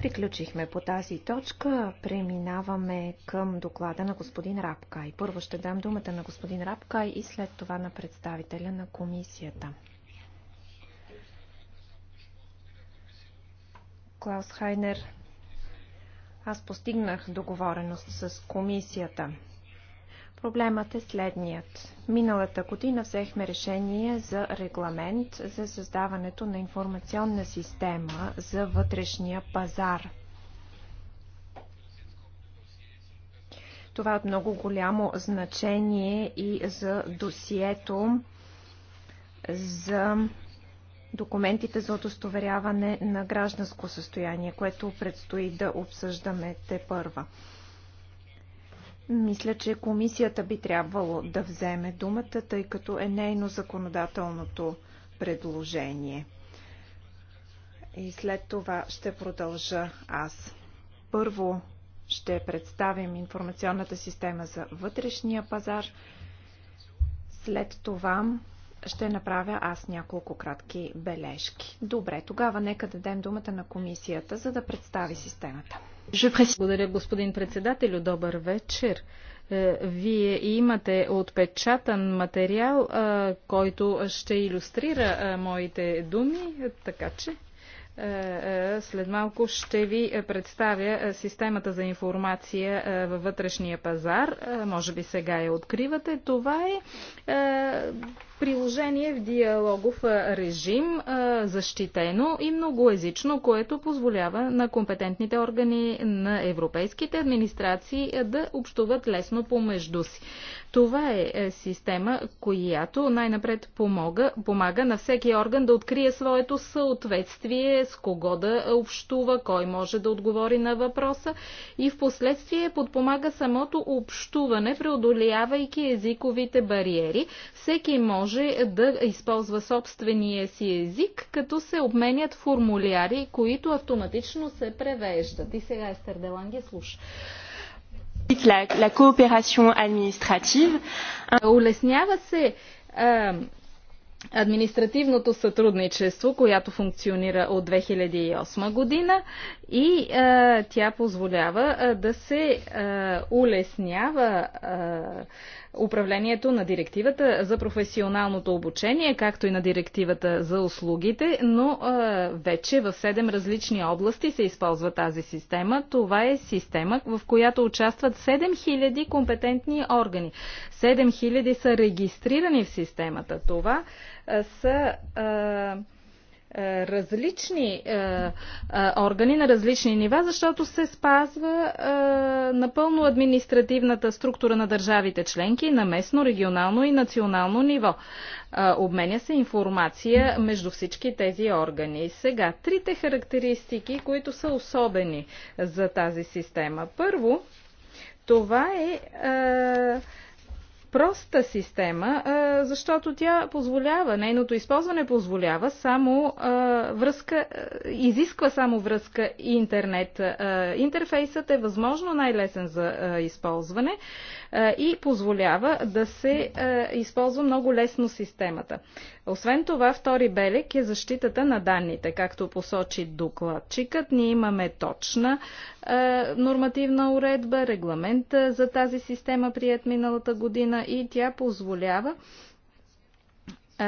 B: Приключихме по тази точка. Преминаваме към доклада на господин Рапкай. Първо ще дам думата на господин Рапкай и след това на представителя на комисията. Клаус Хайнер аз постигнах договореност с комисията. Проблемът е следният. Миналата година взехме решение за регламент за създаването на информационна система за вътрешния пазар. Това е от много голямо значение и за досието за документите за удостоверяване на гражданско състояние, което предстои да обсъждаме те първа. Мисля, че комисията би трябвало да вземе думата, тъй като е нейно законодателното предложение. И след това ще продължа аз. Първо ще представим информационната система за вътрешния пазар. След това ще направя аз няколко кратки бележки. Добре, тогава нека дадем
E: думата на комисията, за да представи системата. Благодаря, господин председател, Добър вечер. Е, вие имате отпечатан материал, е, който ще иллюстрира е, моите думи, така че след малко ще ви представя системата за информация във вътрешния пазар. Може би сега я откривате. Това е приложение в диалогов режим, защитено и многоезично, което позволява на компетентните органи на европейските администрации да общуват лесно помежду си. Това е, е система, която най-напред помога, помага на всеки орган да открие своето съответствие, с кого да общува, кой може да отговори на въпроса и в последствие подпомага самото общуване, преодолявайки езиковите бариери. Всеки може може да използва собствения си език, като се обменят формуляри, които автоматично се превеждат. И сега Естер Деланге слуша. La, la coopération administrative. Улеснява се а, административното сътрудничество, която функционира от 2008 година и а, тя позволява а, да се а, улеснява а, управлението на директивата за професионалното обучение, както и на директивата за услугите, но вече в 7 различни области се използва тази система. Това е система, в която участват 7000 компетентни органи. 7000 са регистрирани в системата. Това са е, различни е, е, органи на различни нива, защото се спазва напълно административната структура на държавите членки на местно, регионално и национално ниво. Обменя се информация между всички тези органи. Сега, трите характеристики, които са особени за тази система. Първо, това е проста система, защото тя позволява, нейното използване позволява само връзка, изисква само връзка и интернет. Интерфейсът е възможно най-лесен за използване и позволява да се използва много лесно системата. Освен това, втори белег е защитата на данните. Както посочи докладчикът, ние имаме точна е, нормативна уредба, регламент е, за тази система, прият миналата година и тя позволява е,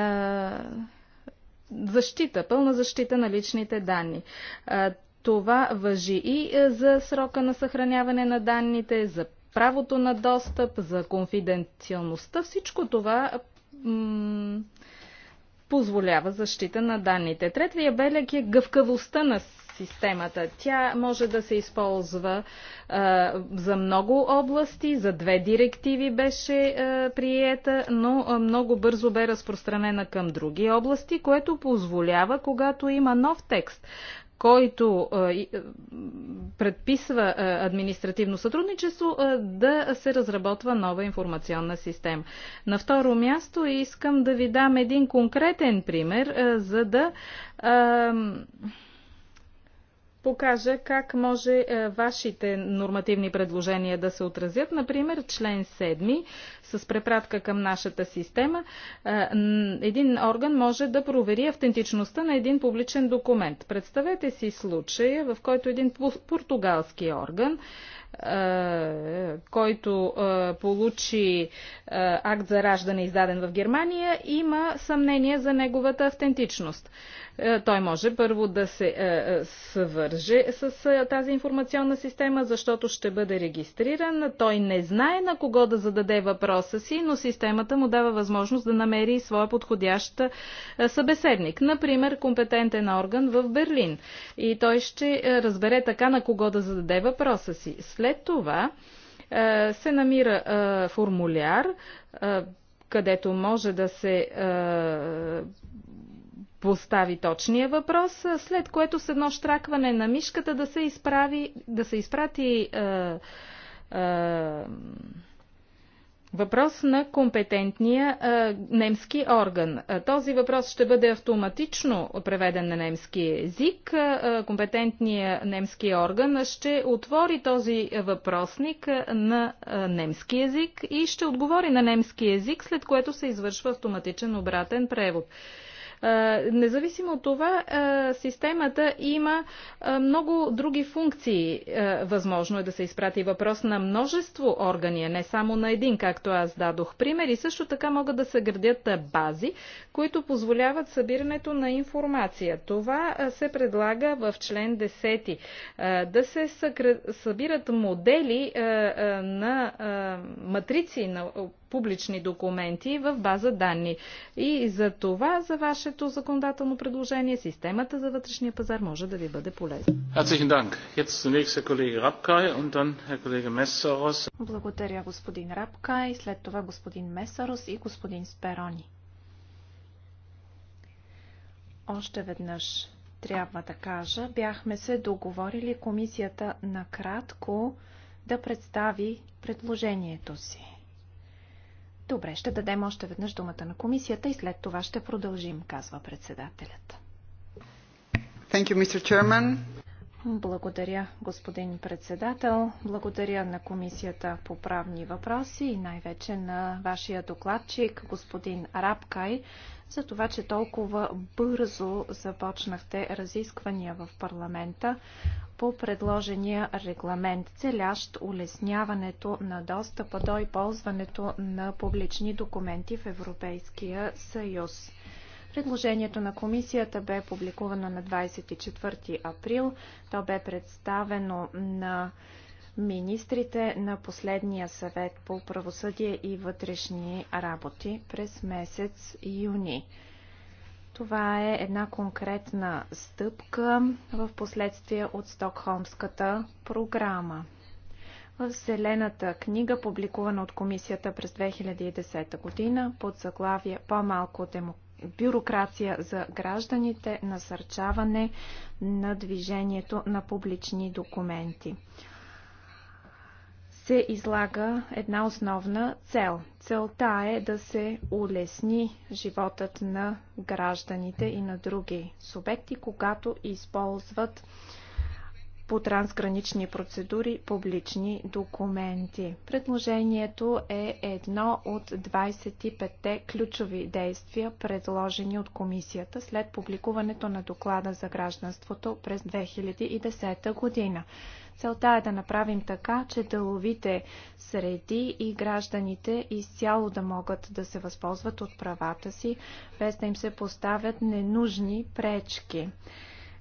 E: защита, пълна защита на личните данни. Е, това въжи и е, за срока на съхраняване на данните, за правото на достъп, за конфиденциалността. Всичко това позволява защита на данните. Третия белег е гъвкавостта на системата. Тя може да се използва а, за много области, за две директиви беше а, приета, но а, много бързо бе разпространена към други области, което позволява, когато има нов текст който предписва административно сътрудничество, да се разработва нова информационна система. На второ място искам да ви дам един конкретен пример, за да покажа как може е, вашите нормативни предложения да се отразят. Например, член 7 с препратка към нашата система. Е, един орган може да провери автентичността на един публичен документ. Представете си случая, в който един португалски орган е, който е, получи е, акт за раждане, издаден в Германия, има съмнение за неговата автентичност. Той може първо да се свърже с тази информационна система, защото ще бъде регистриран. Той не знае на кого да зададе въпроса си, но системата му дава възможност да намери своя подходящ събеседник. Например, компетентен орган в Берлин. И той ще разбере така на кого да зададе въпроса си. След след това е, се намира е, формуляр, е, където може да се постави точния въпрос, след което с едно штракване на мишката да се изправи, да се изпрати Въпрос на компетентния а, немски орган. А, този въпрос ще бъде автоматично преведен на немски език. А, компетентния немски орган ще отвори този въпросник на а, немски език и ще отговори на немски език, след което се извършва автоматичен обратен превод. Независимо от това, системата има много други функции. Възможно е да се изпрати въпрос на множество органи, а не само на един, както аз дадох пример. И също така могат да се градят бази, които позволяват събирането на информация. Това се предлага в член 10. Да се събират модели на матрици на публични документи в база данни. И за това, за вашето законодателно предложение, системата за вътрешния пазар може да ви бъде полезна.
B: Благодаря, господин Рапкай, след това господин Месарос и господин Сперони. Още веднъж трябва да кажа, бяхме се договорили комисията накратко да представи предложението си. Добре, ще дадем още веднъж думата на комисията и след това ще продължим, казва председателят.
C: Thank you, Mr. Chairman.
B: Благодаря, господин председател. Благодаря на Комисията по правни въпроси и най-вече на вашия докладчик, господин Рабкай, за това, че толкова бързо започнахте разисквания в парламента по предложения регламент, целящ улесняването на достъпа до и ползването на публични документи в Европейския съюз. Предложението на комисията бе публикувано на 24 април. То бе представено на министрите на последния съвет по правосъдие и вътрешни работи през месец юни. Това е една конкретна стъпка в последствие от Стокхолмската програма. В Зелената книга, публикувана от комисията през 2010 година под заглавие По-малко демократия бюрокрация за гражданите, насърчаване на движението на публични документи се излага една основна цел. Целта е да се улесни животът на гражданите и на други субекти, когато използват по трансгранични процедури публични документи. Предложението е едно от 25-те ключови действия, предложени от комисията след публикуването на доклада за гражданството през 2010 година. Целта е да направим така, че деловите среди и гражданите изцяло да могат да се възползват от правата си, без да им се поставят ненужни пречки.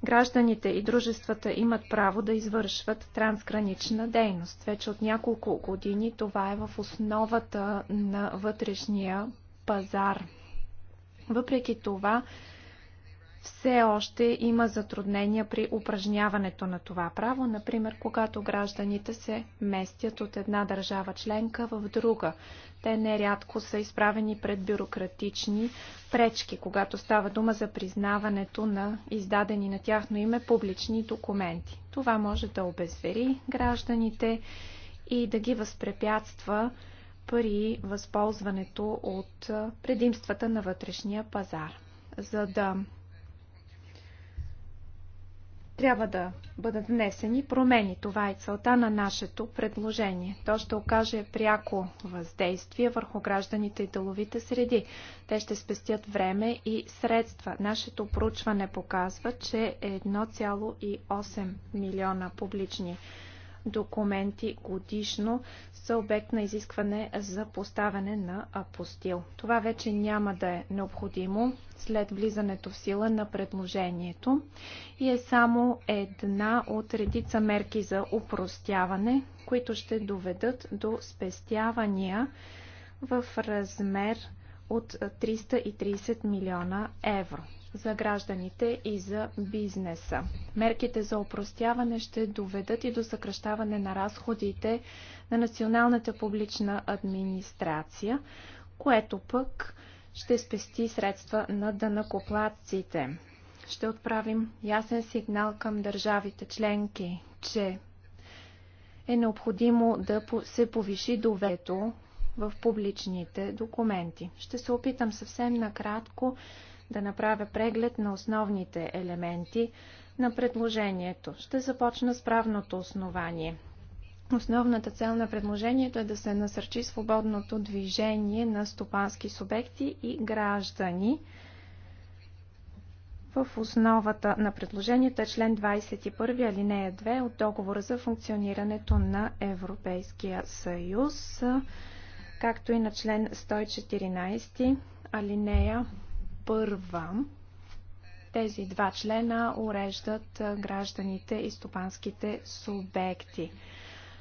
B: Гражданите и дружествата имат право да извършват трансгранична дейност. Вече от няколко години това е в основата на вътрешния пазар. Въпреки това, все още има затруднения при упражняването на това право, например, когато гражданите се местят от една държава членка в друга. Те нерядко са изправени пред бюрократични пречки, когато става дума за признаването на издадени на тяхно име публични документи. Това може да обезвери гражданите и да ги възпрепятства при възползването от предимствата на вътрешния пазар. За да трябва да бъдат внесени промени. Това е целта на нашето предложение. То ще окаже пряко въздействие върху гражданите и деловите среди. Те ще спестят време и средства. Нашето проучване показва, че 1,8 милиона публични документи годишно са обект на изискване за поставяне на апостил. Това вече няма да е необходимо след влизането в сила на предложението и е само една от редица мерки за упростяване, които ще доведат до спестявания в размер от 330 милиона евро за гражданите и за бизнеса. Мерките за опростяване ще доведат и до съкръщаване на разходите на националната публична администрация, което пък ще спести средства на дънакоплатците. Ще отправим ясен сигнал към държавите членки, че е необходимо да се повиши довето в публичните документи. Ще се опитам съвсем накратко да направя преглед на основните елементи на предложението. Ще започна с правното основание. Основната цел на предложението е да се насърчи свободното движение на стопански субекти и граждани. В основата на предложението е член 21, алинея 2 от договора за функционирането на Европейския съюз, както и на член 114, алинея първа. Тези два члена уреждат гражданите и стопанските субекти.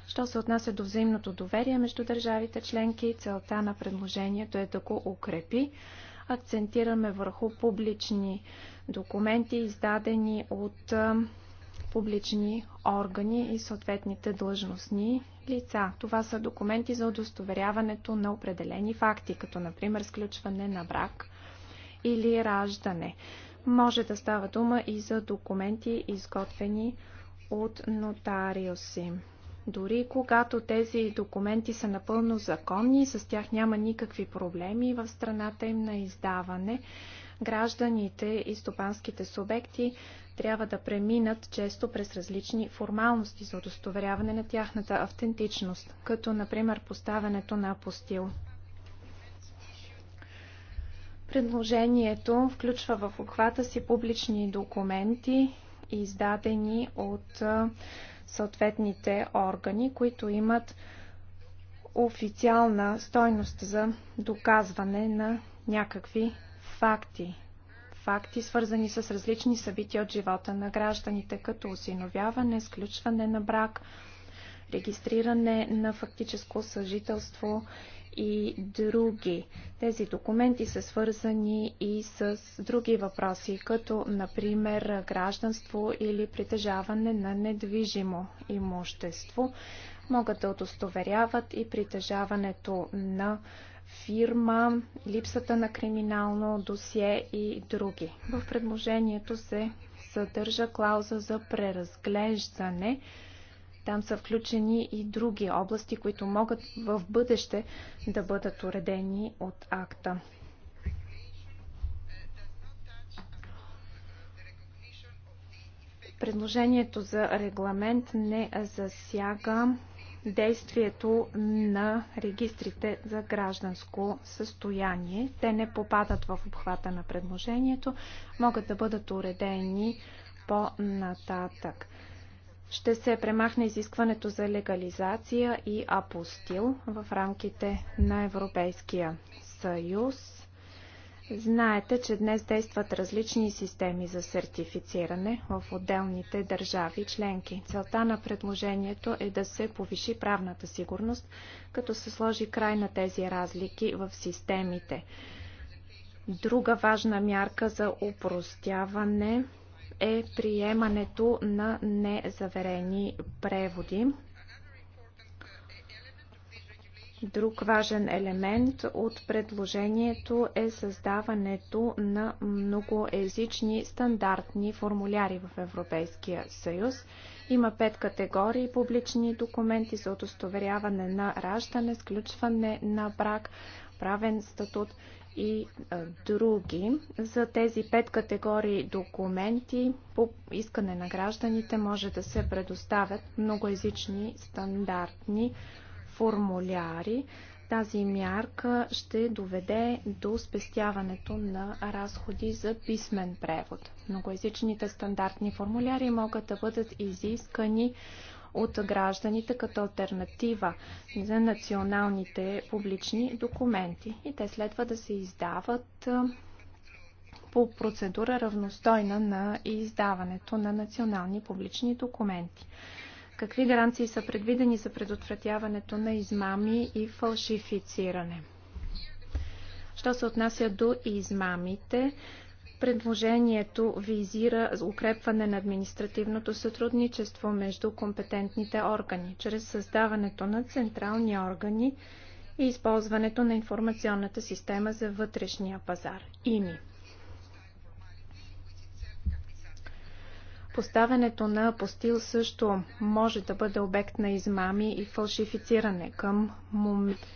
B: Що се отнася до взаимното доверие между държавите членки, целта на предложението е да го укрепи. Акцентираме върху публични документи, издадени от публични органи и съответните длъжностни лица. Това са документи за удостоверяването на определени факти, като например сключване на брак, или раждане. Може да става дума и за документи, изготвени от нотариуси. Дори когато тези документи са напълно законни, с тях няма никакви проблеми в страната им на издаване, гражданите и стопанските субекти трябва да преминат често през различни формалности за удостоверяване на тяхната автентичност, като например поставянето на апостил. Предложението включва в обхвата си публични документи, издадени от съответните органи, които имат официална стойност за доказване на някакви факти. Факти, свързани с различни събития от живота на гражданите, като осиновяване, сключване на брак, регистриране на фактическо съжителство и други. Тези документи са свързани и с други въпроси, като например гражданство или притежаване на недвижимо имущество. Могат да удостоверяват и притежаването на фирма, липсата на криминално досие и други. В предложението се съдържа клауза за преразглеждане, там са включени и други области, които могат в бъдеще да бъдат уредени от акта. Предложението за регламент не засяга действието на регистрите за гражданско състояние. Те не попадат в обхвата на предложението, могат да бъдат уредени по-нататък ще се премахне изискването за легализация и апостил в рамките на Европейския съюз. Знаете, че днес действат различни системи за сертифициране в отделните държави членки. Целта на предложението е да се повиши правната сигурност, като се сложи край на тези разлики в системите. Друга важна мярка за упростяване – е приемането на незаверени преводи. Друг важен елемент от предложението е създаването на многоезични стандартни формуляри в Европейския съюз. Има пет категории публични документи за удостоверяване на раждане, сключване на брак, правен статут и други. За тези пет категории документи по искане на гражданите може да се предоставят многоязични стандартни формуляри. Тази мярка ще доведе до спестяването на разходи за писмен превод. Многоязичните стандартни формуляри могат да бъдат изискани от гражданите като альтернатива за националните публични документи. И те следва да се издават по процедура равностойна на издаването на национални публични документи. Какви гаранции са предвидени за предотвратяването на измами и фалшифициране? Що се отнася до измамите, Предложението визира укрепване на административното сътрудничество между компетентните органи, чрез създаването на централни органи и използването на информационната система за вътрешния пазар – ИМИ. Поставянето на апостил също може да бъде обект на измами и фалшифициране към момента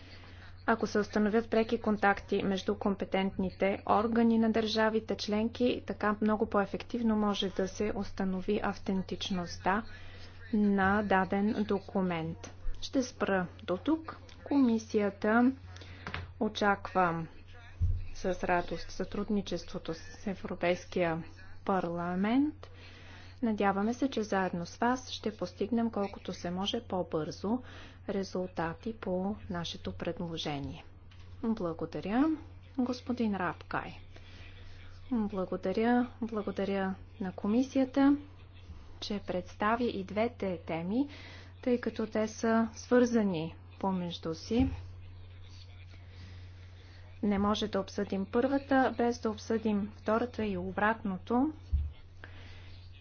B: ако се установят преки контакти между компетентните органи на държавите членки, така много по-ефективно може да се установи автентичността на даден документ. Ще спра до тук. Комисията очаква с радост сътрудничеството с Европейския парламент. Надяваме се, че заедно с вас ще постигнем колкото се може по-бързо резултати по нашето предложение. Благодаря, господин Рапкай. Благодаря, благодаря на комисията, че представи и двете теми, тъй като те са свързани помежду си. Не може да обсъдим първата, без да обсъдим втората и обратното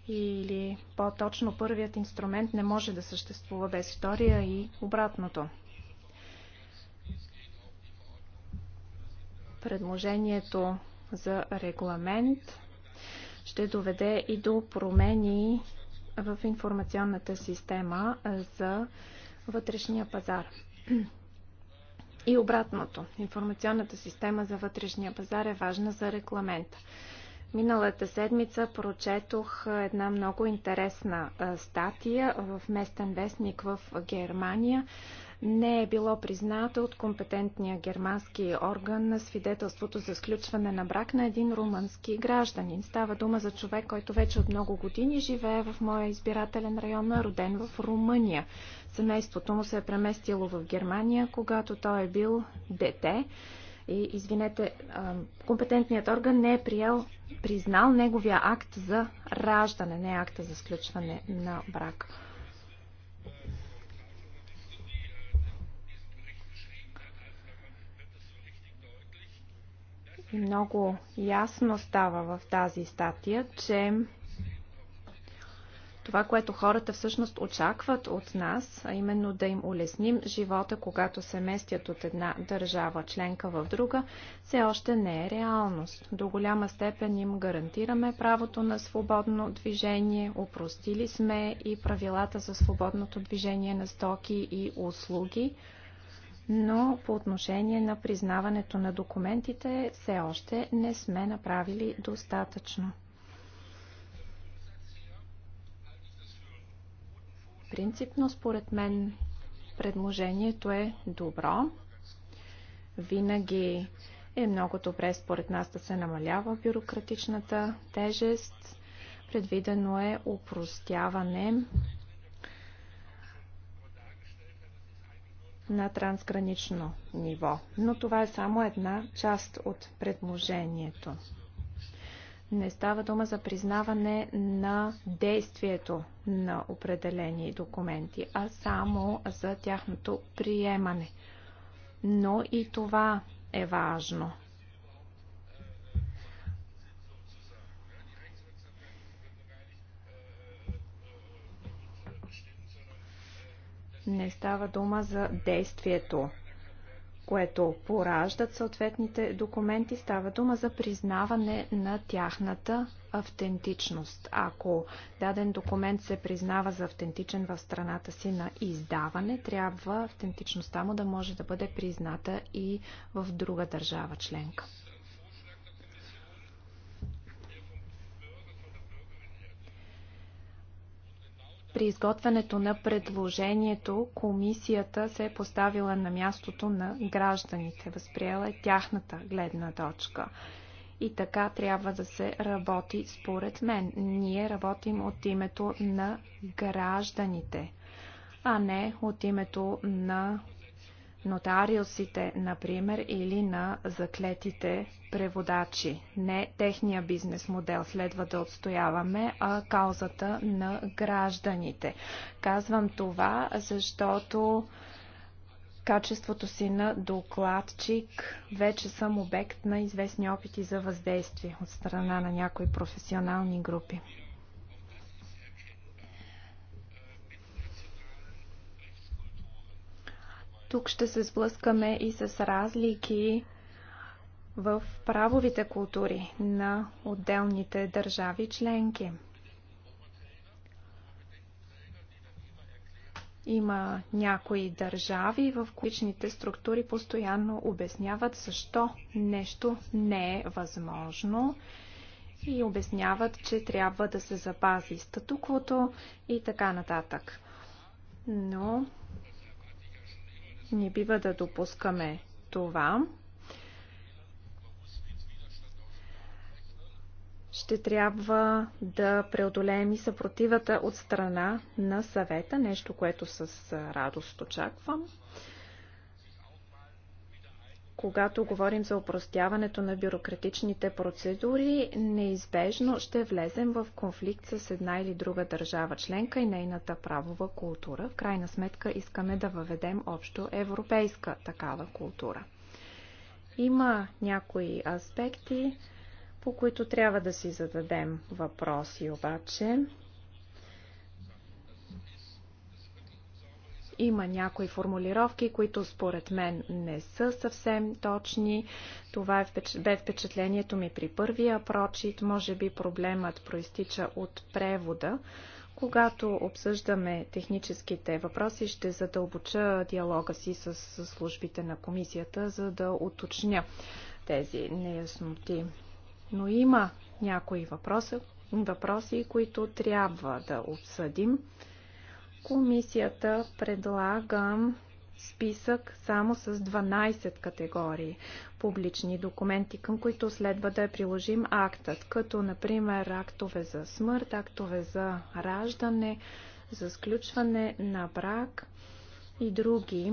B: или по-точно първият инструмент не може да съществува без втория и обратното. Предложението за регламент ще доведе и до промени в информационната система за вътрешния пазар. И обратното. Информационната система за вътрешния пазар е важна за регламента. Миналата седмица прочетох една много интересна статия в местен вестник в Германия. Не е било признато от компетентния германски орган на свидетелството за сключване на брак на един румънски гражданин. Става дума за човек, който вече от много години живее в моя избирателен район, но е роден в Румъния. Семейството му се е преместило в Германия, когато той е бил дете и, извинете, компетентният орган не е приел, признал неговия акт за раждане, не е акта за сключване на брак. И много ясно става в тази статия, че това, което хората всъщност очакват от нас, а именно да им улесним живота, когато се местят от една държава членка в друга, все още не е реалност. До голяма степен им гарантираме правото на свободно движение, упростили сме и правилата за свободното движение на стоки и услуги, но по отношение на признаването на документите все още не сме направили достатъчно. Принципно, според мен, предложението е добро. Винаги е много добре, според нас, да се намалява бюрократичната тежест. Предвидено е упростяване на трансгранично ниво. Но това е само една част от предложението. Не става дума за признаване на действието на определени документи, а само за тяхното приемане. Но и това е важно. Не става дума за действието което пораждат съответните документи, става дума за признаване на тяхната автентичност. Ако даден документ се признава за автентичен в страната си на издаване, трябва автентичността му да може да бъде призната и в друга държава членка. при изготвянето на предложението комисията се е поставила на мястото на гражданите, възприела е тяхната гледна точка. И така трябва да се работи според мен. Ние работим от името на гражданите, а не от името на нотариусите, например, или на заклетите преводачи. Не техния бизнес модел следва да отстояваме, а каузата на гражданите. Казвам това, защото качеството си на докладчик вече съм обект на известни опити за въздействие от страна на някои професионални групи. Тук ще се сблъскаме и с разлики в правовите култури на отделните държави членки. Има някои държави, в които структури постоянно обясняват защо нещо не е възможно и обясняват, че трябва да се запази статуквото и така нататък. Но не бива да допускаме това. ще трябва да преодолеем и съпротивата от страна на съвета, нещо, което с радост очаквам когато говорим за упростяването на бюрократичните процедури, неизбежно ще влезем в конфликт с една или друга държава членка и нейната правова култура. В крайна сметка искаме да въведем общо европейска такава култура. Има някои аспекти, по които трябва да си зададем въпроси обаче. Има някои формулировки, които според мен не са съвсем точни. Това е впечат... бе впечатлението ми при първия прочит. Може би проблемът проистича от превода. Когато обсъждаме техническите въпроси, ще задълбоча диалога си с службите на комисията, за да уточня тези неясноти. Но има някои въпроси, въпроси, които трябва да обсъдим. Комисията предлага списък само с 12 категории публични документи, към които следва да е приложим актът, като например актове за смърт, актове за раждане, за сключване на брак и други,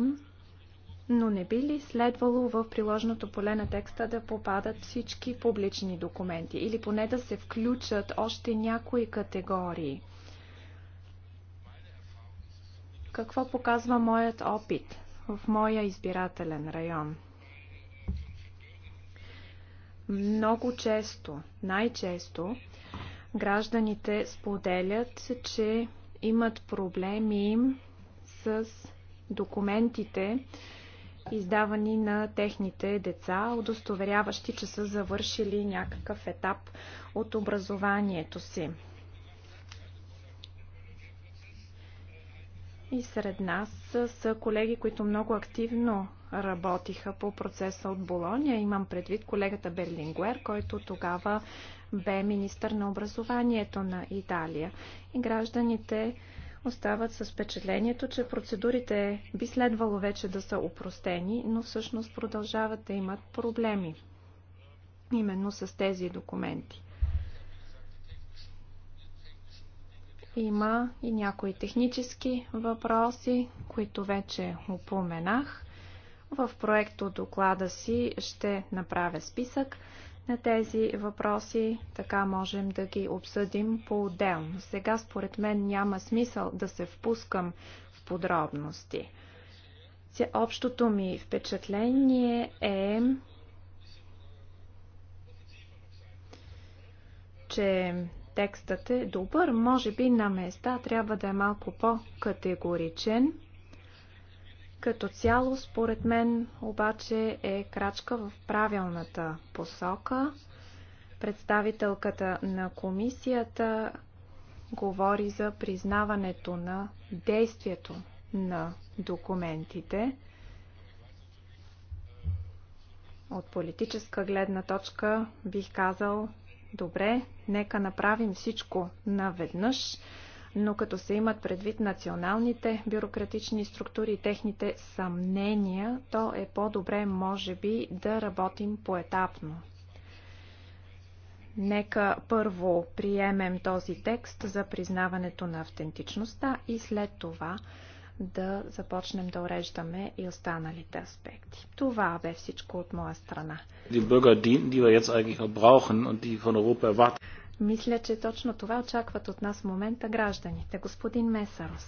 B: но не би ли следвало в приложното поле на текста да попадат всички публични документи или поне да се включат още някои категории? Какво показва моят опит в моя избирателен район? Много често, най-често, гражданите споделят, че имат проблеми с документите, издавани на техните деца, удостоверяващи, че са завършили някакъв етап от образованието си. И сред нас са колеги, които много активно работиха по процеса от Болония. Имам предвид колегата Берлингуер, който тогава бе министър на образованието на Италия. И гражданите остават с впечатлението, че процедурите би следвало вече да са упростени, но всъщност продължават да имат проблеми именно с тези документи. Има и някои технически въпроси, които вече упоменах. В проекто доклада си ще направя списък на тези въпроси, така можем да ги обсъдим по-отделно. Сега според мен няма смисъл да се впускам в подробности. Общото ми впечатление е, че Текстът е добър, може би на места трябва да е малко по-категоричен. Като цяло, според мен, обаче е крачка в правилната посока. Представителката на комисията говори за признаването на действието на документите. От политическа гледна точка бих казал, Добре, нека направим всичко наведнъж, но като се имат предвид националните бюрократични структури и техните съмнения, то е по-добре, може би, да работим поетапно. Нека първо приемем този текст за признаването на автентичността и след това да започнем да уреждаме и останалите аспекти. Това бе всичко от моя страна. Мисля, че точно това очакват от нас в момента гражданите. Господин Месарос.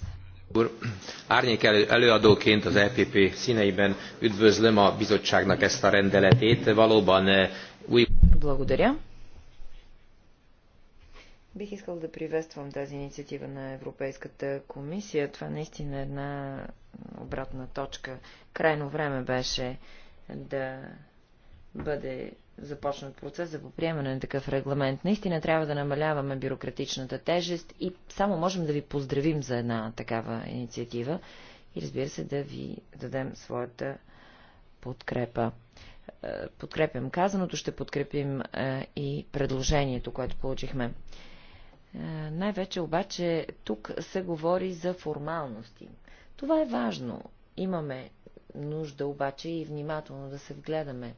C: árnyék előadóként az EPP színeiben üdvözlöm a bizottságnak ezt a rendeletét. Valóban eh, új...
D: Благодаря. Бих искал да приветствам тази инициатива на Европейската комисия. Това наистина е една обратна точка. Крайно време беше да бъде започнат процес за поприемане на такъв регламент. Наистина трябва да намаляваме бюрократичната тежест и само можем да ви поздравим за една такава инициатива и разбира се да ви дадем своята подкрепа. Е, подкрепям казаното, ще подкрепим е, и предложението, което получихме. Е, най-вече обаче тук се говори за формалности. Това е важно. Имаме нужда обаче и внимателно да се вгледаме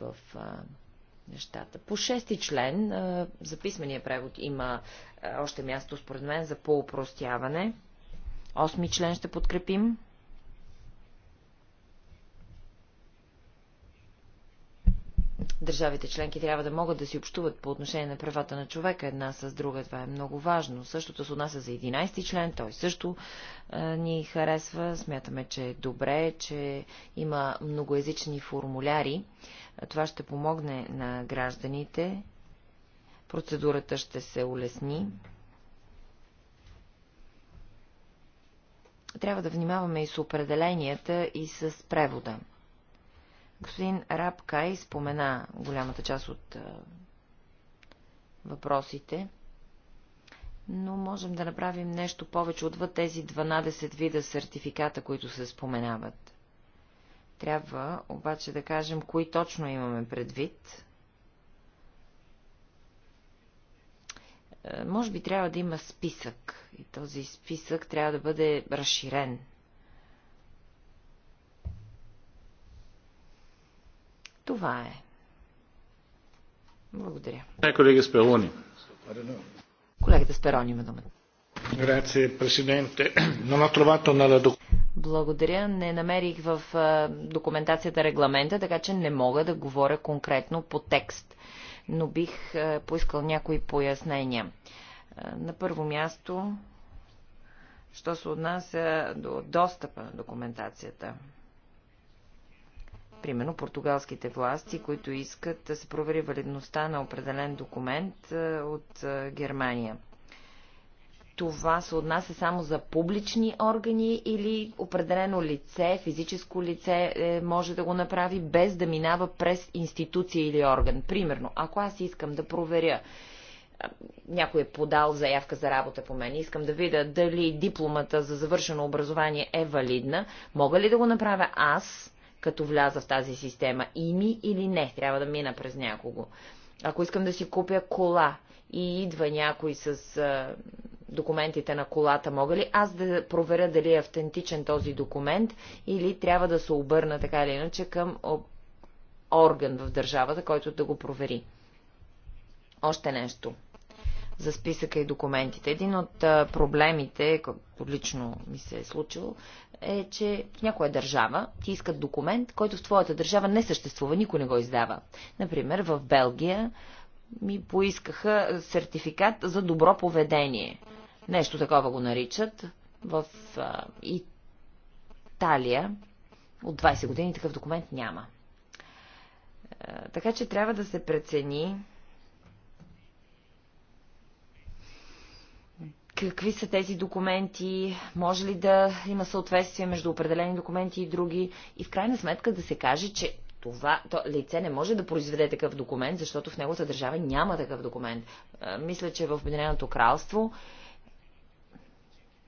D: в а, нещата. По шести член а, за писмения превод има а, още място, според мен, за по-упростяване. Осми член ще подкрепим. Държавите членки трябва да могат да си общуват по отношение на правата на човека една с друга. Това е много важно. Същото се отнася за 11-ти член. Той също е, ни харесва. Смятаме, че е добре, че има многоязични формуляри. Това ще помогне на гражданите. Процедурата ще се улесни. Трябва да внимаваме и с определенията, и с превода. Господин Рабкай спомена голямата част от въпросите, но можем да направим нещо повече отвъд тези 12 вида сертификата, които се споменават. Трябва обаче да кажем, кои точно имаме предвид. Е, може би трябва да има списък и този списък трябва да бъде разширен, Това е. Благодаря. Е, Колега Сперони. Колегата Сперони има думата. Благодаря. Не намерих в документацията регламента, така че не мога да говоря конкретно по текст, но бих поискал някои пояснения. На първо място, що се отнася до достъпа на документацията. Примерно португалските власти, които искат да се провери валидността на определен документ е, от е, Германия. Това се отнася само за публични органи или определено лице, физическо лице е, може да го направи без да минава през институция или орган. Примерно, ако аз искам да проверя някой е подал заявка за работа по мен, искам да видя дали дипломата за завършено образование е валидна, мога ли да го направя аз, като вляза в тази система. Ими или не, трябва да мина през някого. Ако искам да си купя кола и идва някой с а, документите на колата, мога ли аз да проверя дали е автентичен този документ или трябва да се обърна така или иначе към орган в държавата, който да го провери. Още нещо за списъка и документите. Един от проблемите, лично ми се е случило, е, че в някоя държава ти искат документ, който в твоята държава не съществува, никой не го издава. Например, в Белгия ми поискаха сертификат за добро поведение. Нещо такова го наричат. В а, Италия от 20 години такъв документ няма. А, е, така че трябва да се прецени какви са тези документи, може ли да има съответствие между определени документи и други и в крайна сметка да се каже, че това то, лице не може да произведе такъв документ, защото в неговата държава няма такъв документ. Мисля, че в Обединеното кралство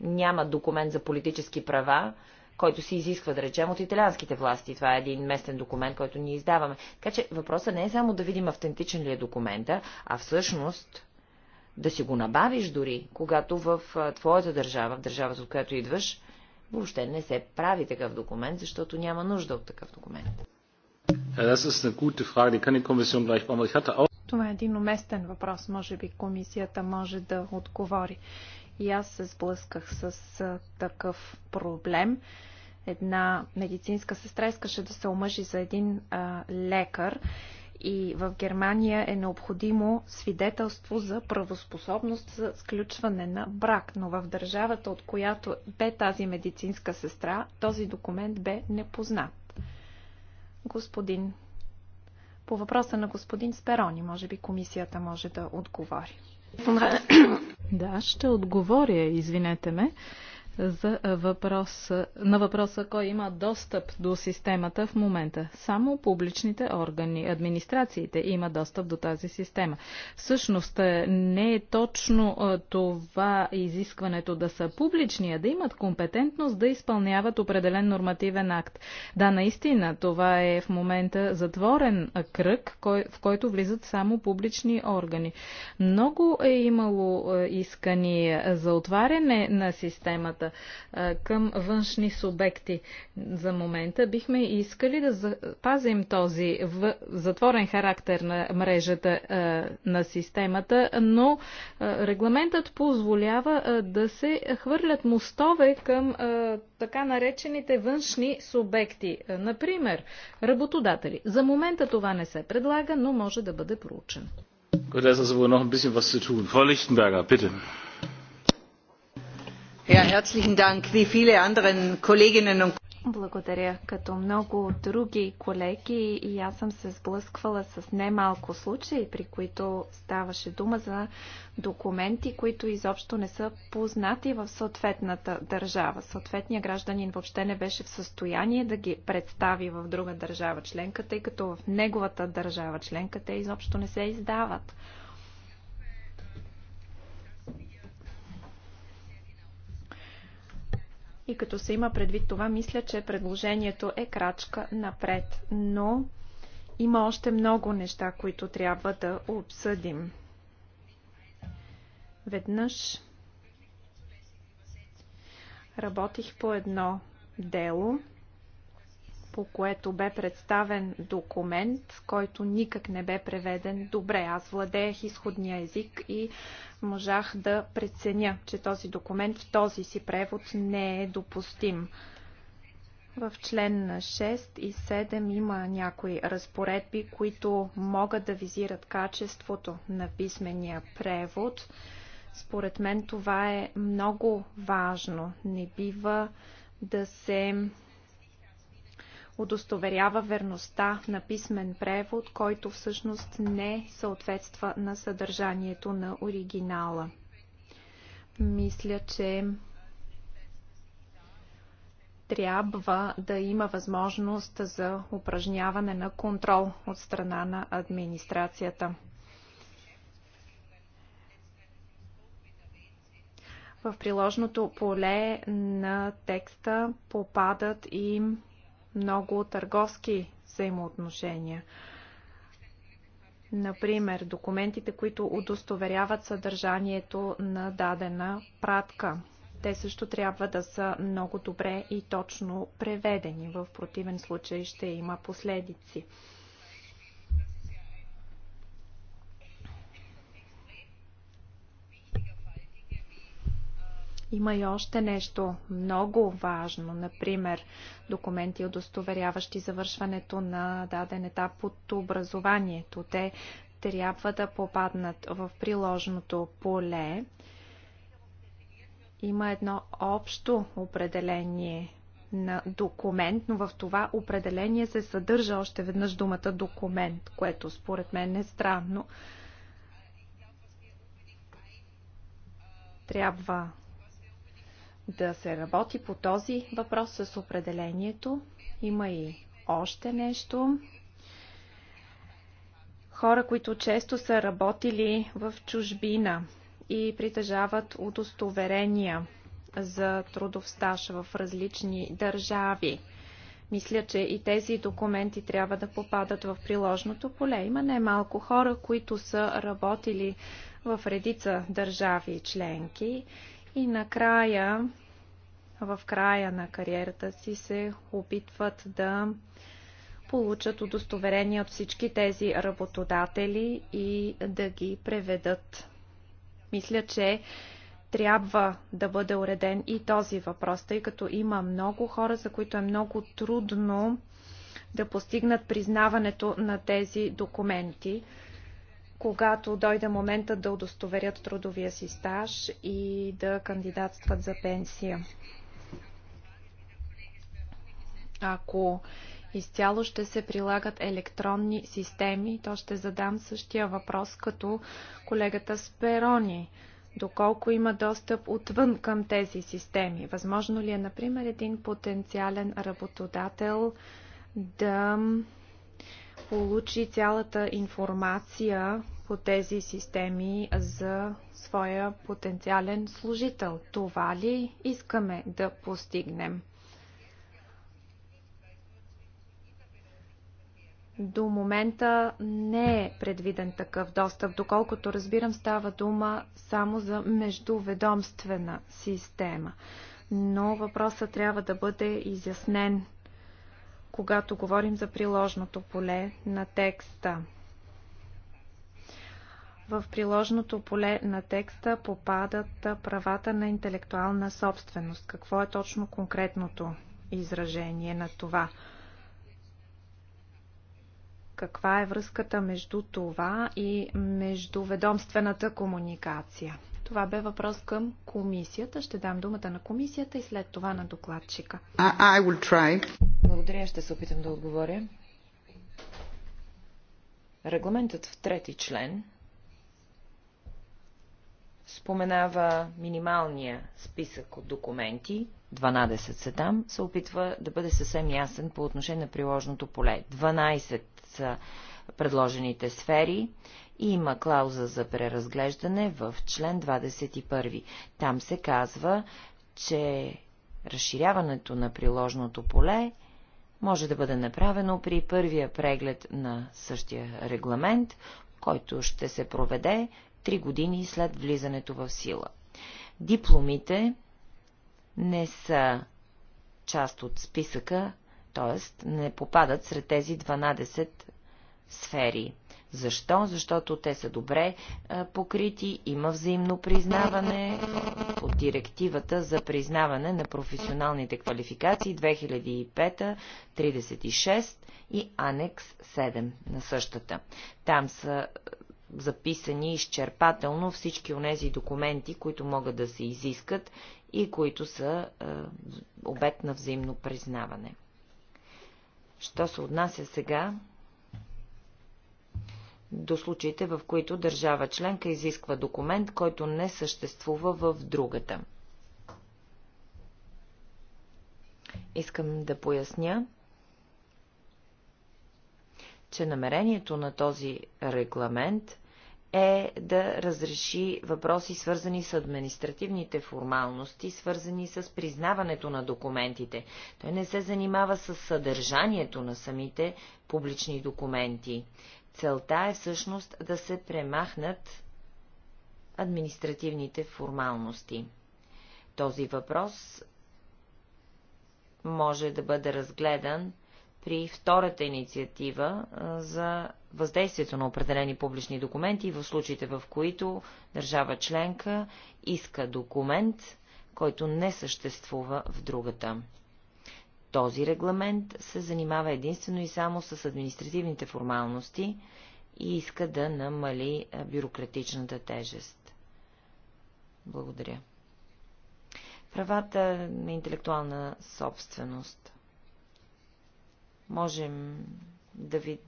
D: няма документ за политически права, който се изисква, да речем, от италианските власти. Това е един местен документ, който ние издаваме. Така че въпросът не е само да видим автентичен ли е документа, а всъщност да си го набавиш дори, когато в твоята държава, в държавата, от която идваш, въобще не се прави такъв документ, защото няма нужда от такъв
A: документ. Е,
B: Това е един уместен въпрос. Може би комисията може да отговори. И аз се сблъсках с такъв проблем. Една медицинска сестра искаше да се омъжи за един а, лекар и в Германия е необходимо свидетелство за правоспособност за сключване на брак, но в държавата, от която бе тази медицинска сестра, този документ бе непознат. Господин. По въпроса на господин Сперони,
E: може би комисията може да отговори. Да, ще отговоря, извинете ме за въпрос, на въпроса кой има достъп до системата в момента. Само публичните органи, администрациите има достъп до тази система. Всъщност не е точно това изискването да са публични, а да имат компетентност да изпълняват определен нормативен акт. Да, наистина, това е в момента затворен кръг, в който влизат само публични органи. Много е имало искания за отваряне на системата към външни субекти за момента. Бихме искали да запазим този затворен характер на мрежата на системата, но регламентът позволява да се хвърлят мостове към така наречените външни субекти. Например, работодатели. За момента това не се предлага, но може да бъде проучено.
A: Gut, da ist also wohl noch ein bisschen was zu tun. Frau Lichtenberger, bitte.
E: Благодаря.
B: Като много други колеги и аз съм се сблъсквала с немалко случаи, при които ставаше дума за документи, които изобщо не са познати в съответната държава. Съответният гражданин въобще не беше в състояние да ги представи в друга държава членка, тъй като в неговата държава членка те изобщо не се издават. И като се има предвид това, мисля, че предложението е крачка напред. Но има още много неща, които трябва да обсъдим. Веднъж работих по едно дело – по което бе представен документ, който никак не бе преведен добре. Аз владеех изходния език и можах да преценя, че този документ в този си превод не е допустим. В член 6 и 7 има някои разпоредби, които могат да визират качеството на писмения превод. Според мен това е много важно. Не бива да се удостоверява верността на писмен превод, който всъщност не съответства на съдържанието на оригинала. Мисля, че трябва да има възможност за упражняване на контрол от страна на администрацията. В приложното поле на текста попадат и много търговски взаимоотношения. Например, документите, които удостоверяват съдържанието на дадена пратка. Те също трябва да са много добре и точно преведени. В противен случай ще има последици. Има и още нещо много важно, например документи, удостоверяващи завършването на даден етап от образованието. Те трябва да попаднат в приложното поле. Има едно общо определение на документ, но в това определение се съдържа още веднъж думата документ, което според мен е странно. Трябва да се работи по този въпрос с определението. Има и още нещо. Хора, които често са работили в чужбина и притежават удостоверения за трудов стаж в различни държави. Мисля, че и тези документи трябва да попадат в приложното поле. Има най-малко хора, които са работили в редица държави членки и накрая, в края на кариерата си, се опитват да получат удостоверение от всички тези работодатели и да ги преведат. Мисля, че трябва да бъде уреден и този въпрос, тъй като има много хора, за които е много трудно да постигнат признаването на тези документи когато дойде момента да удостоверят трудовия си стаж и да кандидатстват за пенсия. Ако изцяло ще се прилагат електронни системи, то ще задам същия въпрос като колегата Сперони. Доколко има достъп отвън към тези системи? Възможно ли е, например, един потенциален работодател да получи цялата информация по тези системи за своя потенциален служител. Това ли искаме да постигнем? До момента не е предвиден такъв достъп. Доколкото разбирам, става дума само за междуведомствена система. Но въпросът трябва да бъде изяснен когато говорим за приложното поле на текста. В приложното поле на текста попадат правата на интелектуална собственост. Какво е точно конкретното изражение на това? Каква е връзката между това и междуведомствената комуникация? Това бе въпрос към комисията. Ще дам думата на комисията и след това на докладчика. I, I will try. Благодаря, ще
D: се опитам да отговоря. Регламентът в трети член споменава минималния списък от документи, 12 са там, се опитва да бъде съвсем ясен по отношение на приложното поле. 12 са предложените сфери и има клауза за преразглеждане в член 21. Там се казва, че разширяването на приложното поле може да бъде направено при първия преглед на същия регламент, който ще се проведе 3 години след влизането в сила. Дипломите не са част от списъка, т.е. не попадат сред тези 12 сфери. Защо? Защото те са добре е, покрити, има взаимно признаване от директивата за признаване на професионалните квалификации 2005-36 и анекс 7 на същата. Там са е, записани изчерпателно всички онези документи, които могат да се изискат и които са е, обект на взаимно признаване. Що се отнася сега до случаите, в които държава членка изисква документ, който не съществува в другата. Искам да поясня, че намерението на този регламент е да разреши въпроси, свързани с административните формалности, свързани с признаването на документите. Той не се занимава с съдържанието на самите публични документи. Целта е всъщност да се премахнат административните формалности. Този въпрос може да бъде разгледан при втората инициатива за въздействието на определени публични документи в случаите, в които държава членка иска документ, който не съществува в другата този регламент се занимава единствено и само с административните формалности и иска да намали е, бюрократичната тежест. Благодаря. Правата на интелектуална собственост. Можем да ви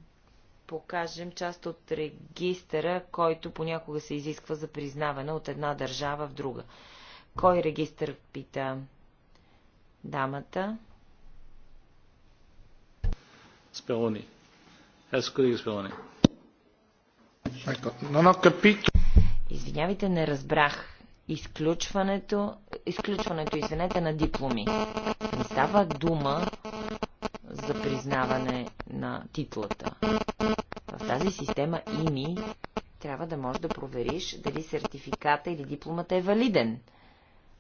D: покажем част от регистъра, който понякога се изисква за признаване от една държава в друга. Кой регистър пита дамата?
A: Спелони. Спелони.
D: Извинявайте, не разбрах. Изключването, изключването, извинете, на дипломи. Не става дума за признаване на титлата. В тази система ИМИ трябва да можеш да провериш дали сертификата или дипломата е валиден.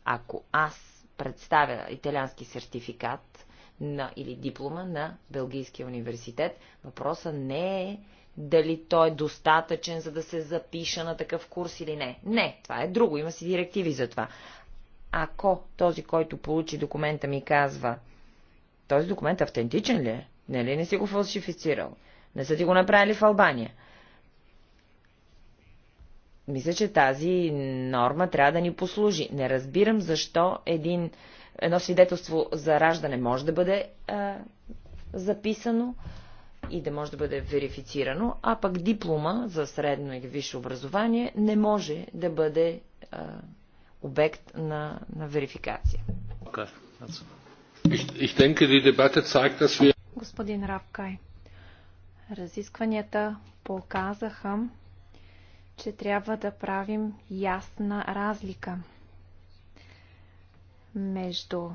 D: Ако аз представя италиански сертификат, на, или диплома на Белгийския университет. Въпросът не е дали той е достатъчен, за да се запиша на такъв курс или не. Не, това е друго, има си директиви за това. Ако този, който получи документа ми казва, този документ автентичен ли е? ли, нали не си го фалшифицирал? Не са ти го направили в Албания? Мисля, че тази норма трябва да ни послужи. Не разбирам защо един едно свидетелство за раждане може да бъде а, записано и да може да бъде верифицирано, а пък диплома за средно или висше образование не може да бъде а, обект на, на верификация.
A: zeigt, wir...
B: Господин Равкай, разискванията показаха, че трябва да правим ясна разлика – между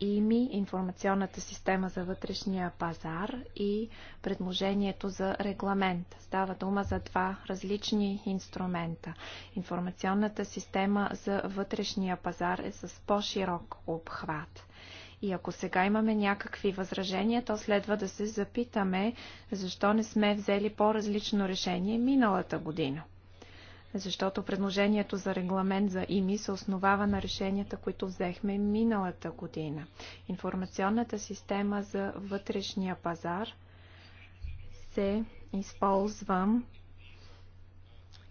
B: ИМИ, информационната система за вътрешния пазар и предложението за регламент. Става дума за два различни инструмента. Информационната система за вътрешния пазар е с по-широк обхват. И ако сега имаме някакви възражения, то следва да се запитаме, защо не сме взели по-различно решение миналата година защото предложението за регламент за ИМИ се основава на решенията, които взехме миналата година. Информационната система за вътрешния пазар се използва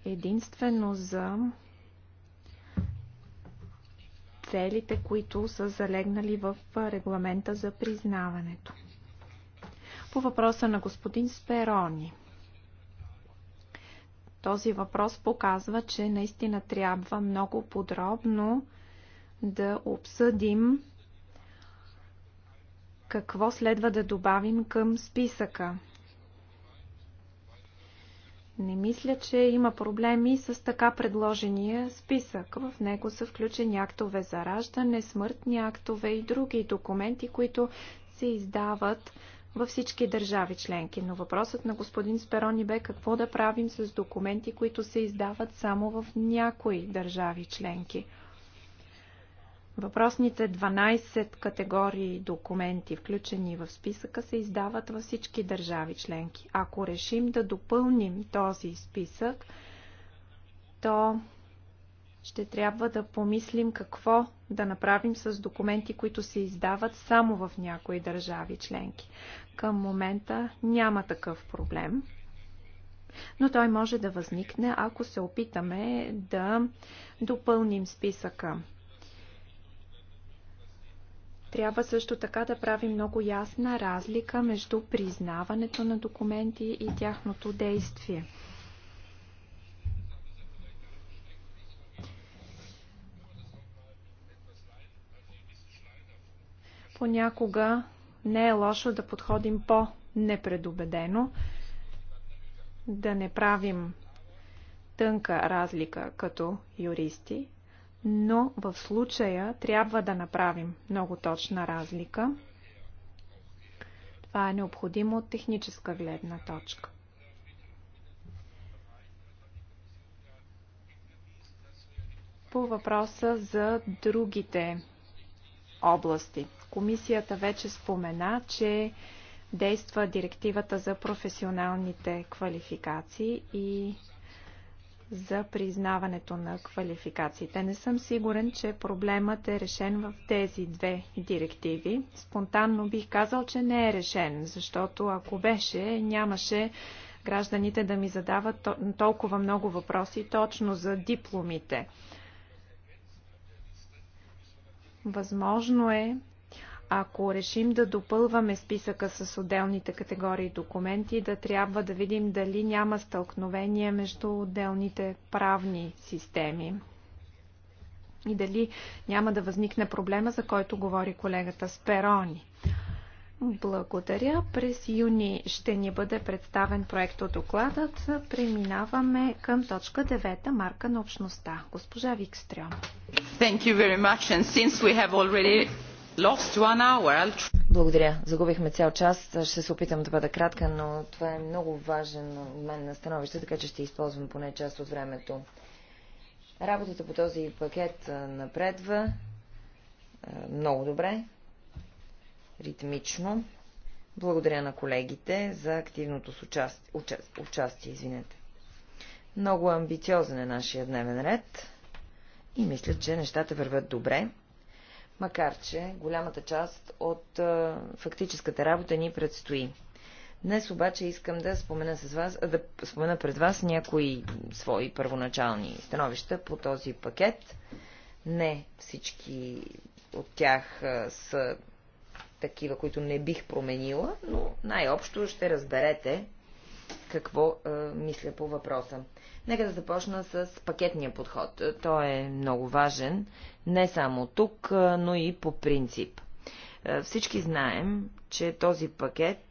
B: единствено за целите, които са залегнали в регламента за признаването. По въпроса на господин Сперони – този въпрос показва, че наистина трябва много подробно да обсъдим какво следва да добавим към списъка. Не мисля, че има проблеми с така предложения списък. В него са включени актове за раждане, смъртни актове и други документи, които се издават във всички държави членки. Но въпросът на господин Сперони бе какво да правим с документи, които се издават само в някои държави членки. Въпросните 12 категории документи, включени в списъка, се издават във всички държави членки. Ако решим да допълним този списък, то ще трябва да помислим какво да направим с документи, които се издават само в някои държави членки. Към момента няма такъв проблем, но той може да възникне, ако се опитаме да допълним списъка. Трябва също така да правим много ясна разлика между признаването на документи и тяхното действие. Понякога не е лошо да подходим по-непредубедено, да не правим тънка разлика като юристи, но в случая трябва да направим много точна разлика. Това е необходимо от техническа гледна точка. По въпроса за другите области. Комисията вече спомена, че действа директивата за професионалните квалификации и за признаването на квалификациите. Не съм сигурен, че проблемът е решен в тези две директиви. Спонтанно бих казал, че не е решен, защото ако беше, нямаше гражданите да ми задават толкова много въпроси точно за дипломите. Възможно е ако решим да допълваме списъка с отделните категории документи, да трябва да видим дали няма стълкновение между отделните правни системи и дали няма да възникне проблема, за който говори колегата Сперони. Благодаря. През юни ще ни бъде представен проект от докладът. Преминаваме към точка 9, марка на общността. Госпожа Викстрем.
C: Thank you very much
D: and since we have already благодаря. Загубихме цял час. Ще се опитам да бъда кратка, но това е много важен мен на становище, така че ще използвам поне част от времето. Работата по този пакет напредва много добре, ритмично. Благодаря на колегите за активното участие, участие извинете. Много амбициозен е нашия дневен ред и мисля, че нещата върват добре макар че голямата част от а, фактическата работа ни предстои. Днес обаче искам да спомена, с вас, да спомена пред вас някои свои първоначални становища по този пакет. Не всички от тях а, са такива, които не бих променила, но най-общо ще разберете какво а, мисля по въпроса. Нека да започна с пакетния подход. Той е много важен, не само тук, но и по принцип. Всички знаем, че този пакет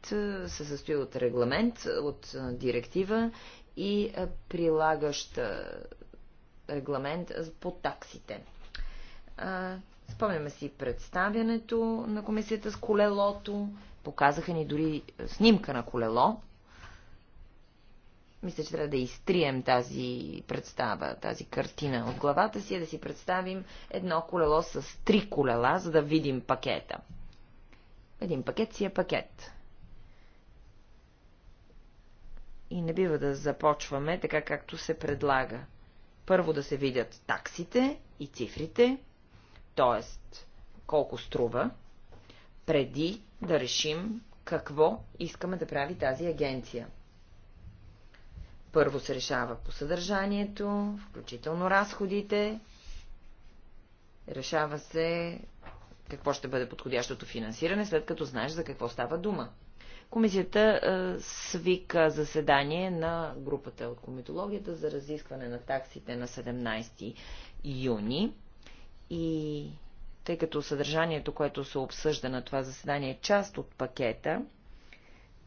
D: се състои от регламент, от директива и прилагащ регламент по таксите. Спомняме си представянето на комисията с колелото. Показаха ни дори снимка на колело, мисля, че трябва да изтрием тази представа, тази картина от главата си, да си представим едно колело с три колела, за да видим пакета. Един пакет си е пакет. И не бива да започваме така, както се предлага. Първо да се видят таксите и цифрите, т.е. колко струва, преди да решим какво искаме да прави тази агенция. Първо се решава по съдържанието, включително разходите. Решава се какво ще бъде подходящото финансиране, след като знаеш за какво става дума. Комисията е, свика заседание на групата от комитологията за разискване на таксите на 17 юни и тъй като съдържанието, което се обсъжда на това заседание е част от пакета,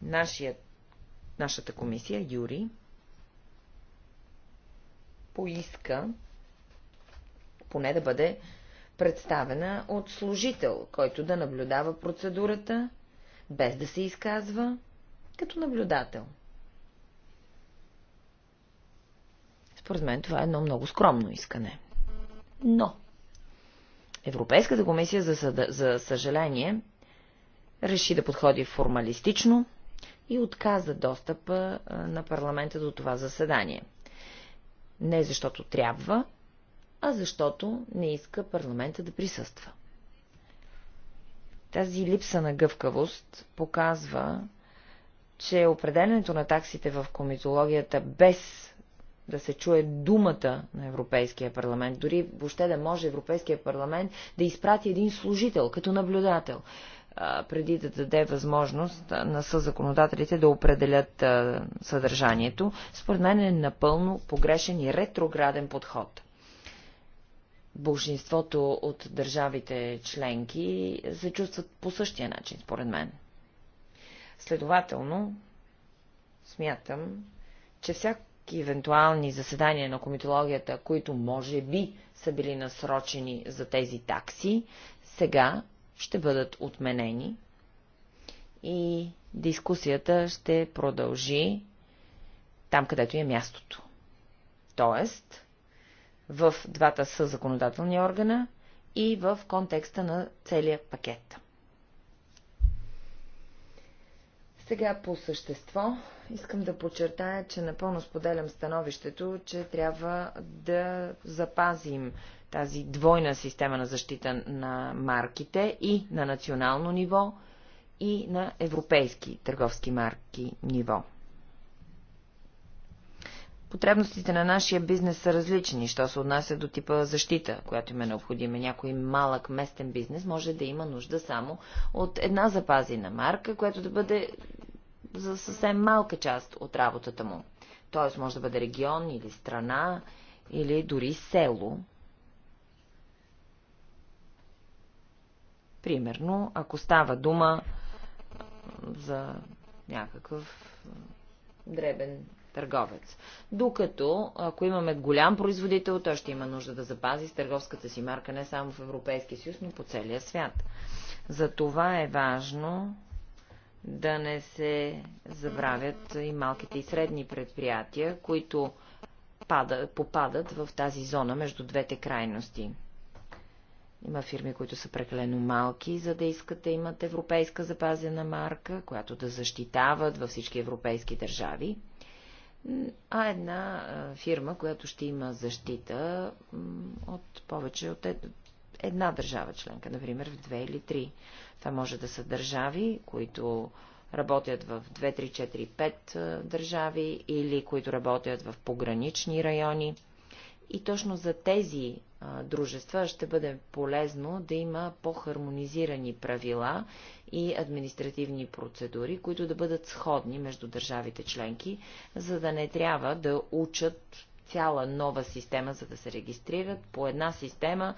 D: нашия, нашата комисия, Юри, поиска поне да бъде представена от служител, който да наблюдава процедурата, без да се изказва, като наблюдател. Според мен това е едно много скромно искане. Но Европейската комисия, за, съда, за съжаление, реши да подходи формалистично и отказа достъпа на парламента до това заседание – не защото трябва, а защото не иска парламента да присъства. Тази липса на гъвкавост показва, че определенето на таксите в комитологията без да се чуе думата на Европейския парламент, дори въобще да може Европейския парламент да изпрати един служител като наблюдател преди да даде възможност на съзаконодателите да определят съдържанието, според мен е напълно погрешен и ретрограден подход. Большинството от държавите членки се чувстват по същия начин, според мен. Следователно, смятам, че всяко евентуални заседания на комитологията, които може би са били насрочени за тези такси, сега ще бъдат отменени и дискусията ще продължи там, където е мястото. Тоест, в двата са законодателни органа и в контекста на целия пакет. Сега по същество искам да подчертая, че напълно споделям становището, че трябва да запазим тази двойна система на защита на марките и на национално ниво, и на европейски търговски марки ниво. Потребностите на нашия бизнес са различни, що се отнася до типа защита, която им е необходима. Някой малък местен бизнес може да има нужда само от една запазена марка, която да бъде за съвсем малка част от работата му. Тоест може да бъде регион или страна или дори село, Примерно, ако става дума за някакъв дребен търговец. Докато, ако имаме голям производител, той ще има нужда да запази с търговската си марка не само в Европейския съюз, но по целия свят. За това е важно да не се забравят и малките и средни предприятия, които попадат в тази зона между двете крайности. Има фирми, които са прекалено малки, за да искат да имат европейска запазена марка, която да защитават във всички европейски държави. А една фирма, която ще има защита от повече от една държава членка, например в две или три. Това може да са държави, които работят в 2, 3, 4, 5 държави или които работят в погранични райони. И точно за тези дружества, ще бъде полезно да има по-хармонизирани правила и административни процедури, които да бъдат сходни между държавите членки, за да не трябва да учат цяла нова система, за да се регистрират по една система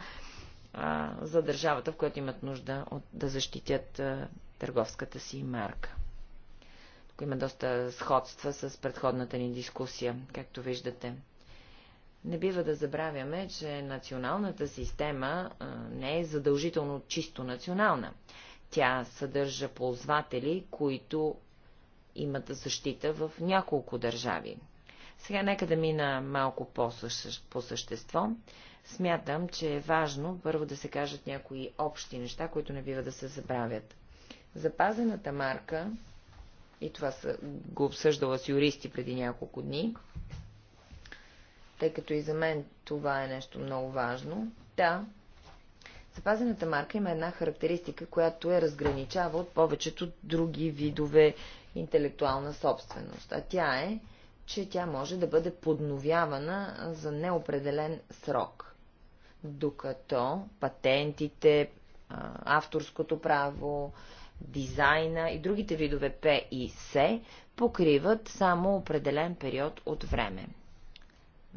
D: а, за държавата, в която имат нужда от, да защитят а, търговската си марка. Тук има доста сходства с предходната ни дискусия, както виждате. Не бива да забравяме, че националната система не е задължително чисто национална. Тя съдържа ползватели, които имат защита в няколко държави. Сега нека да мина малко по, същество. Смятам, че е важно първо да се кажат някои общи неща, които не бива да се забравят. Запазената марка, и това са, го обсъждала с юристи преди няколко дни, тъй като и за мен това е нещо много важно. Да, запазената марка има една характеристика, която е разграничава от повечето други видове интелектуална собственост, а тя е, че тя може да бъде подновявана за неопределен срок, докато патентите, авторското право, дизайна и другите видове П и С покриват само определен период от време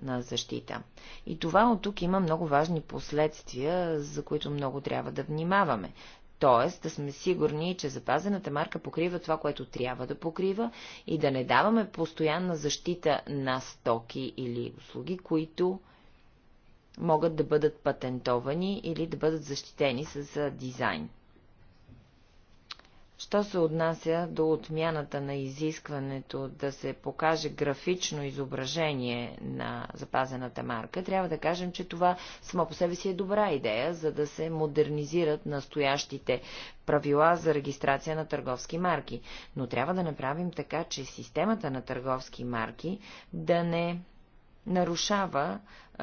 D: на защита. И това от тук има много важни последствия, за които много трябва да внимаваме. Тоест да сме сигурни, че запазената марка покрива това, което трябва да покрива и да не даваме постоянна защита на стоки или услуги, които могат да бъдат патентовани или да бъдат защитени с дизайн. Що се отнася до отмяната на изискването да се покаже графично изображение на запазената марка, трябва да кажем, че това само по себе си е добра идея, за да се модернизират настоящите правила за регистрация на търговски марки. Но трябва да направим така, че системата на търговски марки да не нарушава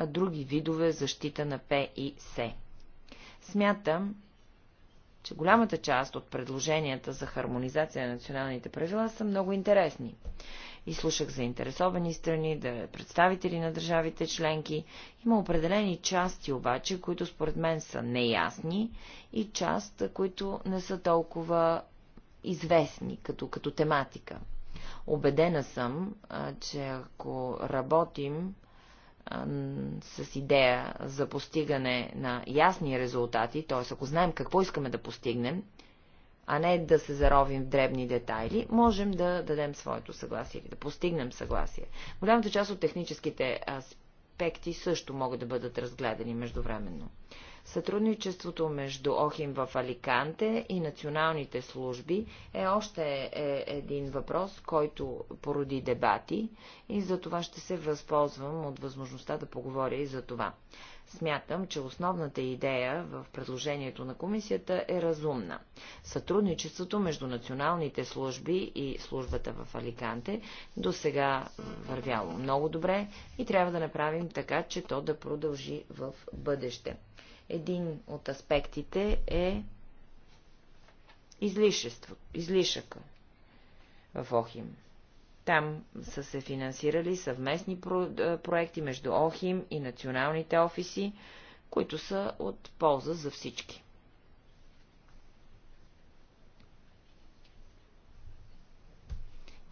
D: други видове защита на П и С. Смятам, че голямата част от предложенията за хармонизация на националните правила са много интересни. И слушах заинтересовани страни, да представители на държавите членки. Има определени части обаче, които според мен са неясни и част, които не са толкова известни като, като тематика. Обедена съм, че ако работим с идея за постигане на ясни резултати, т.е. ако знаем какво искаме да постигнем, а не да се заровим в дребни детайли, можем да дадем своето съгласие или да постигнем съгласие. Голямата част от техническите аспекти също могат да бъдат разгледани междувременно. Сътрудничеството между Охим в Аликанте и националните служби е още е един въпрос, който породи дебати и за това ще се възползвам от възможността да поговоря и за това. Смятам, че основната идея в предложението на комисията е разумна. Сътрудничеството между националните служби и службата в Аликанте до сега вървяло много добре и трябва да направим така, че то да продължи в бъдеще. Един от аспектите е излишество, излишъка в Охим. Там са се финансирали съвместни проекти между Охим и националните офиси, които са от полза за всички.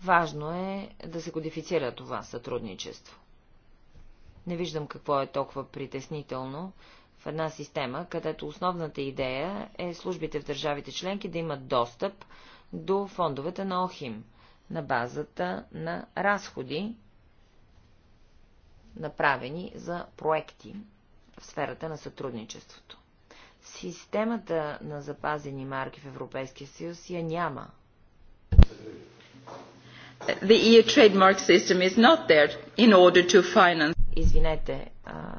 D: Важно е да се кодифицира това сътрудничество. Не виждам какво е толкова притеснително в една система, където основната идея е службите в държавите членки да имат достъп до фондовете на ОХИМ на базата на разходи, направени за проекти в сферата на сътрудничеството. Системата на запазени марки в Европейския съюз я няма.
E: The EU trademark system is not there in order to finance
D: извинете,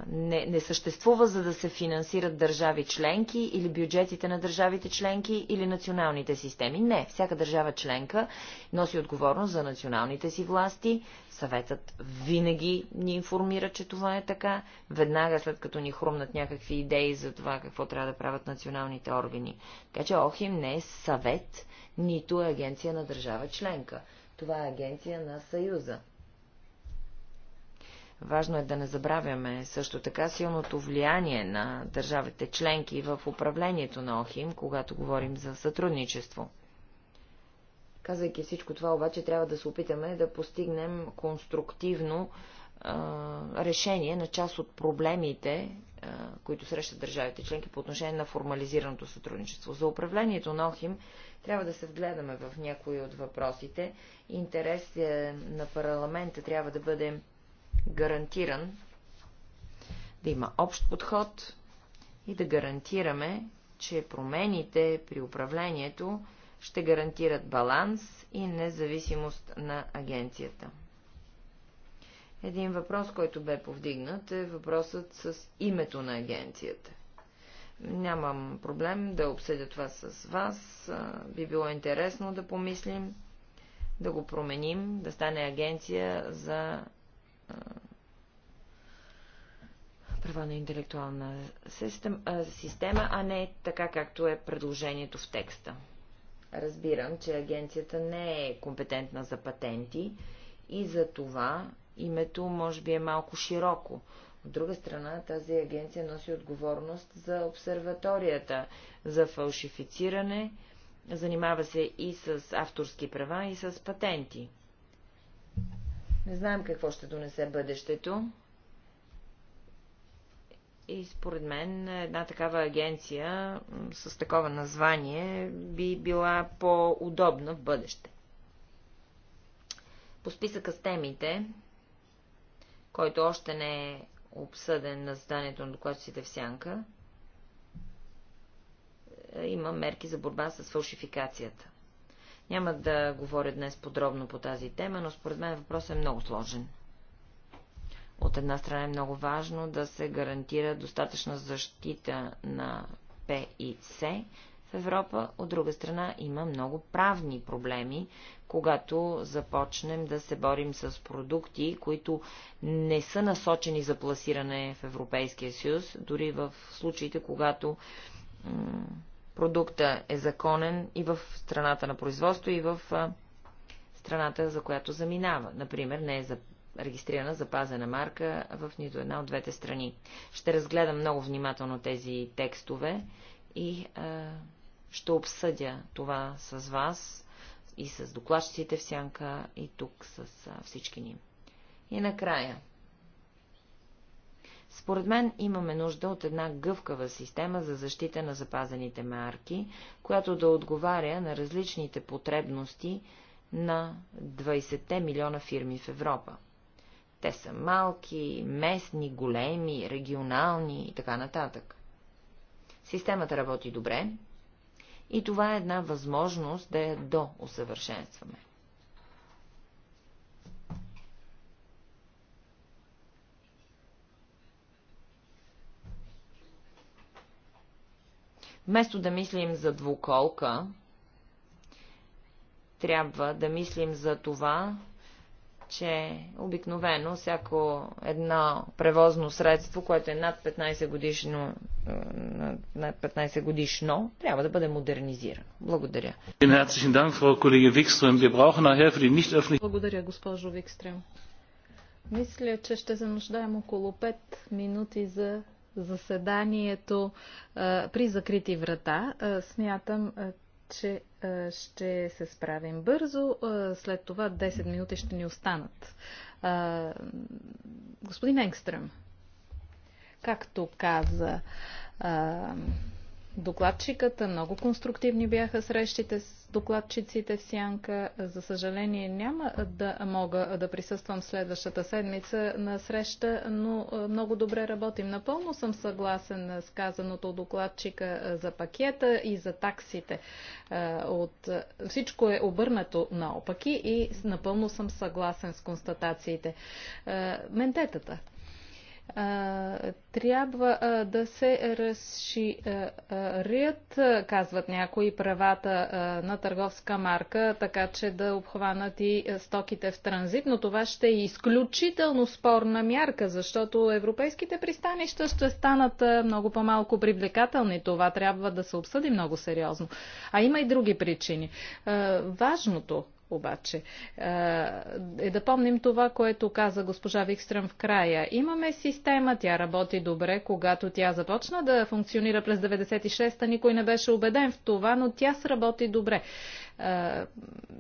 D: не, не съществува за да се финансират държави членки или бюджетите на държавите членки или националните системи. Не, всяка държава членка носи отговорност за националните си власти. Съветът винаги ни информира, че това е така. Веднага след като ни хрумнат някакви идеи за това какво трябва да правят националните органи. Така че ОХИМ не е съвет, нито е агенция на държава членка. Това е агенция на Съюза. Важно е да не забравяме също така силното влияние на държавите членки в управлението на ОХИМ, когато говорим за сътрудничество. Казайки всичко това, обаче трябва да се опитаме да постигнем конструктивно а, решение на част от проблемите, а, които срещат държавите членки по отношение на формализираното сътрудничество. За управлението на ОХИМ трябва да се вгледаме в някои от въпросите. Интерес е, на парламента трябва да бъде гарантиран, да има общ подход и да гарантираме, че промените при управлението ще гарантират баланс и независимост на агенцията. Един въпрос, който бе повдигнат, е въпросът с името на агенцията. Нямам проблем да обсъдя това с вас. Би било интересно да помислим, да го променим, да стане агенция за права на интелектуална система, а не така както е предложението в текста. Разбирам, че агенцията не е компетентна за патенти и за това името може би е малко широко. От друга страна, тази агенция носи отговорност за обсерваторията, за фалшифициране, занимава се и с авторски права, и с патенти. Не знаем какво ще донесе бъдещето. И според мен една такава агенция с такова название би била по-удобна в бъдеще. По списъка с темите, който още не е обсъден на заданието на докладците в Сянка, е, има мерки за борба с фалшификацията. Няма да говоря днес подробно по тази тема, но според мен въпросът е много сложен. От една страна е много важно да се гарантира достатъчна защита на П и С в Европа, от друга страна има много правни проблеми, когато започнем да се борим с продукти, които не са насочени за пласиране в Европейския съюз, дори в случаите, когато продукта е законен и в страната на производство, и в страната, за която заминава. Например, не е за регистрирана запазена марка в нито една от двете страни. Ще разгледам много внимателно тези текстове и е, ще обсъдя това с вас и с докладчиците в сянка и тук с всички ни. И накрая – според мен имаме нужда от една гъвкава система за защита на запазените марки, която да отговаря на различните потребности на 20 те милиона фирми в Европа. Те са малки, местни, големи, регионални и така нататък. Системата работи добре и това е една възможност да я доусъвършенстваме. Вместо да мислим за двуколка, трябва да мислим за това, че обикновено всяко едно превозно средство, което е над 15 годишно, е, над 15 годишно трябва да бъде модернизирано. Благодаря.
E: Благодаря, госпожо Викстрем. Мисля, че ще се нуждаем около 5 минути за заседанието при закрити врата. Смятам, че ще се справим бързо. След това 10 минути ще ни останат. Господин Енгстрем, както каза докладчиката. Много конструктивни бяха срещите с докладчиците в Сянка. За съжаление няма да мога да присъствам следващата седмица на среща, но е, много добре работим. Напълно съм съгласен с казаното докладчика е, за пакета и за таксите. Е, от... Всичко е обърнато наопаки и напълно съм съгласен с констатациите. Ментетата трябва да се разширят, казват някои, правата на търговска марка, така че да обхванат и стоките в транзит, но това ще е изключително спорна мярка, защото европейските пристанища ще станат много по-малко привлекателни. Това трябва да се обсъди много сериозно. А има и други причини. Важното обаче е, е да помним това, което каза госпожа Викстръм в края. Имаме система, тя работи добре, когато тя започна да функционира през 96-та, никой не беше убеден в това, но тя сработи добре. Е,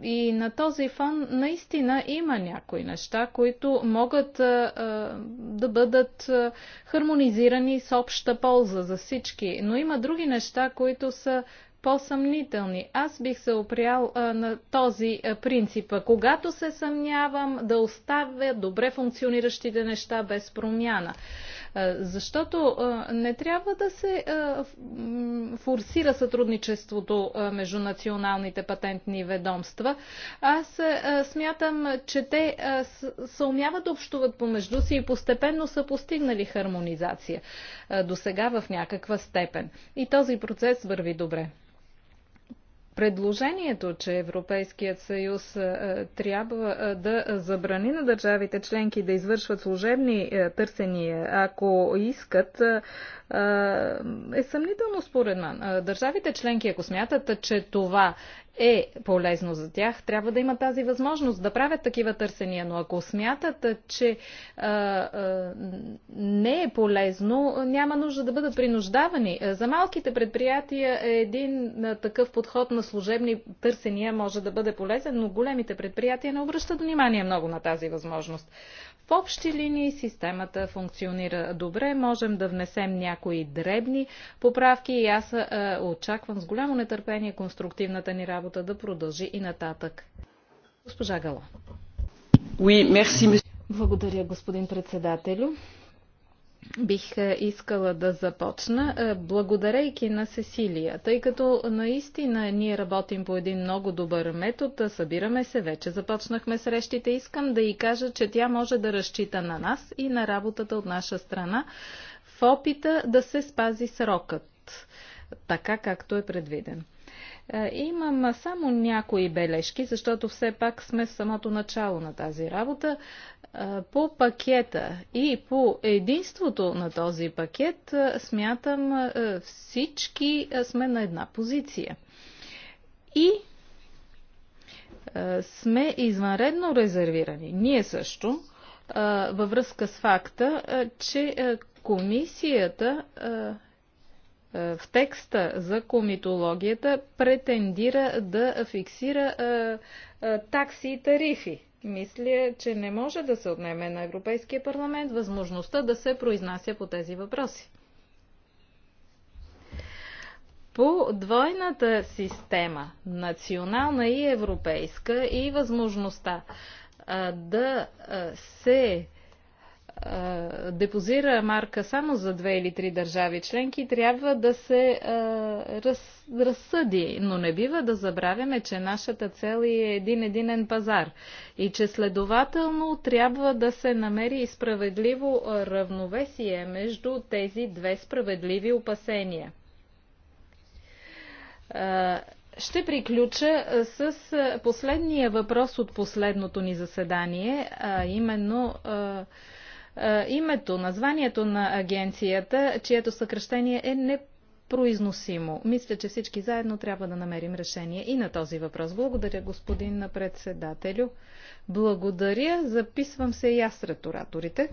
E: и на този фон наистина има някои неща, които могат е, да бъдат хармонизирани с обща полза за всички, но има други неща, които са по-съмнителни. Аз бих се опрял а, на този а, принцип. Когато се съмнявам, да оставя добре функциониращите неща без промяна. А, защото а, не трябва да се а, форсира сътрудничеството а, между националните патентни ведомства. Аз а, смятам, че те а, умяват да общуват помежду си и постепенно са постигнали хармонизация. А, до сега в някаква степен. И този процес върви добре. Предложението, че Европейският съюз е, трябва е, да забрани на държавите членки да извършват служебни е, търсения, ако искат, е съмнително според мен. Държавите членки, ако смятат, че това е полезно за тях, трябва да има тази възможност да правят такива търсения. Но ако смятат, че а, а, не е полезно, няма нужда да бъдат принуждавани. За малките предприятия един а, такъв подход на служебни търсения може да бъде полезен, но големите предприятия не обръщат внимание много на тази възможност. В общи линии системата функционира добре, можем да внесем някои дребни поправки и аз е, очаквам с голямо нетърпение конструктивната ни работа да продължи и нататък. Госпожа Гало. Oui, merci, Благодаря, господин председателю бих е, искала да започна, е, благодарейки на Сесилия, тъй като наистина ние работим по един много добър метод, събираме се, вече започнахме срещите. Искам да й кажа, че тя може да разчита на нас и на работата от наша страна в опита да се спази срокът, така както е предвиден. Е, имам само някои бележки, защото все пак сме в самото начало на тази работа по пакета и по единството на този пакет, смятам, всички сме на една позиция. И сме извънредно резервирани. Ние също във връзка с факта, че комисията в текста за комитологията претендира да фиксира такси и тарифи мисля, че не може да се отнеме на Европейския парламент възможността да се произнася по тези въпроси. По двойната система, национална и европейска, и възможността да се депозира марка само за две или три държави членки, трябва да се а, раз, разсъди. Но не бива да забравяме, че нашата цел е един единен пазар и че следователно трябва да се намери справедливо равновесие между тези две справедливи опасения. А, ще приключа с последния въпрос от последното ни заседание, а именно а, е, името, названието на агенцията, чието съкръщение е непроизносимо. Мисля, че всички заедно трябва да намерим решение и на този въпрос. Благодаря, господин председателю. Благодаря. Записвам се и аз сред ораторите.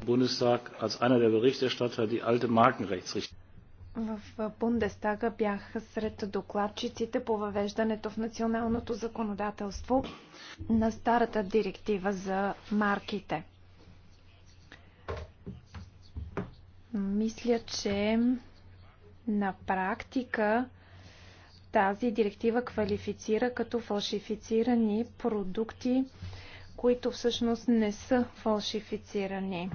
B: В Бундестага бях сред докладчиците по въвеждането в националното законодателство на старата директива за марките. Мисля, че на практика тази директива квалифицира като фалшифицирани продукти, които всъщност не са фалшифицирани.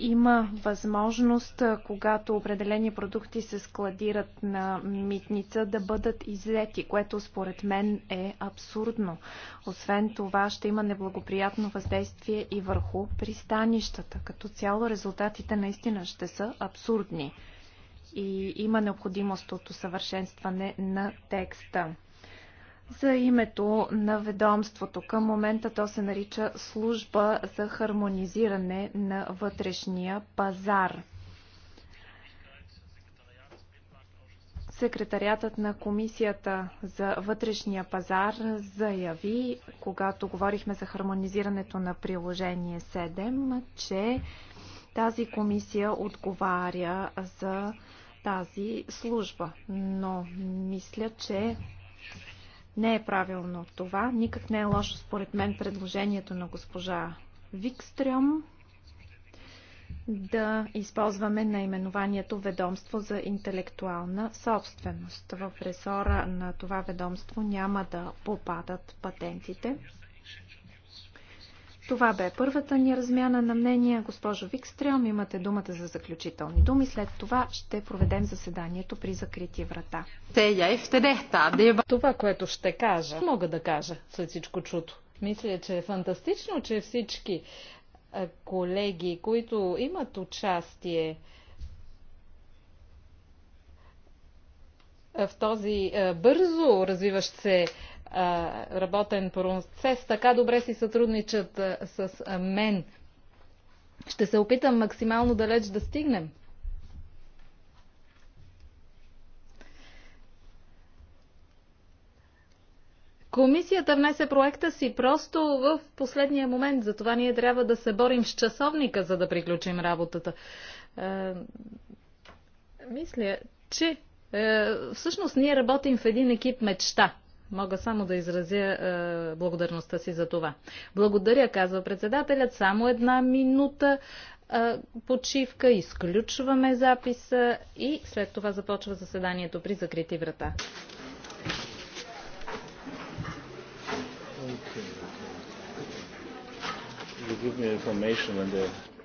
B: има възможност, когато определени продукти се складират на митница, да бъдат излети, което според мен е абсурдно. Освен това, ще има неблагоприятно въздействие и върху пристанищата. Като цяло резултатите наистина ще са абсурдни. И има необходимост от усъвършенстване на текста за името на ведомството. Към момента то се нарича Служба за хармонизиране на вътрешния пазар. Секретариатът на Комисията за вътрешния пазар заяви, когато говорихме за хармонизирането на приложение 7, че тази комисия отговаря за тази служба. Но мисля, че не е правилно това. Никак не е лошо според мен предложението на госпожа Викстрем да използваме наименованието Ведомство за интелектуална собственост. В ресора на това ведомство няма да попадат патентите. Това бе първата ни размяна на мнения. Госпожо Викстрем, имате думата за заключителни думи. След това ще проведем заседанието при закрити врата.
E: Това, което ще кажа, мога да кажа след всичко чуто. Мисля, че е фантастично, че всички е, колеги, които имат участие е, в този е, бързо развиващ се работен процес, така добре си сътрудничат с мен. Ще се опитам максимално далеч да стигнем. Комисията внесе проекта си просто в последния момент, затова ние трябва да се борим с часовника, за да приключим работата. мисля, че всъщност ние работим в един екип мечта. Мога само да изразя е, благодарността си за това. Благодаря, казва председателят. Само една минута е, почивка, изключваме записа и след това започва заседанието при закрити врата.
A: Okay, okay.